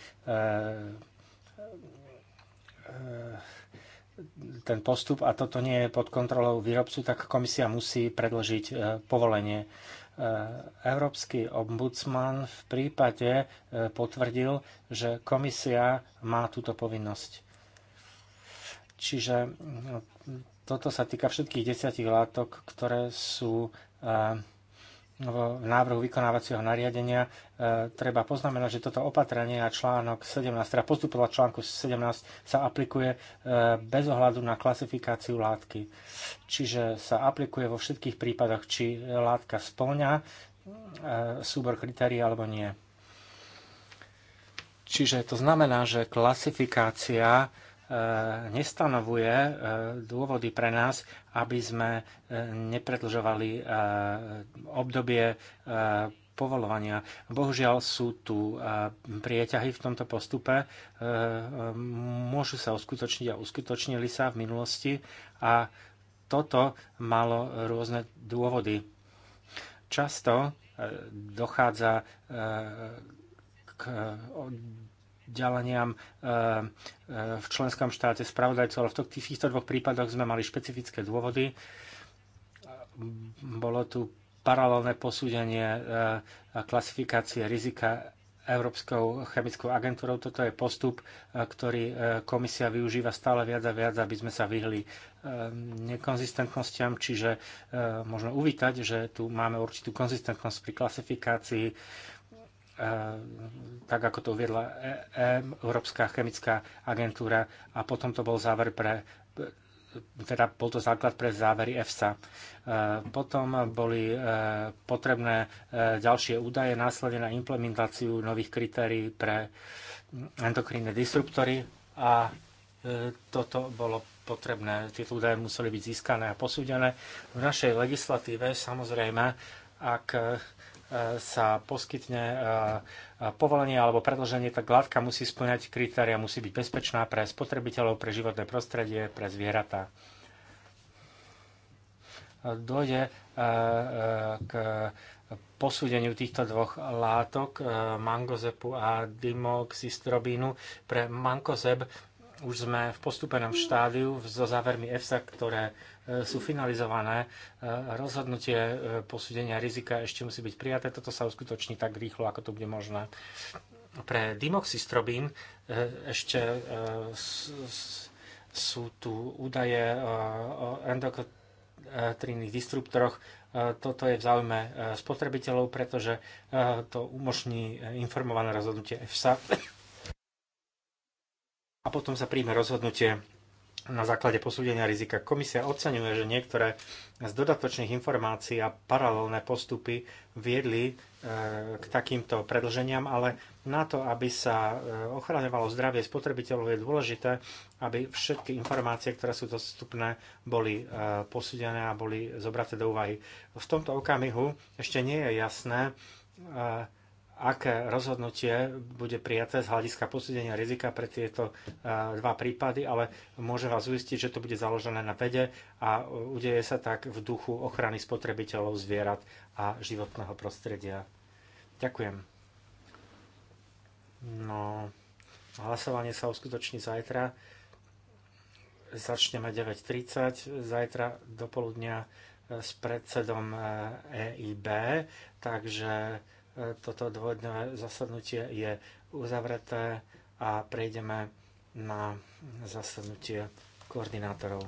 ten postup a toto nie je pod kontrolou výrobcu, tak komisia musí predložiť povolenie. Európsky ombudsman v prípade potvrdil, že komisia má túto povinnosť. Čiže toto sa týka všetkých desiatich látok, ktoré sú eh, v návrhu vykonávacieho nariadenia eh, treba poznamenať, že toto opatrenie a článok 17, teda postup článku 17 sa aplikuje eh, bez ohľadu na klasifikáciu látky. Čiže sa aplikuje vo všetkých prípadoch, či látka spĺňa súbor kritérií alebo nie. Čiže to znamená, že klasifikácia E, nestanovuje e, dôvody pre nás, aby sme e, nepredlžovali obdobie povolovania. Bohužiaľ sú tu prieťahy v tomto postupe. Môžu sa uskutočniť a uskutočnili sa v minulosti a toto malo rôzne dôvody. Často dochádza k ďaleniam eh, eh, v členskom štáte spravodajcov, ale v týchto dvoch prípadoch sme mali špecifické dôvody. Bolo tu paralelné posúdenie eh, a klasifikácie rizika Európskou chemickou agentúrou. Toto je postup, ktorý komisia využíva stále viac a viac, aby sme sa vyhli nekonzistentnostiam, čiže možno uvítať, že tu máme určitú konzistentnosť pri klasifikácii Eh, tak ako to uviedla e- e Európska chemická agentúra a potom to bol záver pre teda bol to základ pre závery EFSA. Eh, potom boli eh, potrebné ďalšie údaje následne na implementáciu nových kritérií pre endokrinné disruptory a toto bolo potrebné. Tieto údaje museli byť získané a posúdené. V našej legislatíve samozrejme, ak sa poskytne e, e, povolenie alebo predlženie, tak látka musí splňať kritéria, musí byť bezpečná pre spotrebiteľov, pre životné prostredie, pre zvieratá. E, dojde k posúdeniu týchto dvoch látok, mangozepu a dimoxistrobínu. Pre mankozeb už sme v postupenom štádiu so závermi EFSA, ktoré e, sú finalizované. E, rozhodnutie e, posúdenia rizika ešte musí byť prijaté. Toto sa uskutoční tak rýchlo, ako to bude možné. Pre dimoxistrobín ešte sú tu údaje o endokrinných disruptoroch. Toto je v záujme spotrebiteľov, pretože to umožní informované rozhodnutie EFSA a potom sa príjme rozhodnutie na základe posúdenia rizika. Komisia oceňuje, že niektoré z dodatočných informácií a paralelné postupy viedli e, k takýmto predlženiam, ale na to, aby sa e, ochraňovalo zdravie spotrebiteľov, je dôležité, aby všetky informácie, ktoré sú dostupné, boli e, posúdené a boli zobraté do úvahy. V tomto okamihu ešte nie je jasné, aké rozhodnutie bude prijaté z hľadiska posúdenia rizika pre tieto dva prípady, ale môžem vás uistiť, že to bude založené na vede a udeje sa tak v duchu ochrany spotrebiteľov, zvierat a životného prostredia. Ďakujem. No, hlasovanie sa uskutoční zajtra. Začneme 9.30, zajtra do poludnia e, s predsedom EIB, e takže E, toto dôvodné zasadnutie je uzavreté a prejdeme na zasadnutie koordinátorov.